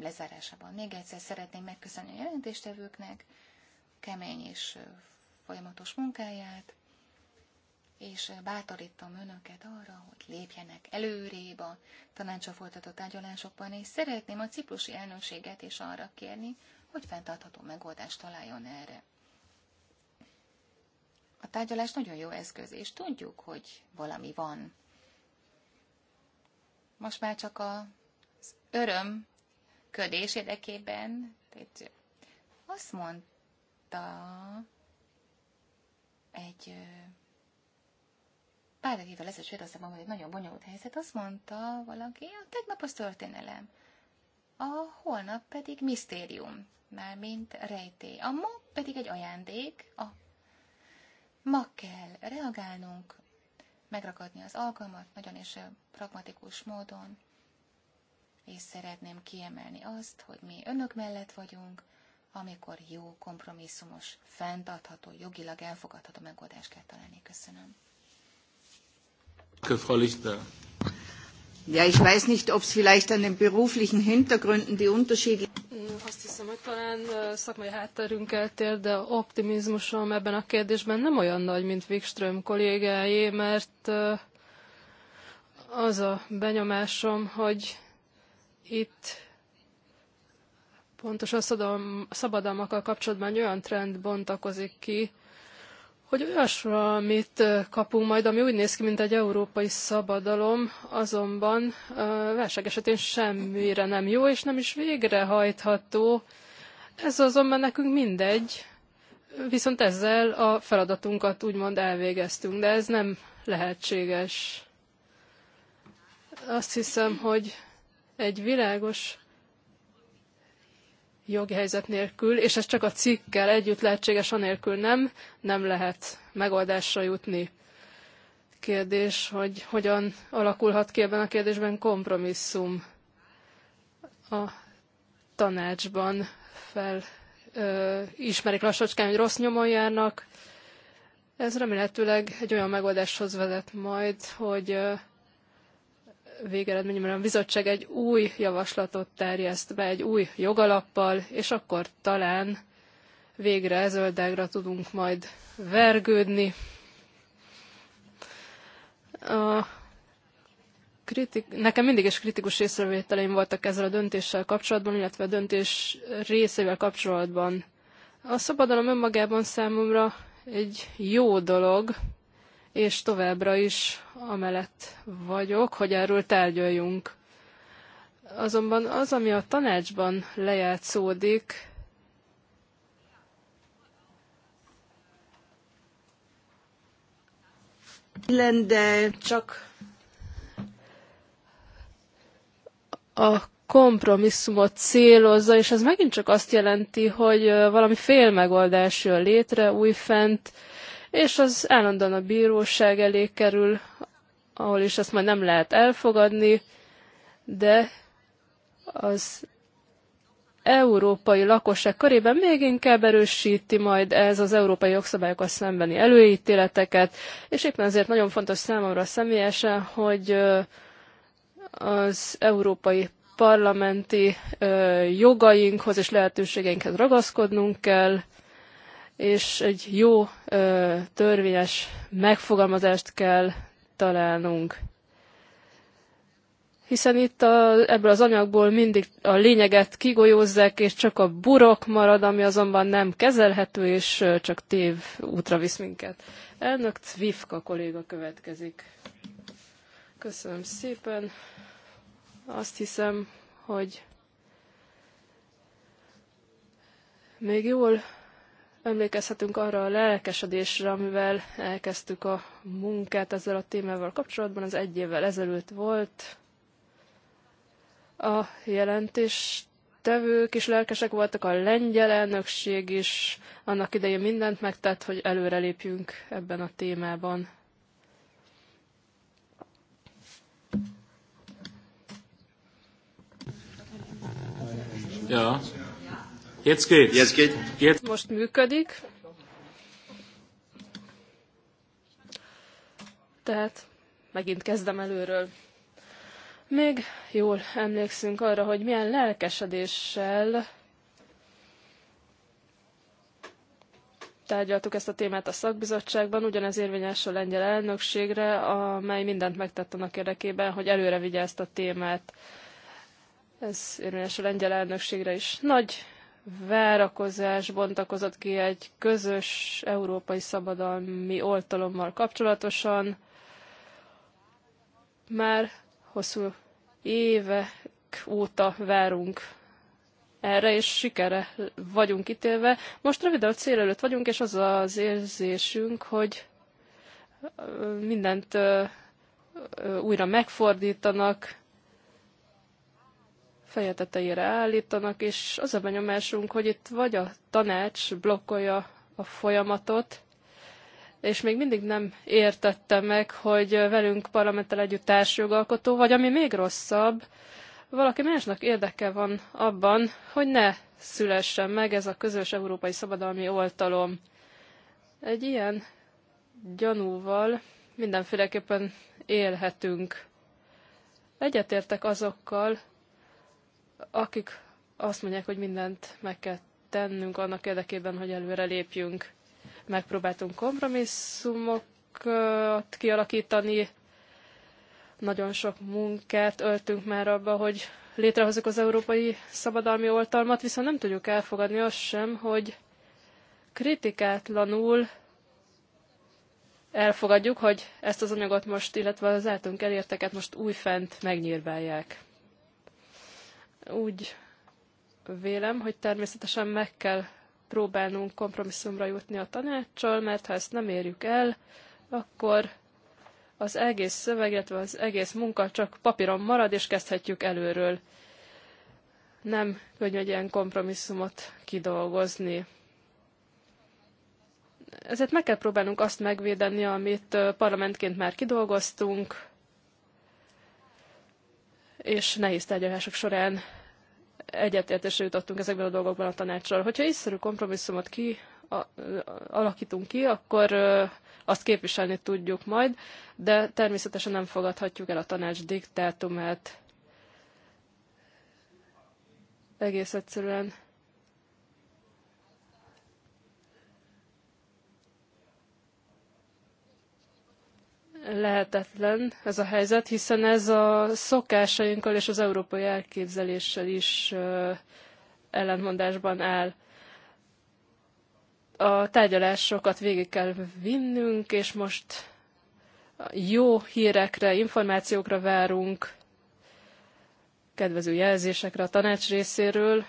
lezárásában. Még egyszer szeretném megköszönni a jelentéstevőknek, kemény és folyamatos munkáját, és bátorítom önöket arra, hogy lépjenek előrébb a tanácsa folytatott tárgyalásokban, és szeretném a ciprusi elnökséget is arra kérni, hogy fenntartható megoldást találjon erre. A tárgyalás nagyon jó eszköz, és tudjuk, hogy valami van. Most már csak az öröm ködés érdekében, azt mondta, egy pár évvel ezelőtt Svédországban volt egy nagyon bonyolult helyzet, azt mondta valaki, a tegnap az történelem, a holnap pedig misztérium, mármint rejtély. A ma pedig egy ajándék, a ma kell reagálnunk, megragadni az alkalmat nagyon és pragmatikus módon, és szeretném kiemelni azt, hogy mi önök mellett vagyunk, amikor jó, kompromisszumos, fenntartható, jogilag elfogadható megoldást kell találni. Köszönöm. Köszönöm. Ja, ich weiß nicht, ob es vielleicht an den beruflichen Hintergründen die unterschiedlichen... Azt hiszem, hogy talán szakmai hátterünk eltér, de optimizmusom ebben a kérdésben nem olyan nagy, mint Wikström kollégáé, mert az a benyomásom, hogy itt pontosan szabadalmakkal kapcsolatban egy olyan trend bontakozik ki, hogy olyasra, amit kapunk majd, ami úgy néz ki, mint egy európai szabadalom, azonban verseg esetén semmire nem jó, és nem is végrehajtható. Ez azonban nekünk mindegy, viszont ezzel a feladatunkat úgymond elvégeztünk, de ez nem lehetséges. Azt hiszem, hogy egy világos jogi helyzet nélkül, és ez csak a cikkkel együtt lehetséges, anélkül nem, nem lehet megoldásra jutni. Kérdés, hogy hogyan alakulhat ki ebben a kérdésben kompromisszum a tanácsban fel ö, ismerik lassacskán, hogy rossz nyomon járnak. Ez remélhetőleg egy olyan megoldáshoz vezet majd, hogy végeredményben a bizottság egy új javaslatot terjeszt be, egy új jogalappal, és akkor talán végre zöldágra tudunk majd vergődni. A kritik, nekem mindig is kritikus észrevételeim voltak ezzel a döntéssel kapcsolatban, illetve a döntés részével kapcsolatban. A szabadalom önmagában számomra egy jó dolog, és továbbra is amellett vagyok, hogy erről tárgyaljunk. Azonban az, ami a tanácsban lejátszódik, lenne csak a kompromisszumot célozza, és ez megint csak azt jelenti, hogy valami megoldás jön létre újfent, és az állandóan a bíróság elé kerül, ahol is azt már nem lehet elfogadni, de az európai lakosság körében még inkább erősíti majd ez az európai jogszabályokkal szembeni előítéleteket, és éppen ezért nagyon fontos számomra személyesen, hogy az európai parlamenti jogainkhoz és lehetőségeinkhez ragaszkodnunk kell, és egy jó törvényes megfogalmazást kell találnunk. Hiszen itt a, ebből az anyagból mindig a lényeget kigolyózzák, és csak a burok marad, ami azonban nem kezelhető, és csak tév útra visz minket. Elnök Cvifka kolléga következik. Köszönöm szépen. Azt hiszem, hogy még jól Emlékezhetünk arra a lelkesedésre, amivel elkezdtük a munkát ezzel a témával kapcsolatban. az egy évvel ezelőtt volt. A jelentés tevők is lelkesek voltak, a lengyel elnökség is annak idején mindent megtett, hogy előrelépjünk ebben a témában. Ja. Jetzt Jetzt geht. Jetzt. Most működik. Tehát megint kezdem előről. Még jól emlékszünk arra, hogy milyen lelkesedéssel tárgyaltuk ezt a témát a szakbizottságban, ugyanez érvényes a lengyel elnökségre, amely mindent megtett annak érdekében, hogy előre vigye ezt a témát. Ez érvényes a lengyel elnökségre is. Nagy várakozás bontakozott ki egy közös európai szabadalmi oltalommal kapcsolatosan. Már hosszú évek óta várunk erre, és sikere vagyunk ítélve. Most röviden a cél előtt vagyunk, és az az érzésünk, hogy mindent újra megfordítanak, feje tetejére állítanak, és az a benyomásunk, hogy itt vagy a tanács blokkolja a folyamatot, és még mindig nem értette meg, hogy velünk parlamenttel együtt társjogalkotó, vagy ami még rosszabb, valaki másnak érdeke van abban, hogy ne szülessen meg ez a közös európai szabadalmi oltalom. Egy ilyen gyanúval mindenféleképpen élhetünk. Egyetértek azokkal, akik azt mondják, hogy mindent meg kell tennünk annak érdekében, hogy előre lépjünk. Megpróbáltunk kompromisszumokat kialakítani, nagyon sok munkát öltünk már abba, hogy létrehozzuk az európai szabadalmi oltalmat, viszont nem tudjuk elfogadni azt sem, hogy kritikátlanul elfogadjuk, hogy ezt az anyagot most, illetve az általunk elérteket most újfent megnyírválják. Úgy vélem, hogy természetesen meg kell próbálnunk kompromisszumra jutni a tanácssal, mert ha ezt nem érjük el, akkor az egész szöveg, illetve az egész munka csak papíron marad, és kezdhetjük előről. Nem könnyű egy ilyen kompromisszumot kidolgozni. Ezért meg kell próbálnunk azt megvédeni, amit parlamentként már kidolgoztunk, és nehéz tárgyalások során egyetértésre jutottunk ezekben a dolgokban a tanácsról. Hogyha észszerű kompromisszumot ki a, a, alakítunk ki, akkor ö, azt képviselni tudjuk majd, de természetesen nem fogadhatjuk el a tanács diktátumát. Egész egyszerűen lehetetlen ez a helyzet, hiszen ez a szokásainkkal és az európai elképzeléssel is ellentmondásban áll. A tárgyalásokat végig kell vinnünk, és most jó hírekre, információkra várunk, kedvező jelzésekre a tanács részéről,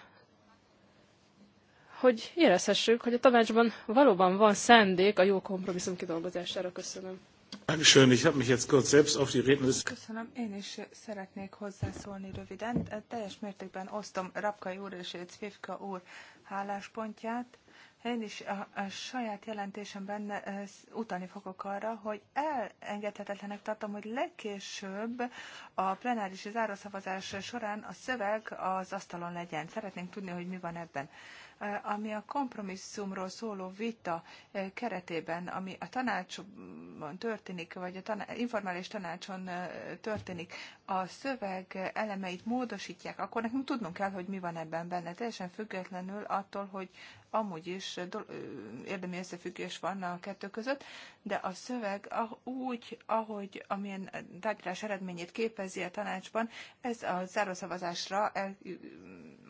hogy érezhessük, hogy a tanácsban valóban van szándék a jó kompromisszum kidolgozására. Köszönöm. Dankeschön. Ich habe mich jetzt kurz selbst auf die Rednerliste. Köszönöm. Én is szeretnék hozzászólni röviden. Teljes mértékben osztom Rapkai úr és Cvivka úr álláspontját. Én is a, a saját jelentésemben eh, utalni fogok arra, hogy elengedhetetlenek tartom, hogy legkésőbb a plenáris zárószavazás során a szöveg az asztalon legyen. Szeretnénk tudni, hogy mi van ebben ami a kompromisszumról szóló vita eh, keretében, ami a tanácsban történik, vagy a taná- informális tanácson eh, történik, a szöveg elemeit módosítják, akkor nekünk tudnunk kell, hogy mi van ebben benne, teljesen függetlenül attól, hogy amúgy is érdemi összefüggés van a kettő között, de a szöveg úgy, ahogy amilyen tárgyalás eredményét képezi a tanácsban, ez a zárószavazásra el,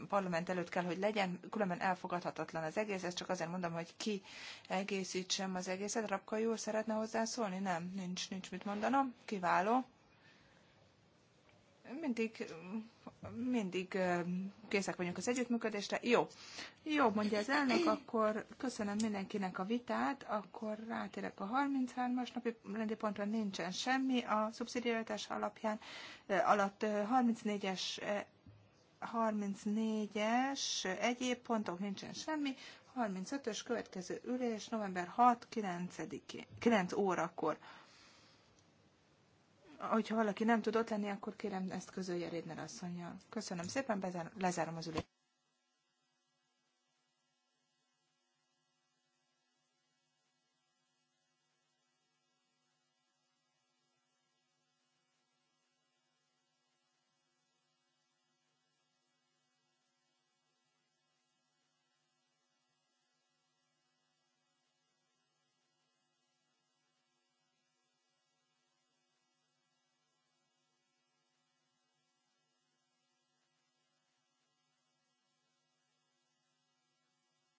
parlament előtt kell, hogy legyen, különben elfogadhatatlan az egész, ezt csak azért mondom, hogy ki egészítsem az egészet. Rapka jó szeretne hozzászólni? Nem, nincs, nincs mit mondanom. Kiváló mindig, mindig készek vagyunk az együttműködésre. Jó, jó, mondja az elnök, akkor köszönöm mindenkinek a vitát, akkor rátérek a 33-as napi rendi pontra nincsen semmi a szubszidiaritás alapján, alatt 34-es 34-es, egyéb pontok nincsen semmi, 35-ös következő ülés november 6-9 órakor hogyha valaki nem tud ott lenni, akkor kérem ezt közölje Rédner asszonynal. Köszönöm szépen, bezár, lezárom az ülést.